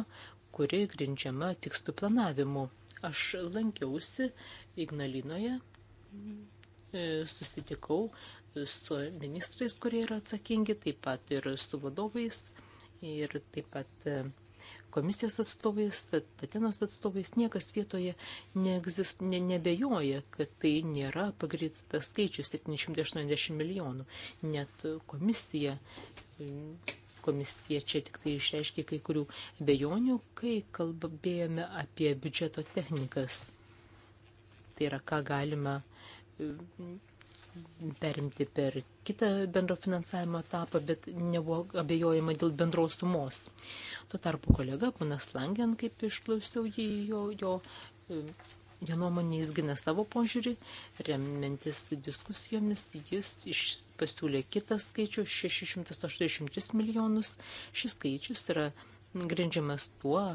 kuri grindžiama tikstų planavimu. Aš lankiausi Ignalinoje, e, susitikau su ministrais, kurie yra atsakingi, taip pat ir su vadovais ir taip pat e, komisijos atstovais, Tatenos atstovais, niekas vietoje neegzist, ne, nebejoja, kad tai nėra pagrįstas skaičius 780 milijonų. Net komisija, komisija čia tik tai išreiškė kai kurių bejonių, kai kalbėjome apie biudžeto technikas. Tai yra, ką galima perimti per kitą bendro finansavimo etapą, bet nebuvo abejojama dėl bendros sumos. Tuo tarpu kolega, panas Langen, kaip išklausiau jį, jo, jo, e, jo nuomonė jis gina savo požiūrį, remiantis diskusijomis, jis pasiūlė kitą skaičių - 683 milijonus. Šis skaičius yra grindžiamas tuo,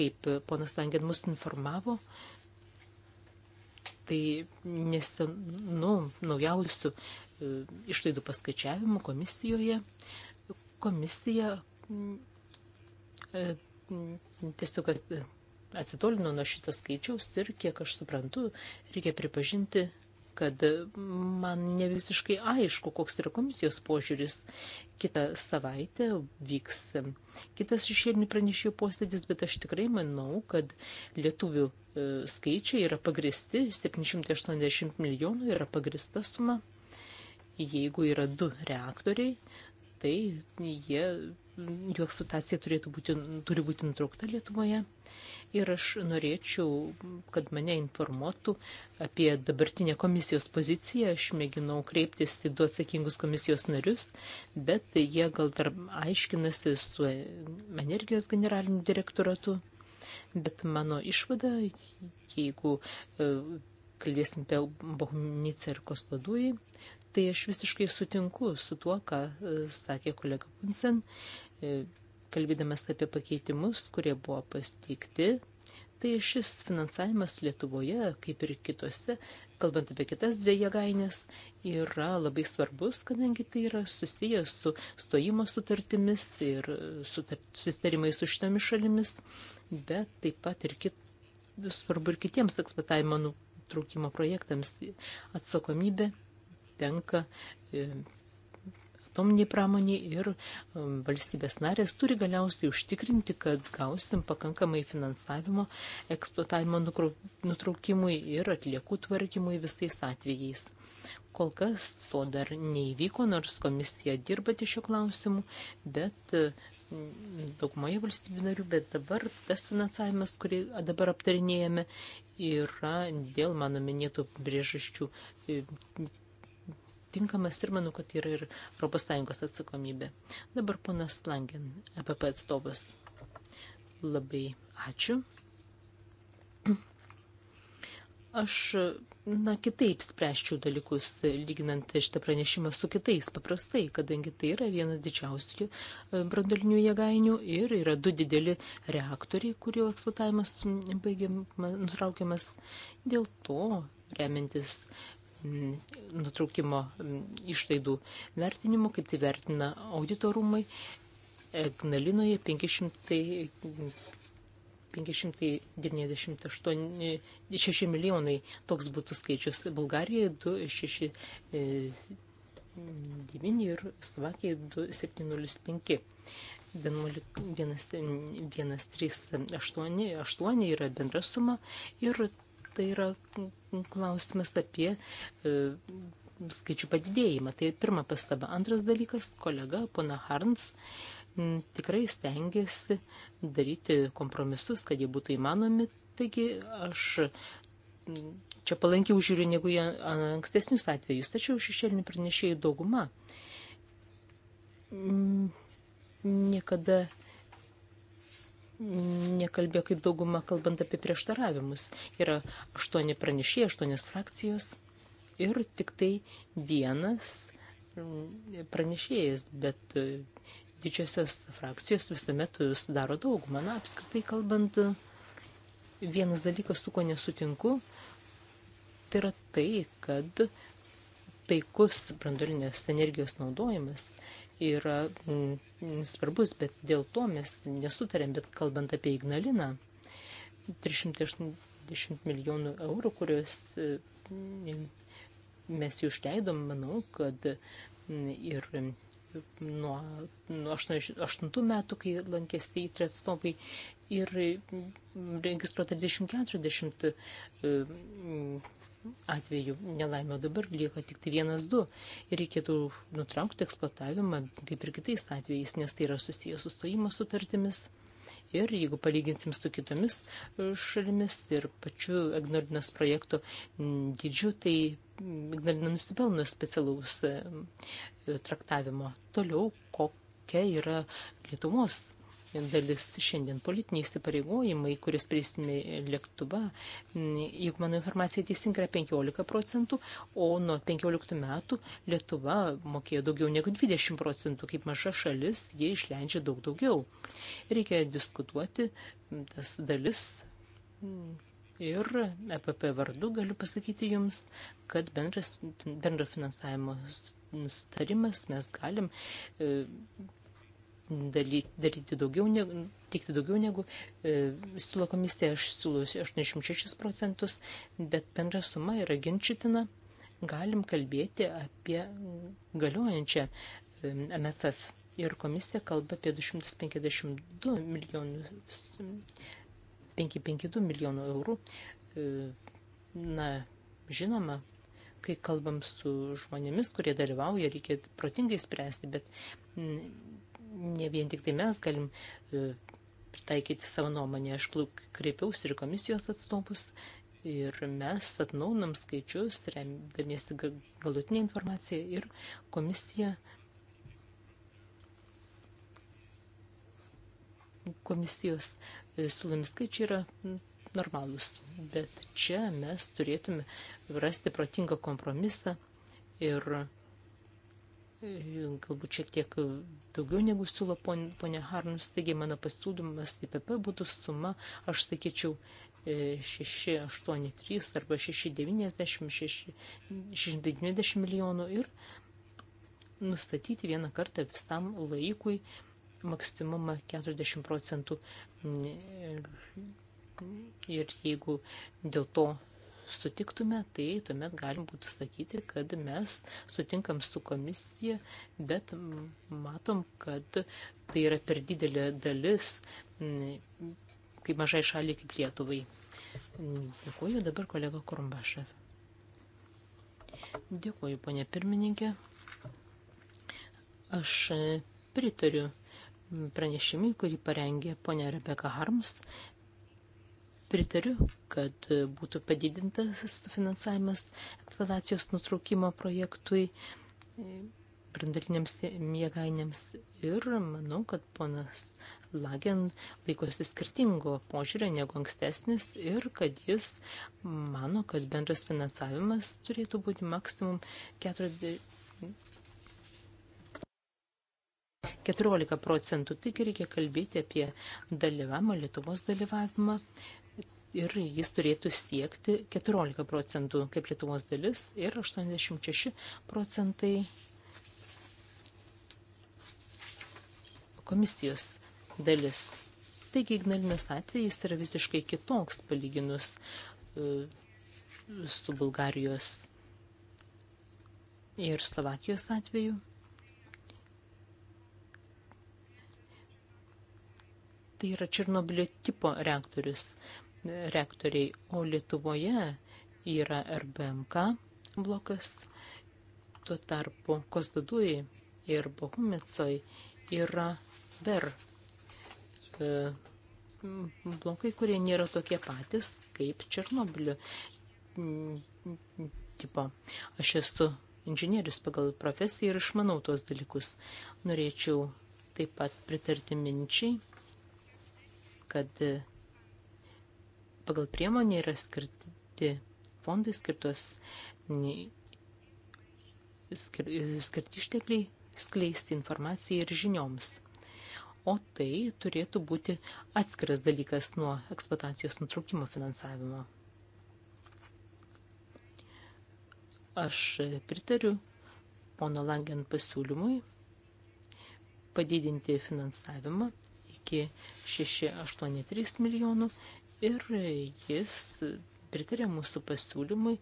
kaip ponas Langen mus informavo, Tai nesenų nu, naujausių e, išlaidų paskaičiavimų komisijoje komisija e, tiesiog atsitolino nuo šito skaičiaus ir, kiek aš suprantu, reikia pripažinti, kad e, man ne visiškai aišku, koks yra komisijos požiūris. Kita savaitė vyks e, kitas išėlinių pranešėjų posėdis, bet aš tikrai manau, kad lietuvių e, skaičiai yra pagristi, 780 milijonų yra pagrista suma. Jeigu yra du reaktoriai, tai jie jų ekstratacija turėtų būti, turi būti nutraukta Lietuvoje. Ir aš norėčiau, kad mane informuotų apie dabartinę komisijos poziciją. Aš mėginau kreiptis į du atsakingus komisijos narius, bet jie gal dar aiškinasi su energijos generaliniu direktoratu. Bet mano išvada, jeigu e, kalbėsim apie Bohumnicę ir Kostodujį, tai aš visiškai sutinku su tuo, ką e, sakė kolega Punsen. E, kalbėdamas apie pakeitimus, kurie buvo pastikti, tai šis finansavimas Lietuvoje, kaip ir kitose, kalbant apie kitas dvi jėgainės, yra labai svarbus, kadangi tai yra susijęs su stojimo sutartimis ir susitarimais su šitomis šalimis, bet taip pat ir kit, svarbu ir kitiems eksploatavimo nutraukimo projektams atsakomybė tenka e, atominiai pramoniai ir um, valstybės narės turi galiausiai užtikrinti, kad gausim pakankamai finansavimo eksploatavimo nutraukimui ir atliekų tvarkymui visais atvejais. Kol kas to dar neįvyko, nors komisija dirba ties šiuo klausimu, bet mm, daugumoje valstybių narių, bet dabar tas finansavimas, kurį dabar aptarinėjame, yra dėl mano minėtų priežasčių e, tinkamas ir manau, kad yra ir ES atsakomybė. Dabar ponas Langen, EPP atstovas. Labai ačiū. Aš, na, kitaip spręščiau dalykus, lyginant šitą pranešimą su kitais paprastai, kadangi tai yra vienas didžiausių e, brandalinių jėgainių ir yra du dideli reaktoriai, kurių eksploatavimas baigiam, nutraukiamas. Dėl to, remintis Mm, nutraukimo mm, išlaidų vertinimu, kaip tai vertina auditorumai. Gnalinoje 500, 598 milijonai toks būtų skaičius. Bulgarijoje 269 e, ir Slovakijoje 2705. 1,388 yra bendra suma ir tai yra klausimas apie e, skaičių padidėjimą. Tai pirma pastaba. Antras dalykas, kolega pana Harns tikrai stengiasi daryti kompromisus, kad jie būtų įmanomi. Taigi aš čia palankiau žiūriu negu į ankstesnius atvejus, tačiau šešėlinių pranešėjų dauguma niekada nekalbėjo kaip dauguma, kalbant apie prieštaravimus. Yra aštuoni pranešėjai, aštuonios frakcijos ir tik tai vienas pranešėjas, bet didžiosios frakcijos visuomet sudaro daugumą. Na, apskritai kalbant, vienas dalykas, su kuo nesutinku, tai yra tai, kad taikus branduolinės energijos naudojimas yra mm, svarbus, bet dėl to mes nesutarėm, bet kalbant apie Ignaliną, 380 milijonų eurų, kuriuos mm, mes jau išleidom, manau, kad mm, ir nuo, nuo 88 metų, kai lankėsi įtri atstovai, ir registruota 240 atveju nelaimio dabar lieka tik tai vienas du ir reikėtų nutraukti eksploatavimą kaip ir kitais atvejais, nes tai yra susijęs su stojimo sutartimis. Ir jeigu palyginsim su kitomis e, šalimis ir pačiu Ignalinos projektu dydžiu, tai Ignalina nusipelno specialaus e, traktavimo. Toliau, kokia yra Lietuvos dalis šiandien politiniai įsipareigojimai, kuriuos prisimi lėktuva, juk mano informacija teisinga yra 15 procentų, o nuo 15 metų Lietuva mokėjo daugiau negu 20 procentų, kaip maža šalis, jie išleidžia daug daugiau. Reikia diskutuoti tas dalis. Ir EPP vardu galiu pasakyti Jums, kad bendras, bendro finansavimo sutarimas mes galim e, daryti daugiau negu, teikti daugiau negu e, siūlo komisija, aš siūlau 86 procentus, bet bendra suma yra ginčitina. Galim kalbėti apie galiojančią e, MFF. Ir komisija kalba apie 252 milijonus, 552 milijonų eurų. E, na, žinoma, kai kalbam su žmonėmis, kurie dalyvauja, reikia protingai spręsti, bet ne vien tik tai mes galim e, pritaikyti savo nuomonę. Aš kreipiausi ir komisijos atstovus ir mes atnaunam skaičius, remdamiesi galutinę informaciją ir komisija. Komisijos e, siūlomi skaičiai yra normalūs, bet čia mes turėtume rasti protingą kompromisą ir galbūt šiek tiek e, daugiau negu siūlo ponia Harnas, taigi mano pasiūlymas IPP būtų suma, aš sakyčiau, 683 e, arba 690, 690 milijonų ir nustatyti vieną kartą visam laikui maksimumą 40 procentų. Mm, e, ir jeigu dėl to sutiktume, tai tuomet galim būtų sakyti, kad mes sutinkam su komisija, bet matom, kad tai yra per didelė dalis, mm, kaip mažai šaliai kaip Lietuvai. Dėkuoju dabar kolega Korumbašev. Dėkuoju, ponė pirmininkė. Aš pritariu pranešimui, kurį parengė ponė Rebeka Harms pritariu, kad būtų padidintas finansavimas eksploatacijos nutraukimo projektui brandarinėms mėgainėms ir manau, kad ponas Lagen laikosi skirtingo požiūrio negu ankstesnis ir kad jis mano, kad bendras finansavimas turėtų būti maksimum 14 procentų. Tik reikia kalbėti apie dalyvavimą, Lietuvos dalyvavimą ir jis turėtų siekti 14 procentų kaip Lietuvos dalis ir 86 procentai komisijos dalis. Taigi Ignalinos atvejis yra visiškai kitoks palyginus e, su Bulgarijos ir Slovakijos atveju. Tai yra Černobilio tipo reaktorius rektoriai, o Lietuvoje yra RBMK blokas, tuo tarpu Kostadui ir Bohumicoj yra BER e, blokai, kurie nėra tokie patys kaip Černobilio tipo. Aš esu inžinierius pagal profesiją ir išmanau tuos dalykus. Norėčiau taip pat pritarti minčiai, kad pagal priemonę yra skirti fondai skirtos skir, skirti ištekliai skleisti informacijai ir žinioms. O tai turėtų būti atskiras dalykas nuo eksploatacijos nutraukimo finansavimo. Aš pritariu pono Langen pasiūlymui padidinti finansavimą iki 683 milijonų ir jis pritarė mūsų pasiūlymui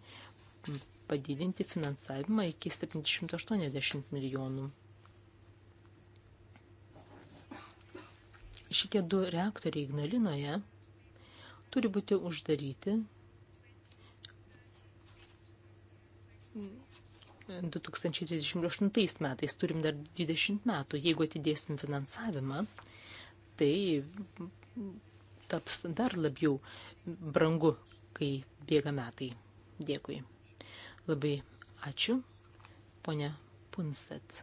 padidinti finansavimą iki 780 milijonų. Šitie du reaktoriai Ignalinoje turi būti uždaryti 2038 metais, turim dar 20 metų. Jeigu atidėsim finansavimą, tai taps dar labiau brangu, kai bėga metai. Dėkui. Labai ačiū, ponia Punset.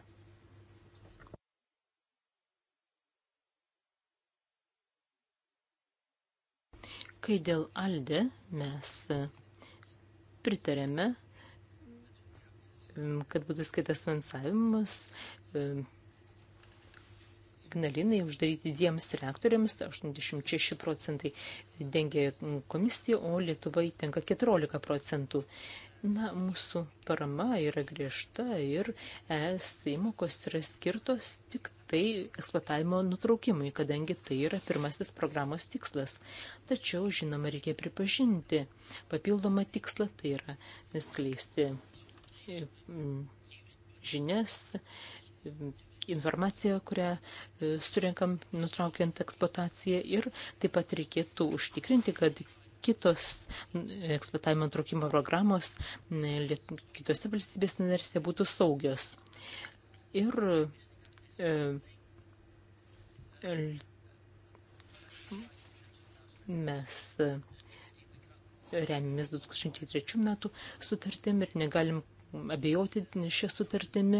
kai dėl Alde mes pritarėme, kad būtų skaitas finansavimas Ignalinai uždaryti dviems reaktoriams, 86 procentai dengia komisija, o Lietuvai tenka 14 procentų. Na, mūsų parama yra griežta ir ES įmokos yra skirtos tik tai eksploatavimo nutraukimui, kadangi tai yra pirmasis programos tikslas. Tačiau, žinoma, reikia pripažinti papildomą tikslą, tai yra skleisti mm, žinias, informaciją, kurią e, surinkam nutraukiant eksploataciją ir taip pat reikėtų užtikrinti, kad kitos eksploatavimo nutraukimo programos kitose valstybės narėse būtų saugios. Ir e, mes e, remiamės 2003 metų sutartim ir negalim abejoti šią sutartimi,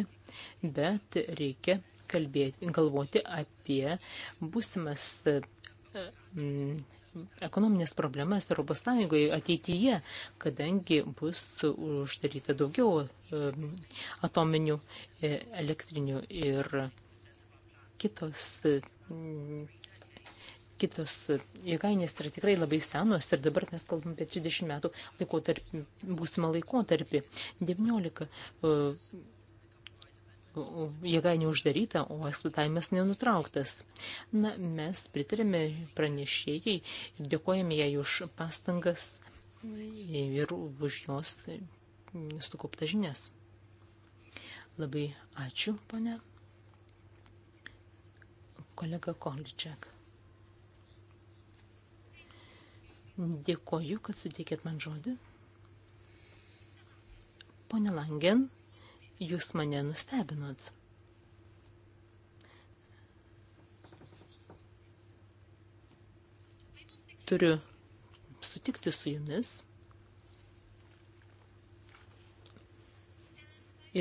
bet reikia kalbėti, galvoti apie būsimas mm, ekonominės problemas Europos Sąjungoje ateityje, kadangi bus uždaryta daugiau mm, atominių e, elektrinių ir kitos mm, kitos jėgainės yra tikrai labai senos ir dabar mes kalbame apie 30 metų laikotarpį, būsimą laikotarpį. 19 e, jėgainė uždaryta, o eksploatavimas nenutrauktas. Na, mes pritarėme pranešėjai, dėkojame jai už pastangas ir už jos sukauptą žinias. Labai ačiū, pane. Kolega Kolčiak. Dėkoju, kad suteikėt man žodį. Pone Langen, jūs mane nustebinot. Turiu sutikti su jumis.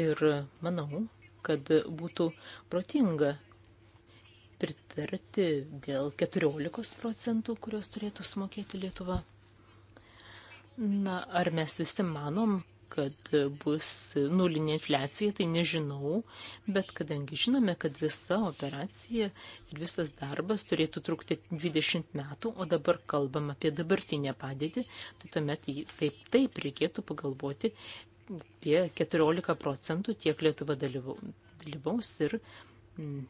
Ir manau, kad būtų protinga pritarti dėl 14 procentų, kurios turėtų sumokėti Lietuva. Na, ar mes visi manom, kad bus nulinė infliacija, tai nežinau, bet kadangi žinome, kad visa operacija ir visas darbas turėtų trukti 20 metų, o dabar kalbam apie dabartinę padėtį, tai tuomet taip, taip reikėtų pagalvoti apie 14 procentų tiek Lietuva dalyvaus ir mm,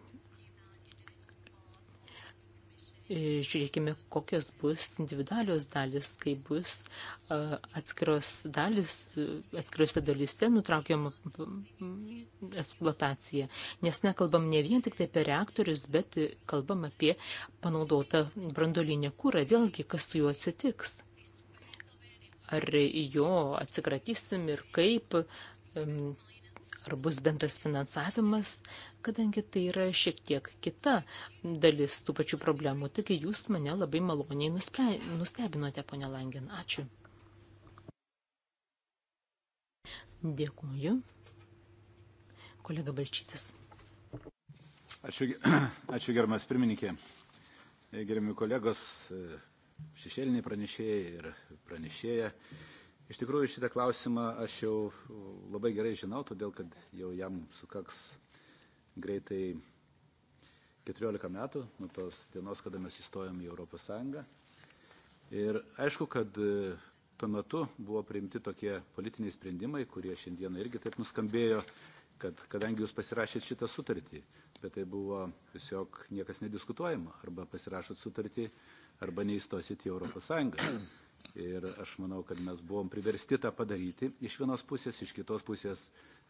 žiūrėkime, kokios bus individualios dalis, kai bus atskiros dalis, atskirose dalyse nutraukiama eksploatacija. Nes nekalbam ne vien tik tai apie reaktorius, bet kalbam apie panaudotą brandolinę kūrą. Vėlgi, kas su juo atsitiks? Ar jo atsikratysim ir kaip? Ar bus bendras finansavimas? kadangi tai yra šiek tiek kita dalis tų pačių problemų. Taigi jūs mane labai maloniai nusprei, nustebinote, ponė Langin. Ačiū. Dėkuoju. Kolega Balčytis. Ačiū, ačiū gerbiamas pirmininkė. Gerbiami kolegos, šešėliniai pranešėjai ir pranešėja. Iš tikrųjų šitą klausimą aš jau labai gerai žinau, todėl kad jau jam sukaks greitai 14 metų nuo tos dienos, kada mes įstojom į Europos Sąjungą. Ir aišku, kad e, tuo metu buvo priimti tokie politiniai sprendimai, kurie šiandieną irgi taip nuskambėjo, kad kadangi jūs pasirašėt šitą sutartį, bet tai buvo tiesiog niekas nediskutuojama, arba pasirašot sutartį, arba neįstosit į Europos Sąjungą. Ir aš manau, kad mes buvom priversti tą padaryti iš vienos pusės, iš kitos pusės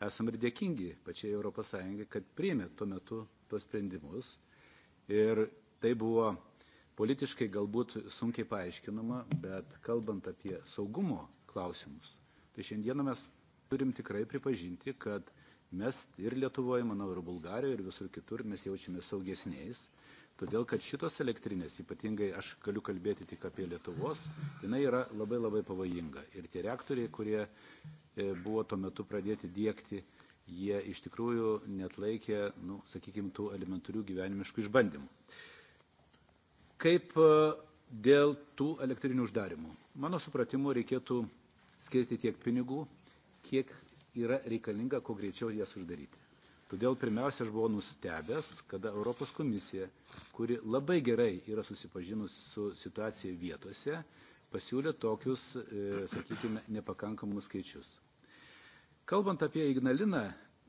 esam ir dėkingi pačiai ES, kad priėmė tuo metu tuos sprendimus. Ir tai buvo politiškai galbūt sunkiai paaiškinama, bet kalbant apie saugumo klausimus, tai šiandieną mes turim tikrai pripažinti, kad mes ir Lietuvoje, manau, ir Bulgarijoje, ir visur kitur mes jaučiamės saugesniais Todėl, kad šitos elektrinės, ypatingai aš galiu kalbėti tik apie Lietuvos, jinai yra labai labai pavojinga. Ir tie reaktoriai, kurie e, buvo tuo metu pradėti dėkti, jie iš tikrųjų net laikė, nu, sakykime, tų elementarių gyvenimiškų išbandymų. Kaip e, dėl tų elektrinių uždarimų? Mano supratimu, reikėtų skirti tiek pinigų, kiek yra reikalinga, kuo greičiau jas uždaryti. Todėl pirmiausia, aš buvau nustebęs, kada Europos komisija, kuri labai gerai yra susipažinusi su situacija vietose, pasiūlė tokius, e, sakykime, nepakankamus skaičius. Kalbant apie Ignaliną,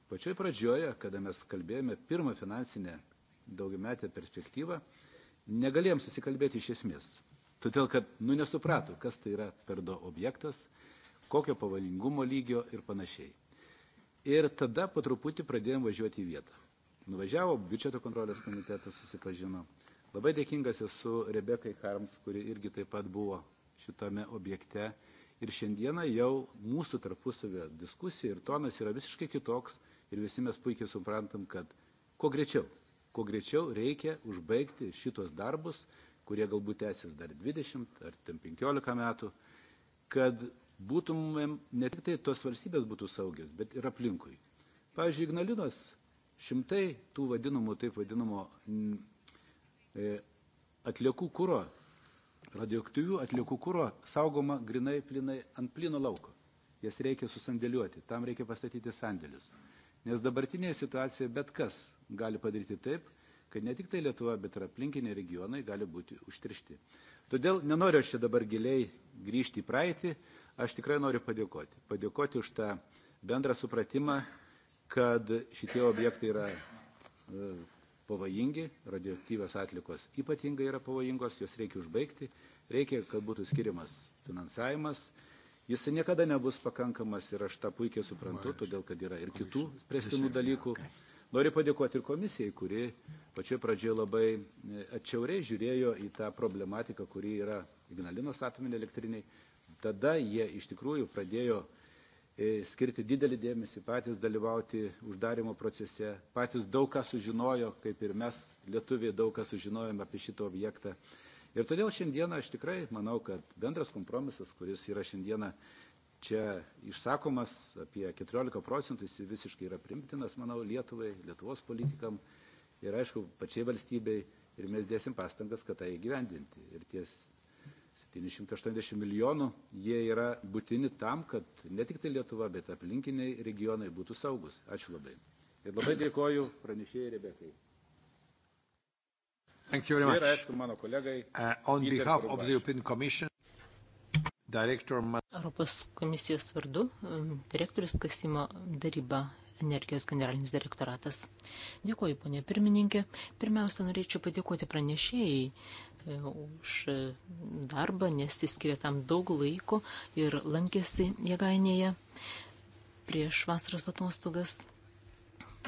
pačioj pradžioje, kada mes kalbėjome pirmą finansinę daugiametę perspektyvą, negalėjom susikalbėti iš esmės. Todėl, kad nu, nesuprato, kas tai yra per du objektas, kokio pavojingumo lygio ir panašiai. Ir tada po truputį pradėjom važiuoti į vietą. Nuvažiavo, biudžeto kontrolės komitetas susipažino. Labai dėkingas esu Rebekai Harms, kuri irgi taip pat buvo šitame objekte. Ir šiandieną jau mūsų tarpusavio diskusija ir tonas yra visiškai kitoks ir visi mes puikiai suprantam, kad kuo greičiau, kuo greičiau reikia užbaigti šitos darbus, kurie galbūt tęsis dar 20 ar 15 metų, kad būtumėm ne tik tai tos valstybės būtų saugios, bet ir aplinkui. Pavyzdžiui, Ignalinos šimtai tų vadinamų, taip vadinamo mm, e, atliekų kūro, radioaktyvių atliekų kūro saugoma grinai plinai ant plino lauko. Jas reikia susandėliuoti, tam reikia pastatyti sandėlius. Nes dabartinėje situacijoje bet kas gali padaryti taip, kad ne tik tai Lietuva, bet ir aplinkiniai regionai gali būti užtrišti. Todėl nenoriu aš čia dabar giliai grįžti į praeitį, Aš tikrai noriu padėkoti. Padėkoti už tą bendrą supratimą, kad šitie objektai yra e, pavojingi, radioaktyvios atlikos ypatingai yra pavojingos, jos reikia užbaigti, reikia, kad būtų skiriamas finansavimas. Jis niekada nebus pakankamas ir aš tą puikiai suprantu, todėl kad yra ir kitų prestinų dalykų. Noriu padėkoti ir komisijai, kuri pačioje pradžioje labai e, atšiauriai žiūrėjo į tą problematiką, kuri yra Ignalinos atominė elektriniai tada jie iš tikrųjų pradėjo e, skirti didelį dėmesį, patys dalyvauti uždarimo procese, patys daug ką sužinojo, kaip ir mes, lietuviai, daug ką sužinojom apie šitą objektą. Ir todėl šiandieną aš tikrai manau, kad bendras kompromisas, kuris yra šiandieną čia išsakomas apie 14 procentų, jis visiškai yra primtinas, manau, Lietuvai, Lietuvos politikam ir, aišku, pačiai valstybei. Ir mes dėsim pastangas, kad tai įgyvendinti. Ir ties 980 milijonų, jie yra būtini tam, kad ne tik tai Lietuva, bet aplinkiniai regionai būtų saugus. Ačiū labai. Ir labai dėkoju pranešėjai Rebekai. Thank you very much. Ir aišku, mano kolegai. Uh, on behalf of the European Commission, Director... Europos komisijos vardu um, direktorius Kasimo Daryba energijos generalinis direktoratas. Dėkuoju, ponė pirmininkė. Pirmiausia, norėčiau padėkoti pranešėjai už darbą, nes jis skiria tam daug laiko ir lankėsi jėgainėje prieš vasaros atostogas.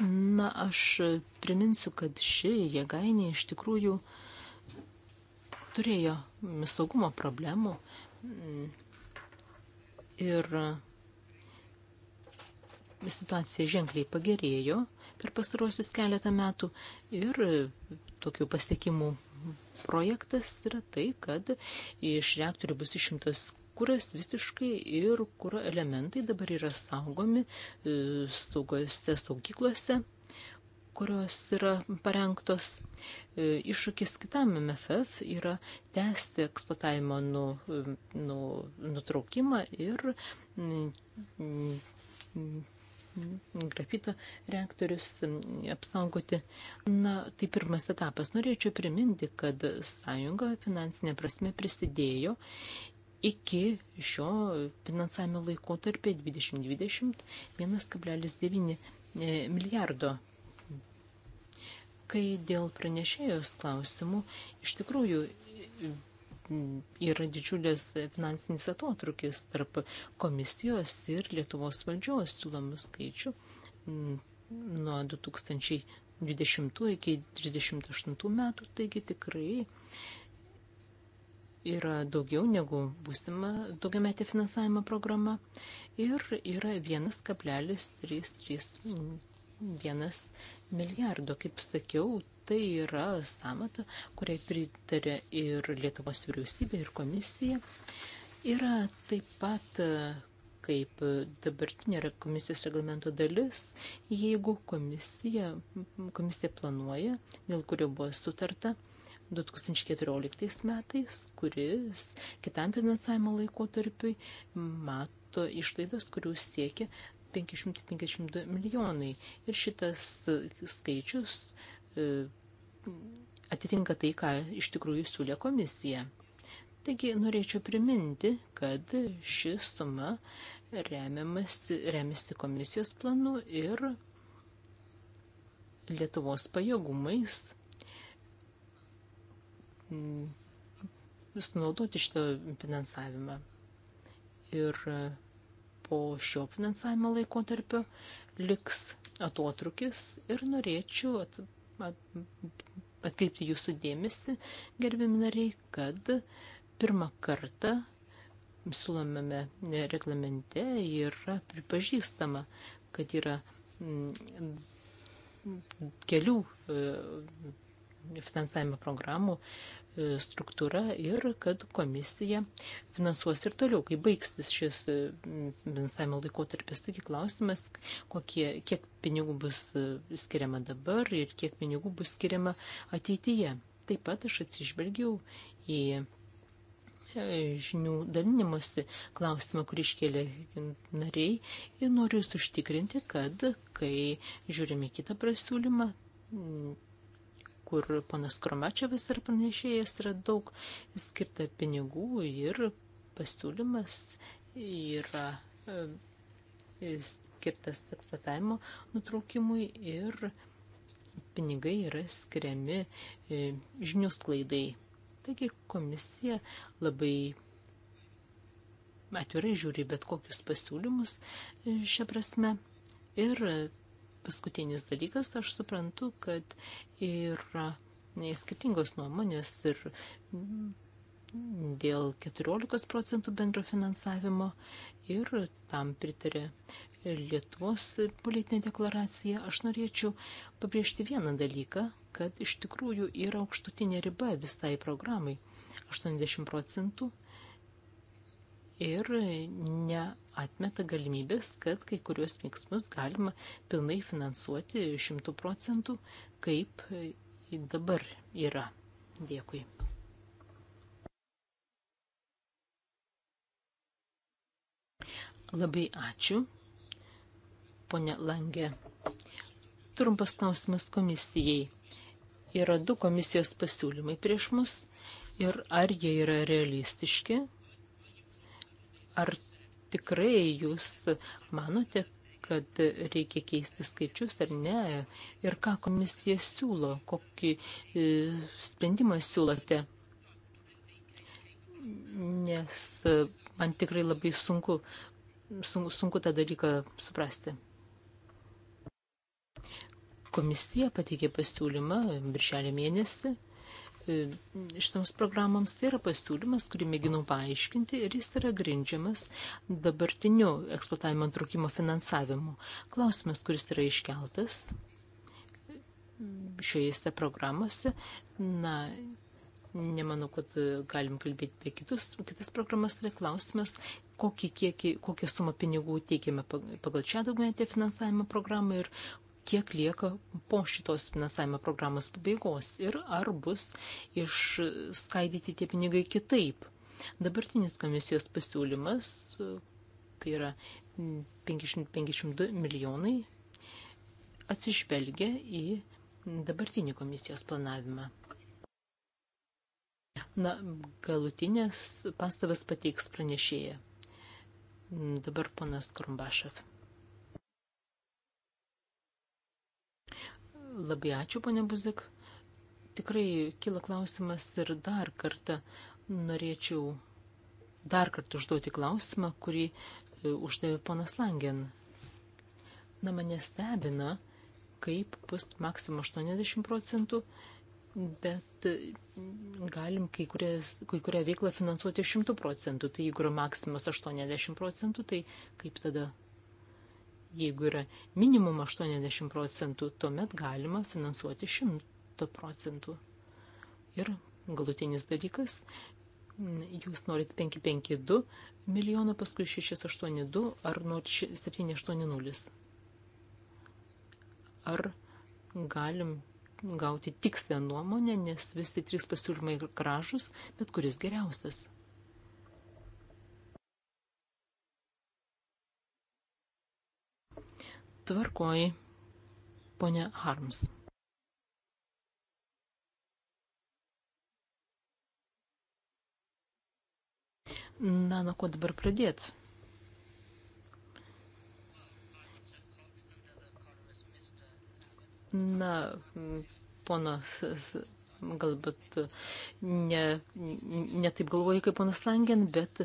Na, aš priminsiu, kad ši jėgainė iš tikrųjų turėjo saugumo problemų ir situacija ženkliai pagerėjo per pastarosius keletą metų ir tokių pasiekimų projektas yra tai, kad iš reaktorių bus išimtas kuras visiškai ir kuro elementai dabar yra saugomi e, saugose saugyklose, kurios yra parengtos. E, iššūkis kitam MFF yra tęsti eksploatavimo nu, e, nu, nutraukimą ir mm, mm, grafito reaktorius apsaugoti. Na, tai pirmas etapas. Norėčiau priminti, kad sąjunga finansinė prasme prisidėjo iki šio finansavimo laikotarpio 2020 1,9 e, milijardo. Kai dėl pranešėjos klausimų, iš tikrųjų yra didžiulis finansinis atotrukis tarp komisijos ir Lietuvos valdžios siūlomų skaičių mm, nuo 2020 iki 2038 metų, taigi tikrai yra daugiau negu būsima daugiametė finansavimo programa ir yra 1,331 milijardo. Kaip sakiau, tai yra samata, kuriai pritarė ir Lietuvos vyriausybė, ir komisija. Yra taip pat kaip dabartinė komisijos reglamento dalis, jeigu komisija, komisija planuoja, dėl kurio buvo sutarta 2014 metais, kuris kitam finansavimo laikotarpiui mato išlaidas, kurių siekia 552 milijonai. Ir šitas skaičius E, atitinka tai, ką iš tikrųjų siūlė komisija. Taigi norėčiau priminti, kad ši suma remiasi komisijos planu ir Lietuvos pajėgumais mm, sunaudoti šitą finansavimą. Ir po šio finansavimo laikotarpio liks atotrukis ir norėčiau atkreipti jūsų dėmesį, gerbiami nariai, kad pirmą kartą siūlomame reglamente yra pripažįstama, kad yra mm, kelių e, finansavimo programų e, struktūra ir kad komisija finansuos ir toliau, kai baigsis šis e, finansavimo laikotarpis. Taigi klausimas, kokie, kiek pinigų bus e, skiriama dabar ir kiek pinigų bus skiriama ateityje. Taip pat aš atsižvelgiau į žinių dalinimuose klausimą, kurį iškėlė nariai ir noriu užtikrinti, kad kai žiūrime kitą prasiūlymą, kur panas Kromačiavas yra pranešėjas, yra daug skirta pinigų ir pasiūlymas yra e, skirtas eksploatavimo nutraukimui ir pinigai yra skiriami e, žinių sklaidai. Taigi komisija labai atvirai žiūri bet kokius pasiūlymus e, šią prasme ir paskutinis dalykas, aš suprantu, kad yra skirtingos nuomonės ir dėl 14 procentų bendro finansavimo ir tam pritarė Lietuvos politinė deklaracija. Aš norėčiau pabrėžti vieną dalyką, kad iš tikrųjų yra aukštutinė riba visai programai - 80 procentų ir ne atmeta galimybės, kad kai kurios veiksmus galima pilnai finansuoti šimtų procentų, kaip dabar yra. Dėkui. Labai ačiū, ponė Langė. Trumpas klausimas komisijai. Yra du komisijos pasiūlymai prieš mus ir ar jie yra realistiški, ar tikrai jūs manote, kad reikia keisti skaičius ar ne, ir ką komisija siūlo, kokį e, sprendimą siūlote. Nes man tikrai labai sunku, sunku, sunku tą dalyką suprasti. Komisija pateikė pasiūlymą birželio mėnesį E, šitoms programoms. Tai yra pasiūlymas, kurį mėginau paaiškinti ir jis yra grindžiamas dabartiniu eksploatavimo antrukimo finansavimu. Klausimas, kuris yra iškeltas šioje programuose, na, nemanau, kad galim kalbėti apie kitus, kitas programas, yra klausimas, kokį kiekį, kokią sumą pinigų teikiame pagal čia daugmetę finansavimo programą ir kiek lieka po šitos finansavimo programos pabaigos ir ar bus išskaidyti tie pinigai kitaip. Dabartinis komisijos pasiūlymas, tai yra 552 milijonai, atsižvelgia į dabartinį komisijos planavimą. Na, galutinės pastabas pateiks pranešėja. Dabar ponas Krumbašev. Labai ačiū, ponė Buzik. Tikrai kyla klausimas ir dar kartą norėčiau dar kartą užduoti klausimą, kurį e, uždavė ponas Langen. Na, mane stebina, kaip bus maksimum 80 procentų, bet e, galim kai, kurias, kai kurią veiklą finansuoti 100 procentų. Tai jeigu yra maksimas 80 procentų, tai kaip tada Jeigu yra minimum 80 procentų, tuomet galima finansuoti 100 procentų. Ir galutinis dalykas, jūs norit 552 milijoną, paskui 682 ar norit 780. Ar galim gauti tikslę nuomonę, nes visi trys pasiūlymai gražus, bet kuris geriausias. Tvarkoji, ponia Harms. Na, nuo ko dabar pradėti? Na, ponas galbūt e, ne, ne taip galvoju kaip ponas Langen, bet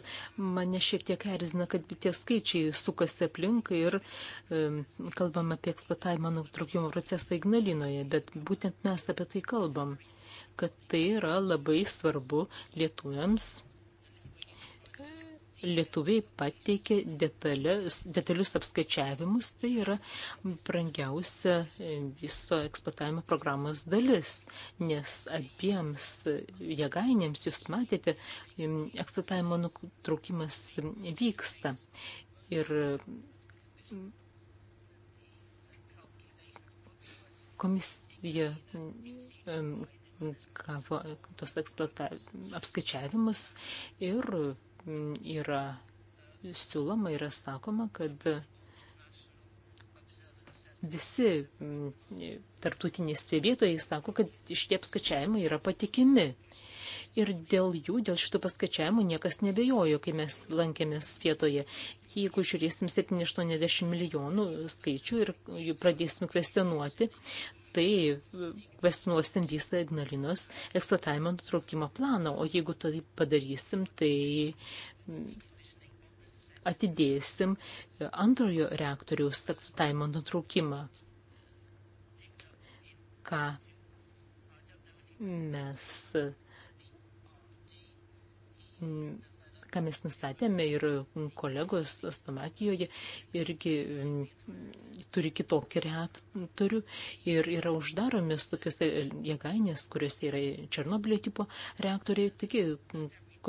mane šiek tiek erzina, kad tie skaičiai sukasi aplink ir um, kalbam apie eksploatavimą nutraukimo procesą Ignalinoje, bet būtent mes apie tai kalbam, kad tai yra labai svarbu lietuviams lietuviai pateikė detalius, detalius apskaičiavimus, tai yra brangiausia viso eksploatavimo programos dalis, nes abiems jėgainėms, jūs matėte, eksploatavimo nutraukimas vyksta. Ir komisija gavo tos apskaičiavimus ir yra siūloma, yra sakoma, kad visi tarptautiniai stebėtojai sako, kad šitie apskaičiavimai yra patikimi ir dėl jų, dėl šitų paskaičiavimų niekas nebejojo, kai mes lankėmės vietoje. Jeigu žiūrėsim 780 milijonų skaičių ir pradėsim kvestionuoti, tai kvestionuosim visą Ignalinos eksploatavimo nutraukimo planą, o jeigu to padarysim, tai mm, atidėsim antrojo reaktoriaus eksploatavimo nutraukimą. Ką mes ką mes nustatėme ir kolegos Slovakijoje irgi turi kitokį reaktorių ir yra uždaromis tokias jėgainės, kuriuose yra Černobilio tipo reaktoriai. Taigi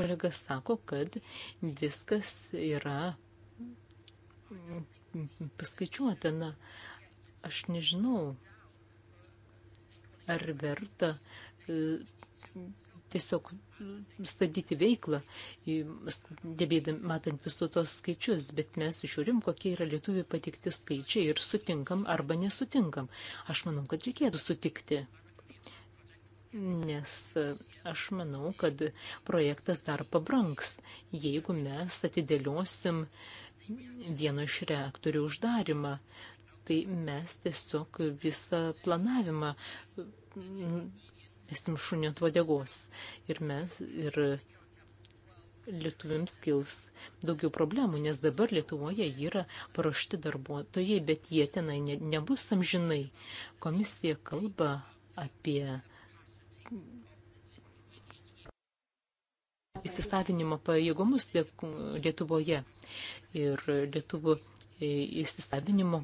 kolegas sako, kad viskas yra paskaičiuota. Na, aš nežinau, ar verta tiesiog stabdyti veiklą, debėdam, matant visus tos skaičius, bet mes žiūrim, kokie yra lietuvių patikti skaičiai ir sutinkam arba nesutinkam. Aš manau, kad reikėtų sutikti. Nes aš manau, kad projektas dar pabranks, jeigu mes atidėliosim vieno iš reaktorių uždarimą. Tai mes tiesiog visą planavimą esim šuniu ant vadegos. Ir mes, ir lietuviams kils daugiau problemų, nes dabar Lietuvoje yra paruošti darbuotojai, bet jie tenai ne, nebus amžinai. Komisija kalba apie įsisavinimo pajėgumus Lietuvoje ir Lietuvų e, įsisavinimo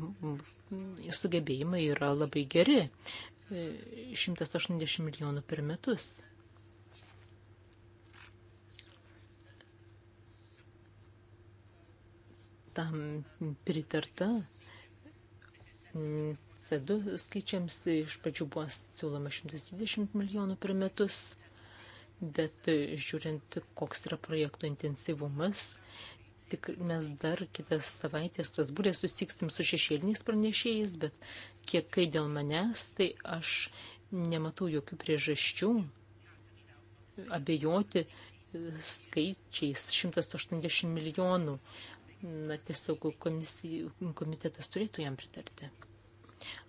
sugebėjimai yra labai geri. 180 milijonų per metus. Tam pritarta C2 skaičiams iš pačių buvo siūloma 120 milijonų per metus, bet žiūrint, koks yra projekto intensyvumas, tik mes dar kitas savaitės Strasbūrė susiksim su šešėliniais pranešėjais, bet kiek kai dėl manęs, tai aš nematau jokių priežasčių abejoti skaičiais 180 milijonų. Na, tiesiog komisij, komitetas turėtų jam pritarti.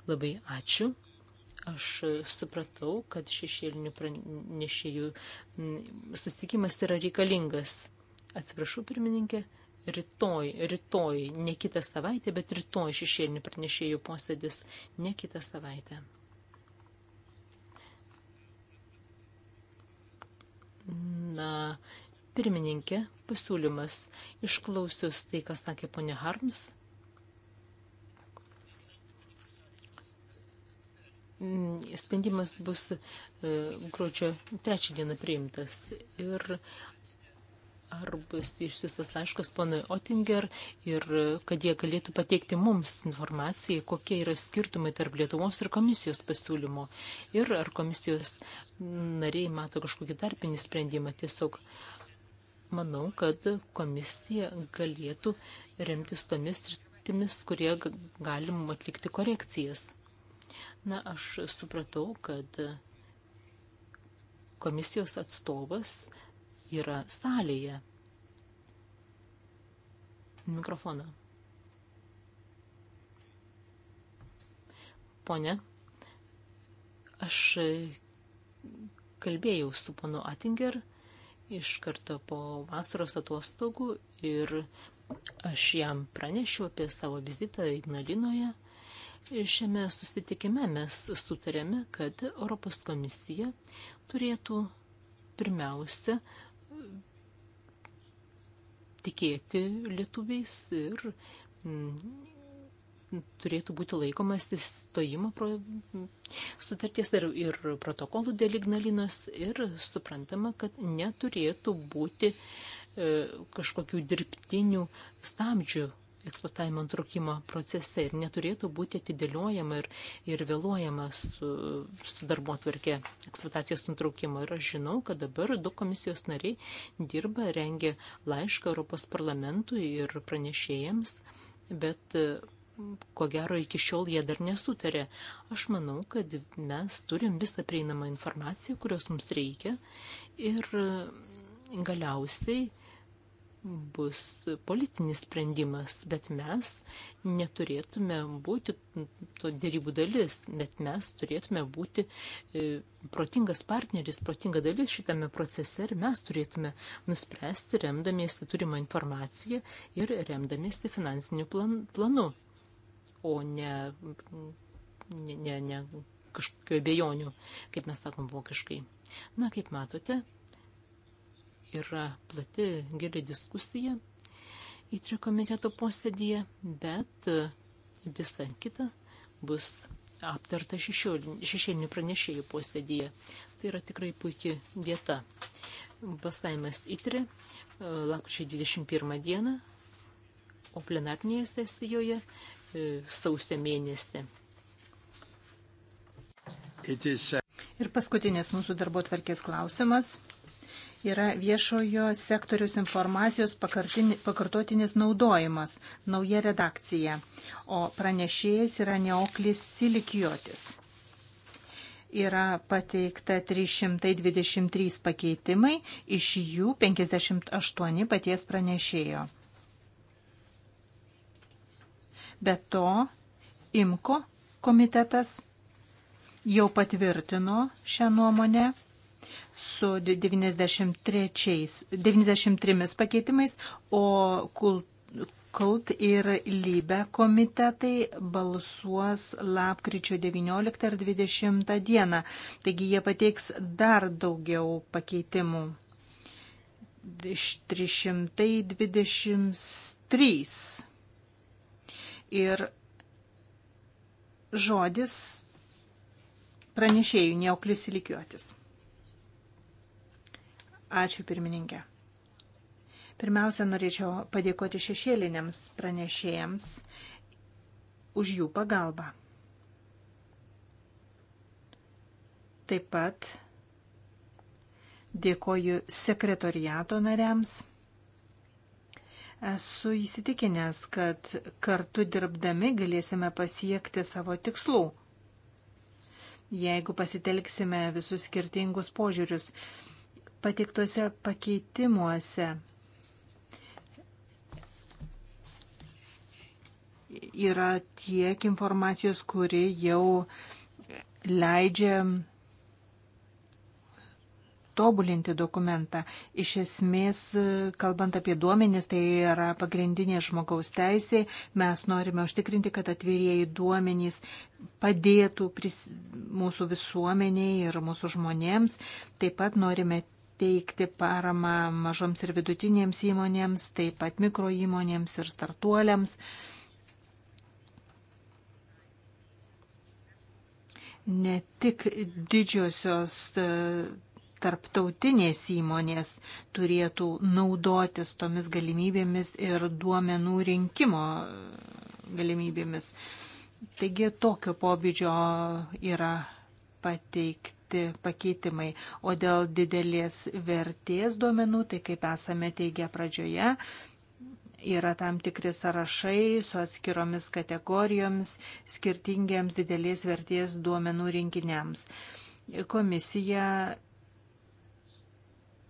Labai ačiū. Aš supratau, kad šešėlinių pranešėjų susitikimas yra reikalingas. Atsiprašau, pirmininkė, rytoj, rytoj, ne kitą savaitę, bet rytoj šešėlinių pranešėjų posėdis, ne kitą savaitę. Na, pirmininkė, pasiūlymas, išklausius tai, ką sakė ponė Harms. Mm, sprendimas bus e, gruodžio trečią dieną priimtas ir arbus išsiustas laiškas ponui Otinger ir kad jie galėtų pateikti mums informaciją, kokie yra skirtumai tarp Lietuvos ir komisijos pasiūlymo. Ir ar komisijos nariai mato kažkokį tarpinį sprendimą. Tiesiog manau, kad komisija galėtų remtis tomis rytimis, kurie galim atlikti korekcijas. Na, aš supratau, kad komisijos atstovas yra salėje. Mikrofoną. Pone, aš kalbėjau su ponu Atinger iš karto po vasaros atostogų ir aš jam pranešiau apie savo vizitą Ignalinoje. Šiame susitikime mes sutarėme, kad Europos komisija turėtų pirmiausia tikėti lietuviais ir mm, turėtų būti laikomas įstojimo sutarties ir, ir protokolų dėl Ignalinos ir suprantama, kad neturėtų būti e, kažkokių dirbtinių stamdžių eksploatavimo nutraukimo procese ir neturėtų būti atidėliojama ir, ir vėluojama su, su darbo atvarkė eksploatacijos nutraukimo. Ir aš žinau, kad dabar du komisijos nariai dirba, rengia laišką Europos parlamentui ir pranešėjams, bet ko gero iki šiol jie dar nesutarė. Aš manau, kad mes turim visą prieinamą informaciją, kurios mums reikia ir galiausiai bus politinis sprendimas, bet mes neturėtume būti to dėrybų dalis, bet mes turėtume būti e, protingas partneris, protinga dalis šitame procese ir mes turėtume nuspręsti remdamiesi turimą informaciją ir remdamiesi finansiniu plan, planu, o ne, ne, ne, ne kažkokio abejonių, kaip mes sakom vokiškai. Na, kaip matote, yra plati, gili diskusija į trijų komiteto posėdėje, bet e, visa kita bus aptarta šešėlinių pranešėjų posėdėje. Tai yra tikrai puikia vieta. Basavimas įtri, e, lakryčio 21 dieną, o plenarnėje sesijoje e, sausio mėnesį. Is... Uh, Ir paskutinis mūsų darbo tvarkės klausimas yra viešojo sektoriaus informacijos pakartotinis naudojimas, nauja redakcija, o pranešėjas yra Neoklis Silikijotis. Yra pateikta 323 pakeitimai, iš jų 58 paties pranešėjo. Be to, IMKO komitetas jau patvirtino šią nuomonę su 93, 93 pakeitimais, o kult, kult ir lybe komitetai balsuos lapkričio 19 ar 20 dieną. Taigi jie pateiks dar daugiau pakeitimų. Iš 323. Ir žodis pranešėjų neoklius įlikiuotis. Ačiū pirmininkė. Pirmiausia, norėčiau padėkoti šešėliniams pranešėjams už jų pagalbą. Taip pat dėkoju sekretoriato nariams. Esu įsitikinęs, kad kartu dirbdami galėsime pasiekti savo tikslų, jeigu pasitelksime visus skirtingus požiūrius pateiktuose pakeitimuose. Yra tiek informacijos, kuri jau leidžia tobulinti dokumentą. Iš esmės, kalbant apie duomenis, tai yra pagrindinė žmogaus teisė. Mes norime užtikrinti, kad atvirieji duomenys padėtų pris, mūsų visuomeniai ir mūsų žmonėms. Taip pat norime teikti paramą mažoms ir vidutinėms įmonėms, taip pat mikro įmonėms ir startuoliams. Ne tik didžiosios e, tarptautinės įmonės turėtų naudotis tomis galimybėmis ir duomenų rinkimo e, galimybėmis. Taigi tokio pobūdžio yra pateikti pateikti pakeitimai. O dėl didelės vertės duomenų, tai kaip esame teigę pradžioje, yra tam tikri sąrašai su atskiromis kategorijoms, skirtingiems didelės vertės duomenų rinkiniams. Komisija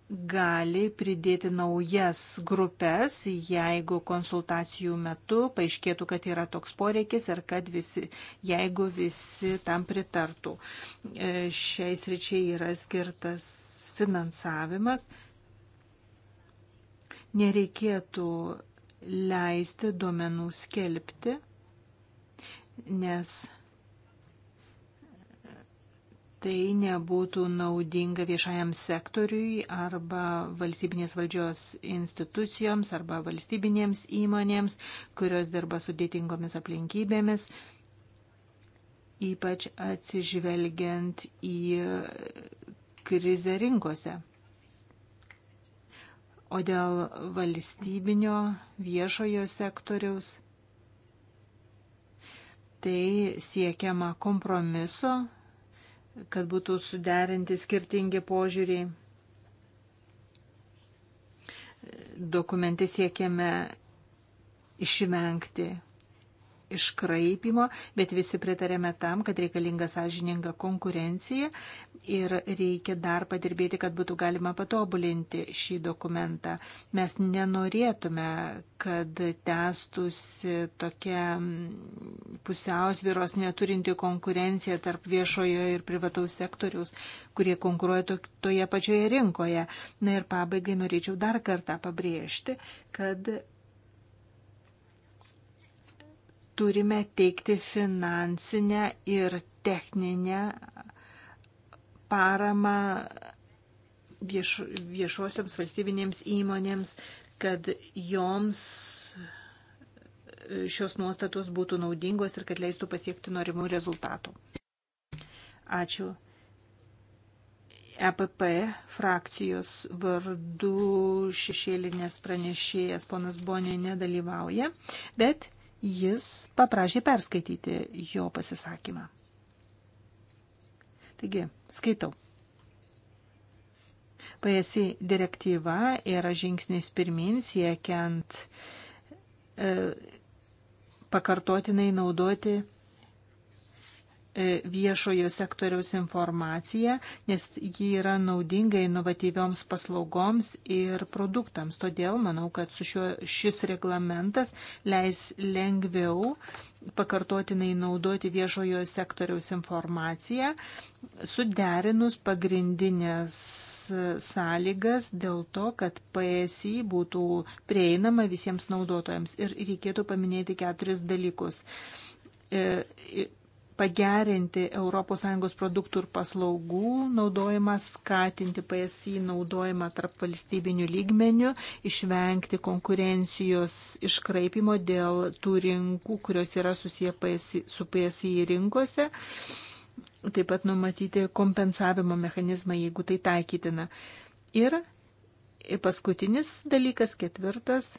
gali pridėti naujas grupės, jeigu konsultacijų metu paaiškėtų, kad yra toks poreikis ir kad visi, jeigu visi tam pritartų. E, Šiais ryčiai yra skirtas finansavimas. Nereikėtų leisti duomenų skelbti, nes tai nebūtų naudinga viešajam sektoriui arba valstybinės valdžios institucijoms arba valstybinėms įmonėms, kurios dirba sudėtingomis aplinkybėmis, ypač atsižvelgiant į krizę rinkose. O dėl valstybinio viešojo sektoriaus, tai siekiama kompromiso kad būtų suderinti skirtingi požiūriai. Dokumente siekiame išvengti iškraipimo, bet visi pritarėme tam, kad reikalinga sąžininga konkurencija ir reikia dar padirbėti, kad būtų galima patobulinti šį dokumentą. Mes nenorėtume, kad tęstusi tokia pusiausviros neturinti konkurencija tarp viešojo ir privataus sektoriaus, kurie konkuruoja toje pačioje rinkoje. Na ir pabaigai norėčiau dar kartą pabrėžti, kad turime teikti finansinę ir techninę paramą vieš, viešosioms valstybinėms įmonėms, kad joms šios nuostatos būtų naudingos ir kad leistų pasiekti norimų rezultatų. Ačiū. EPP frakcijos vardu šešėlinės pranešėjas ponas Bonė nedalyvauja, bet jis paprašė perskaityti jo pasisakymą. Taigi, skaitau. PSI direktyva yra žingsnis pirmin siekiant e, pakartotinai naudoti E, viešojo sektoriaus informaciją, nes ji yra naudinga inovatyvioms paslaugoms ir produktams. Todėl manau, kad su šiuo, šis reglamentas leis lengviau pakartotinai naudoti viešojo sektoriaus informaciją, suderinus pagrindinės sąlygas dėl to, kad PSI būtų prieinama visiems naudotojams. Ir reikėtų paminėti keturis dalykus e, pagerinti ES produktų ir paslaugų naudojimą, skatinti PSI naudojimą tarp valstybinių lygmenių, išvengti konkurencijos iškraipimo dėl tų rinkų, kurios yra susiję PSI, su PSI rinkose. Taip pat numatyti kompensavimo mechanizmą, jeigu tai taikytina. Ir paskutinis dalykas, ketvirtas,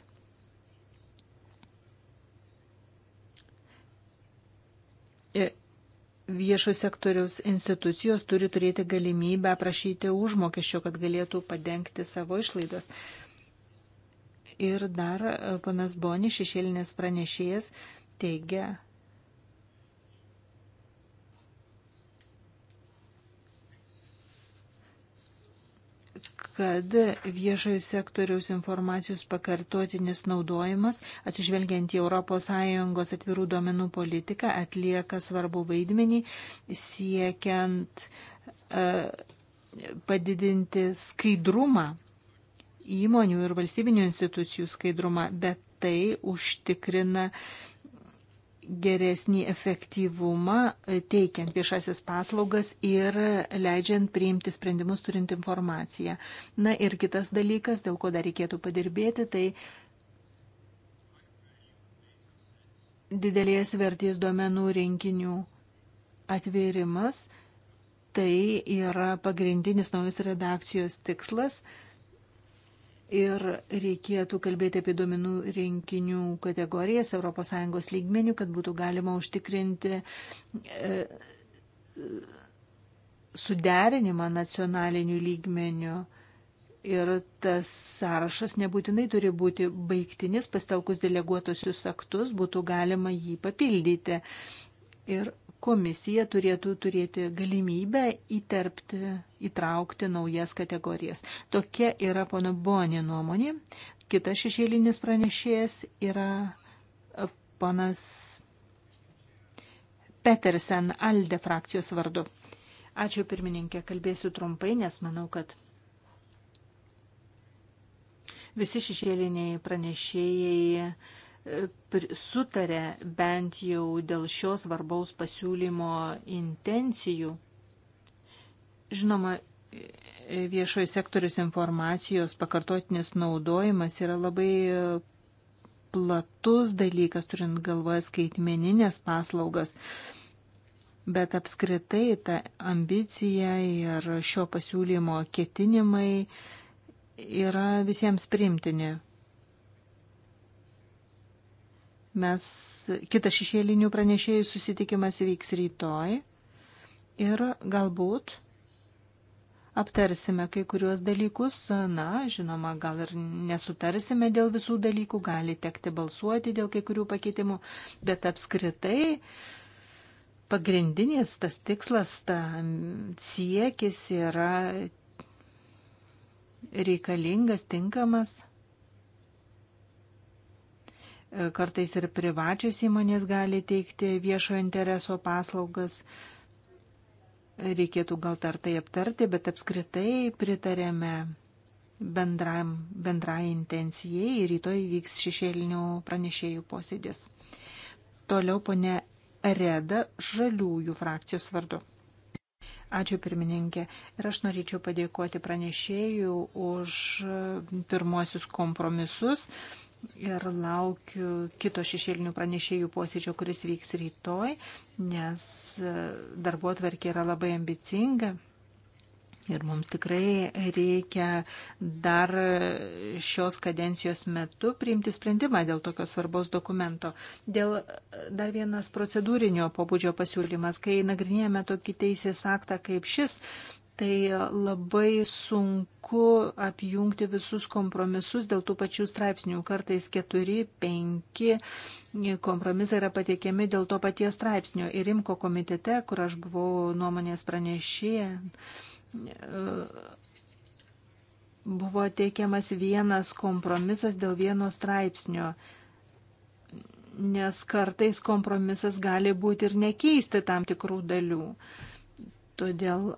e, viešo sektoriaus institucijos turi turėti galimybę prašyti užmokesčio, kad galėtų padengti savo išlaidas. Ir dar e, panas Boni, šešėlinės pranešėjas, teigia, kad viešojo sektoriaus informacijos pakartotinis naudojimas, atsižvelgiant į ES atvirų duomenų politiką, atlieka svarbu vaidmenį siekiant e, padidinti skaidrumą įmonių ir valstybinių institucijų skaidrumą, bet tai užtikrina geresnį efektyvumą e, teikiant viešasias paslaugas ir leidžiant priimti sprendimus turint informaciją. Na ir kitas dalykas, dėl ko dar reikėtų padirbėti, tai didelės vertės duomenų rinkinių atvėrimas. Tai yra pagrindinis naujos redakcijos tikslas. Ir reikėtų kalbėti apie duomenų rinkinių kategorijas ES lygmenių, kad būtų galima užtikrinti e, suderinimą nacionalinių lygmenių. Ir tas sąrašas nebūtinai turi būti baigtinis, pastelkus deleguotosius aktus būtų galima jį papildyti. Ir komisija turėtų turėti galimybę įterpti, įtraukti naujas kategorijas. Tokia yra pono Boni nuomonė. Kitas šešėlinis pranešėjas yra e, ponas Petersen Alde frakcijos vardu. Ačiū pirmininkė, kalbėsiu trumpai, nes manau, kad visi šešėliniai pranešėjai sutarė bent jau dėl šios svarbaus pasiūlymo intencijų. Žinoma, viešoji sektorius informacijos pakartotinis naudojimas yra labai platus dalykas, turint galvoje skaitmeninės paslaugas. Bet apskritai ta ambicija ir šio pasiūlymo ketinimai yra visiems primtini. Mes kitas šešėlinių pranešėjų susitikimas vyks rytoj ir galbūt aptarsime kai kuriuos dalykus. Na, žinoma, gal ir nesutarsime dėl visų dalykų, gali tekti balsuoti dėl kai kurių pakeitimų, bet apskritai pagrindinis tas tikslas, ta siekis yra reikalingas, tinkamas kartais ir privačios įmonės gali teikti viešo intereso paslaugas. Reikėtų gal dar tai aptarti, bet apskritai pritarėme bendram, bendrai intencijai ir rytoj vyks šešėlinių pranešėjų posėdis. Toliau ponė Reda Žaliųjų frakcijos vardu. Ačiū pirmininkė. Ir aš norėčiau padėkoti pranešėjų už pirmuosius kompromisus ir laukiu kito šešėlinių pranešėjų posėdžio, kuris vyks rytoj, nes e, darbo atverkė yra labai ambicinga. Ir mums tikrai reikia dar šios kadencijos metu priimti sprendimą dėl tokio svarbaus dokumento. Dėl e, dar vienas procedūrinio pobūdžio pasiūlymas, kai nagrinėjame tokį teisės aktą kaip šis, tai labai sunku apjungti visus kompromisus dėl tų pačių straipsnių. Kartais keturi, penki kompromisai yra pateikiami dėl to paties straipsnio. Ir Rimko komitete, kur aš buvau nuomonės pranešėja, buvo teikiamas vienas kompromisas dėl vieno straipsnio nes kartais kompromisas gali būti ir nekeisti tam tikrų dalių. Todėl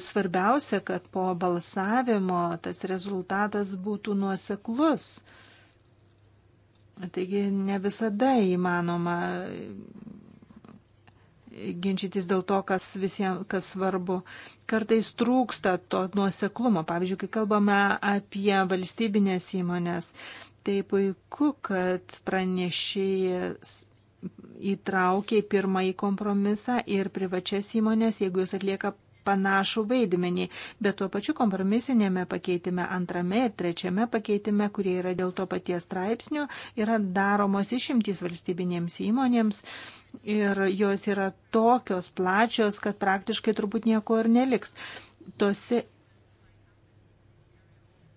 svarbiausia, kad po balsavimo tas rezultatas būtų nuoseklus. Taigi ne visada įmanoma ginčytis dėl to, kas visiems kas svarbu. Kartais trūksta to nuoseklumo. Pavyzdžiui, kai kalbame apie valstybinės įmonės, tai puiku, kad pranešėjas įtraukė pirmąjį kompromisą ir privačias įmonės, jeigu jūs atlieka panašų vaidmenį, bet tuo pačiu kompromisinėme pakeitime antrame ir trečiame pakeitime, kurie yra dėl to paties straipsnio, yra daromos išimtys valstybinėms įmonėms. Ir jos yra tokios plačios, kad praktiškai turbūt nieko ir neliks. Tose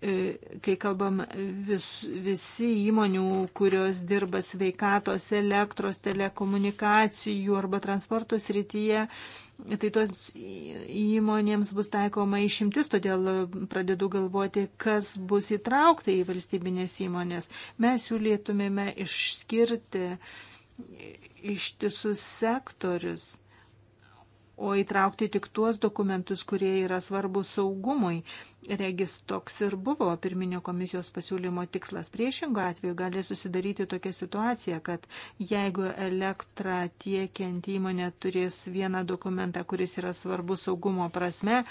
E, kai kalbam vis, visi įmonių, kurios dirba sveikatos, elektros, telekomunikacijų arba transporto srityje, tai tos įmonėms bus taikoma išimtis, todėl pradedu galvoti, kas bus įtraukta į valstybinės įmonės. Mes siūlytumėme išskirti ištisus sektorius o įtraukti tik tuos dokumentus, kurie yra svarbu saugumui. Regis toks ir buvo pirminio komisijos pasiūlymo tikslas. Priešingo atveju gali susidaryti tokia situacija, kad jeigu elektrą tiekiant įmonė turės vieną dokumentą, kuris yra svarbu saugumo prasme,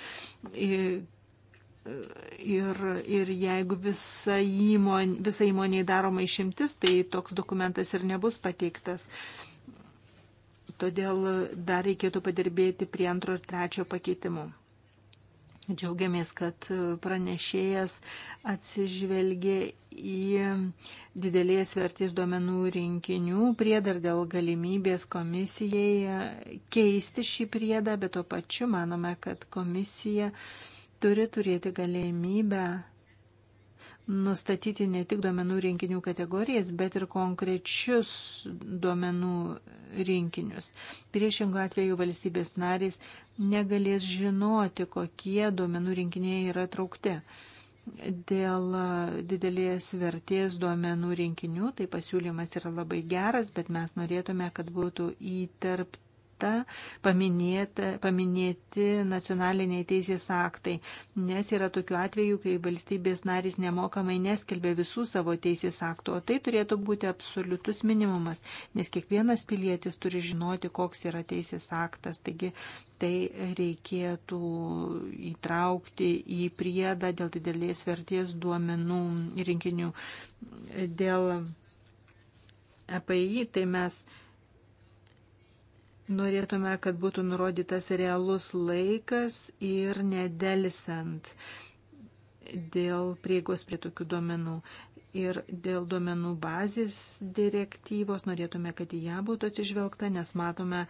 Ir, ir jeigu visa, įmon, visa įmonė daroma išimtis, tai toks dokumentas ir nebus pateiktas. Uh, todėl dar reikėtų padirbėti prie antro ir trečio pakeitimų. Džiaugiamės, kad pranešėjas atsižvelgė į didelės vertės duomenų rinkinių priedą ir dėl galimybės komisijai keisti šį priedą, bet tuo pačiu manome, kad komisija turi turėti galimybę nustatyti ne tik duomenų rinkinių kategorijas, bet ir konkrečius duomenų rinkinius. Priešingų atveju valstybės narys negalės žinoti, kokie duomenų rinkiniai yra traukti. Dėl didelės vertės duomenų rinkinių, tai pasiūlymas yra labai geras, bet mes norėtume, kad būtų įterpti vieta paminėti, paminėti nacionaliniai teisės aktai, nes yra tokių atvejų, kai valstybės narys nemokamai neskelbė visų savo teisės aktų, o tai turėtų būti absoliutus minimumas, nes kiekvienas pilietis turi žinoti, koks yra teisės aktas. Taigi tai reikėtų įtraukti į priedą dėl didelės vertės duomenų rinkinių. Dėl API, tai mes Norėtume, kad būtų nurodytas realus laikas ir nedelsiant dėl prieigos prie tokių duomenų. Ir dėl duomenų bazės direktyvos norėtume, kad į ją būtų atsižvelgta, nes matome,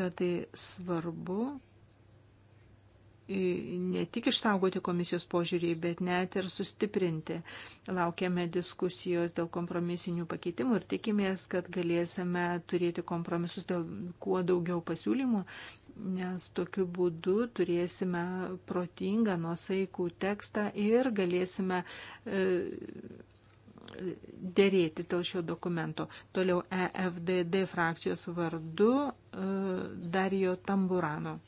kad tai svarbu ne tik išsaugoti komisijos požiūrį, bet net ir sustiprinti. Laukiame diskusijos dėl kompromisinių pakeitimų ir tikimės, kad galėsime turėti kompromisus dėl kuo daugiau pasiūlymų, nes tokiu būdu turėsime protingą, nuosaikų tekstą ir galėsime e, dėrėtis dėl šio dokumento. Toliau EFDD frakcijos vardu e, Darijo Tamburano.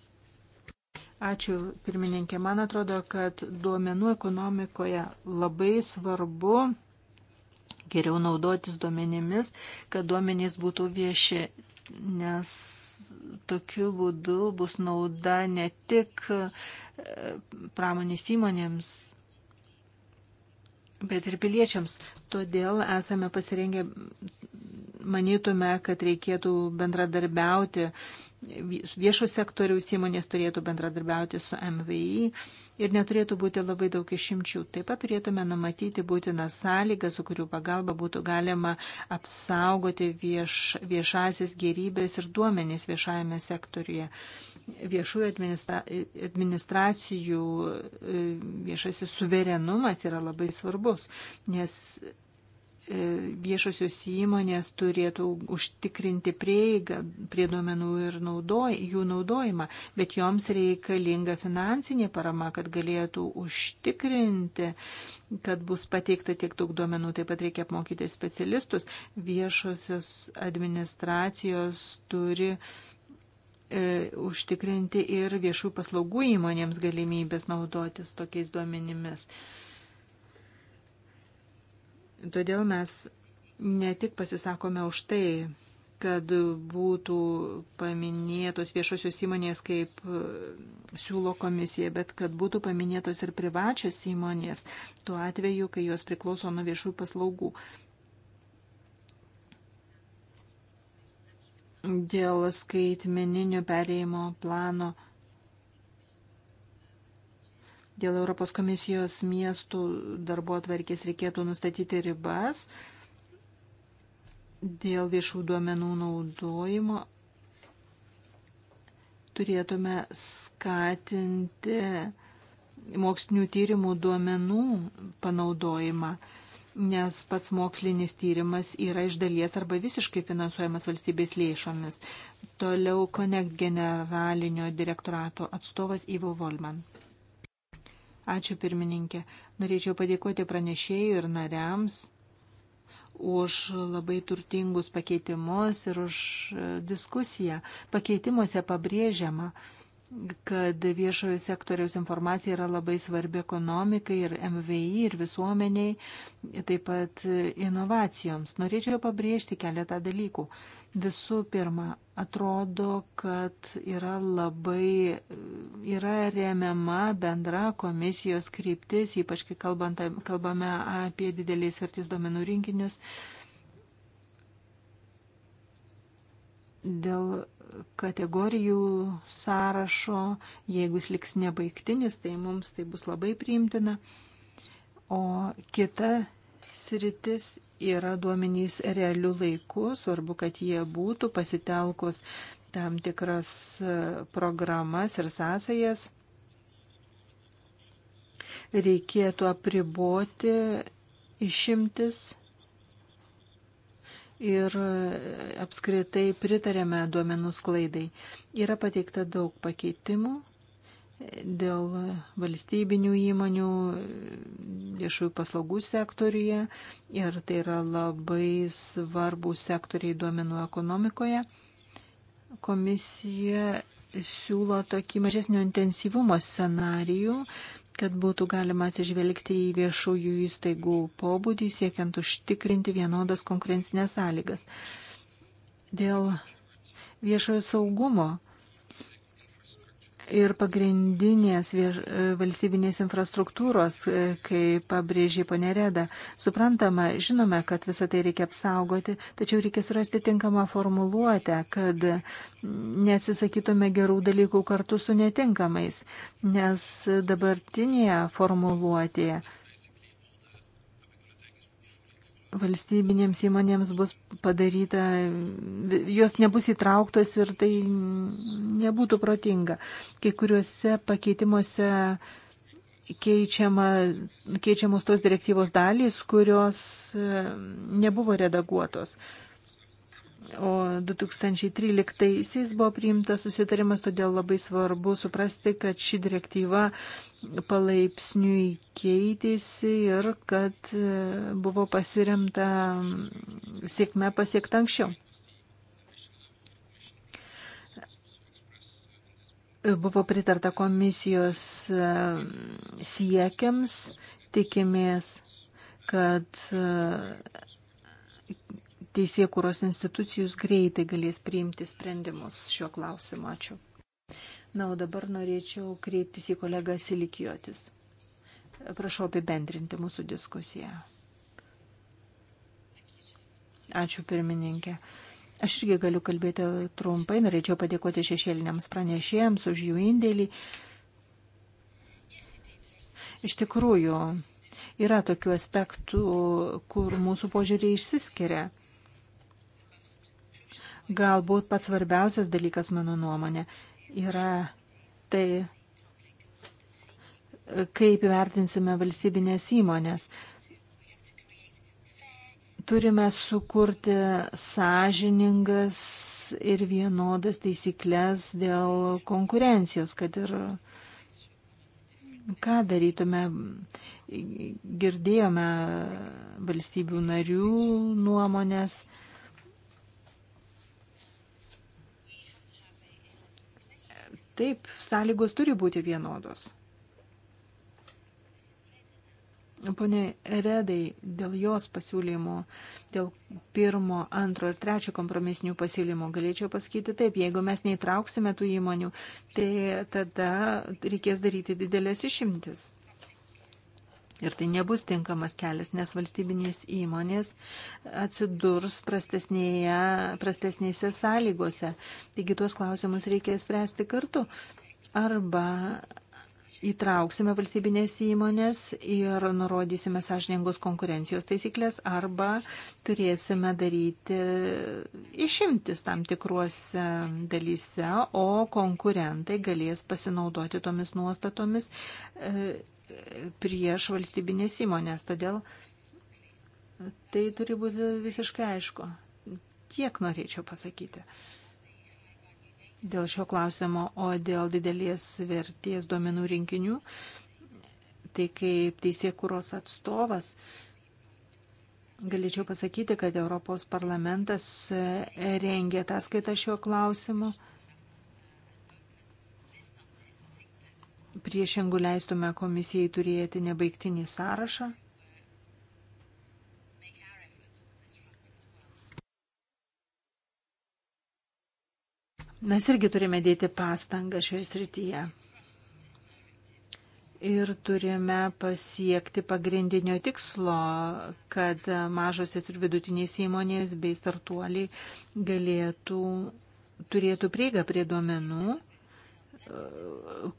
Ačiū, pirmininkė. Man atrodo, kad duomenų ekonomikoje labai svarbu geriau naudotis duomenimis, kad duomenys būtų vieši, nes tokiu būdu bus nauda ne tik e, pramonės įmonėms, bet ir piliečiams. Todėl esame pasirengę, manytume, kad reikėtų bendradarbiauti viešo sektoriaus įmonės turėtų bendradarbiauti su MVI ir neturėtų būti labai daug išimčių. Taip pat turėtume numatyti būtiną sąlygą, su kurių pagalba būtų galima apsaugoti vieš, viešasias gerybės ir duomenys viešajame sektoriuje. Viešųjų administra, administracijų e, viešasis suverenumas yra labai svarbus, nes E, viešosios įmonės turėtų užtikrinti prieigą prie duomenų ir naudoj, jų naudojimą, bet joms reikalinga finansinė parama, kad galėtų užtikrinti, kad bus pateikta tiek daug duomenų, taip pat reikia apmokyti specialistus. Viešosios administracijos turi e, užtikrinti ir viešų paslaugų įmonėms galimybės naudotis tokiais duomenimis. E, Todėl mes ne tik pasisakome už tai, kad būtų paminėtos viešosios įmonės, kaip e, siūlo komisija, bet kad būtų paminėtos ir privačios įmonės, tuo atveju, kai jos priklauso nuo viešųjų paslaugų. Dėl skaitmeninio perėjimo plano Dėl Europos komisijos miestų darbo atverkės reikėtų nustatyti ribas dėl viešų duomenų naudojimo turėtume skatinti mokslinių tyrimų duomenų panaudojimą, nes pats mokslinis tyrimas yra iš dalies arba visiškai finansuojamas valstybės lėšomis. Toliau Connect generalinio direktorato atstovas Ivo Volman. Ačiū pirmininkė. Norėčiau padėkoti pranešėjų ir nariams už labai turtingus pakeitimus ir už e, diskusiją. Pakeitimuose pabrėžiama, kad viešojo sektoriaus informacija yra labai svarbi ekonomikai ir MVI ir visuomeniai, taip pat e, inovacijoms. Norėčiau pabrėžti keletą dalykų. Visų pirma, atrodo, kad yra labai, yra remiama bendra komisijos kryptis, ypač kai kalbant, kalbame apie dideliais vertys duomenų rinkinius. Dėl kategorijų sąrašo, jeigu jis liks nebaigtinis, tai mums tai bus labai priimtina. O kita sritis yra duomenys realių laikų, svarbu, kad jie būtų pasitelkus tam tikras e, programas ir sąsajas. Reikėtų apriboti išimtis ir e, apskritai pritarėme duomenų sklaidai. Yra pateikta daug pakeitimų dėl valstybinių įmonių viešųjų paslaugų sektoriuje ir tai yra labai svarbų sektoriai duomenų ekonomikoje. Komisija siūlo tokį mažesnio intensyvumo scenarijų, kad būtų galima atsižvelgti į viešųjų įstaigų pobūdį, siekiant užtikrinti vienodas konkurencinės sąlygas. Dėl viešojo saugumo ir pagrindinės vieš, e, valstybinės infrastruktūros, e, kaip pabrėžė ponė Reda. Suprantama, žinome, kad visą tai reikia apsaugoti, tačiau reikia surasti tinkamą formuluotę, kad neatsisakytume gerų dalykų kartu su netinkamais, nes dabartinėje formuluotėje valstybinėms įmonėms bus padaryta, jos nebus įtrauktos ir tai nebūtų protinga. Kai kuriuose pakeitimuose keičiama, keičiamos tos direktyvos dalys, kurios e, nebuvo redaguotos. O 2013-aisiais buvo priimtas susitarimas, todėl labai svarbu suprasti, kad ši direktyva palaipsniui keitėsi ir kad e, buvo pasiremta sėkme pasiekta anksčiau. Buvo pritarta komisijos e, siekiams, tikimės, kad e, teisėkuros institucijus greitai galės priimti sprendimus šiuo klausimu. Ačiū. Na, o dabar norėčiau kreiptis į kolegą Silikijotis. Prašau apibendrinti mūsų diskusiją. Ačiū pirmininkė. Aš irgi galiu kalbėti trumpai. Norėčiau padėkoti šešėliniams pranešėjams už jų indėlį. Iš tikrųjų, yra tokių aspektų, kur mūsų požiūriai išsiskiria. Galbūt pats svarbiausias dalykas, mano nuomonė, yra tai, kaip vertinsime valstybinės įmonės. Turime sukurti sąžiningas ir vienodas taisyklės dėl konkurencijos, kad ir ką darytume. Girdėjome valstybių narių nuomonės Taip, sąlygos turi būti vienodos. Pone Redai, dėl jos pasiūlymų, dėl pirmo, antro ir trečio kompromisinių pasiūlymų galėčiau pasakyti taip, jeigu mes neįtrauksime tų įmonių, tai tada reikės daryti didelės išimtis. Ir tai nebus tinkamas kelias, nes valstybinės įmonės atsidurs prastesnėse sąlygose. Taigi tuos klausimus reikia spręsti kartu. Arba įtrauksime valstybinės įmonės ir nurodysime sąžiningos konkurencijos taisyklės, arba turėsime daryti išimtis tam tikruose dalyse, o konkurentai galės pasinaudoti tomis nuostatomis e, prieš valstybinės įmonės, todėl tai turi būti visiškai aišku. Tiek norėčiau pasakyti dėl šio klausimo, o dėl didelės vertės duomenų rinkinių, tai kaip teisėkūros atstovas galėčiau pasakyti, kad Europos parlamentas rengė tą skaitą šio klausimu Priešingų leistume komisijai turėti nebaigtinį sąrašą. Mes irgi turime dėti pastangą šioje srityje. Ir turime pasiekti pagrindinio tikslo, kad mažosios ir vidutinės įmonės bei startuoliai galėtų, turėtų prieigą prie duomenų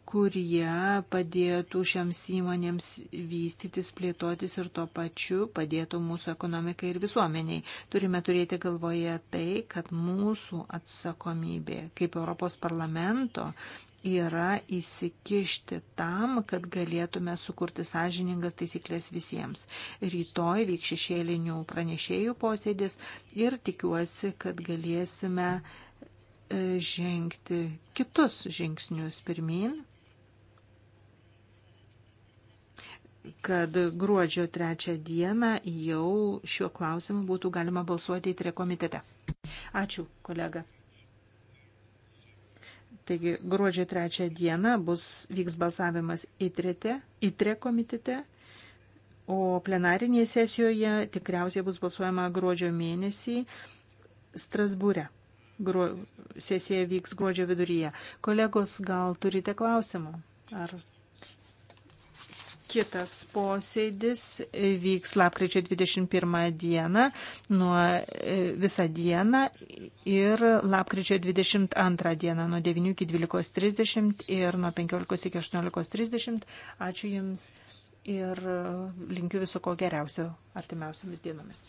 kurie padėtų šiams įmonėms vystytis, plėtotis ir tuo pačiu padėtų mūsų ekonomikai ir visuomeniai. Turime turėti galvoje tai, kad mūsų atsakomybė kaip Europos parlamento yra įsikišti tam, kad galėtume sukurti sąžiningas taisyklės visiems. Rytoj vyks šešėlinių pranešėjų posėdis ir tikiuosi, kad galėsime žengti kitus žingsnius pirmin, kad gruodžio trečią dieną jau šiuo klausimu būtų galima balsuoti į trekomitete. Ačiū, kolega. Taigi, gruodžio trečią dieną bus vyks balsavimas į tre komitete, o plenarinėje sesijoje tikriausiai bus balsuojama gruodžio mėnesį Strasbūre. Gruo, sesija vyks gruodžio viduryje. Kolegos, gal turite klausimų? Ar kitas posėdis vyks lapkričio 21 dieną nuo e, visą dieną ir lapkričio 22 dieną nuo 9 iki 12.30 ir nuo 15 iki 18.30. Ačiū Jums ir e, linkiu viso ko geriausio artimiausiamis dienomis.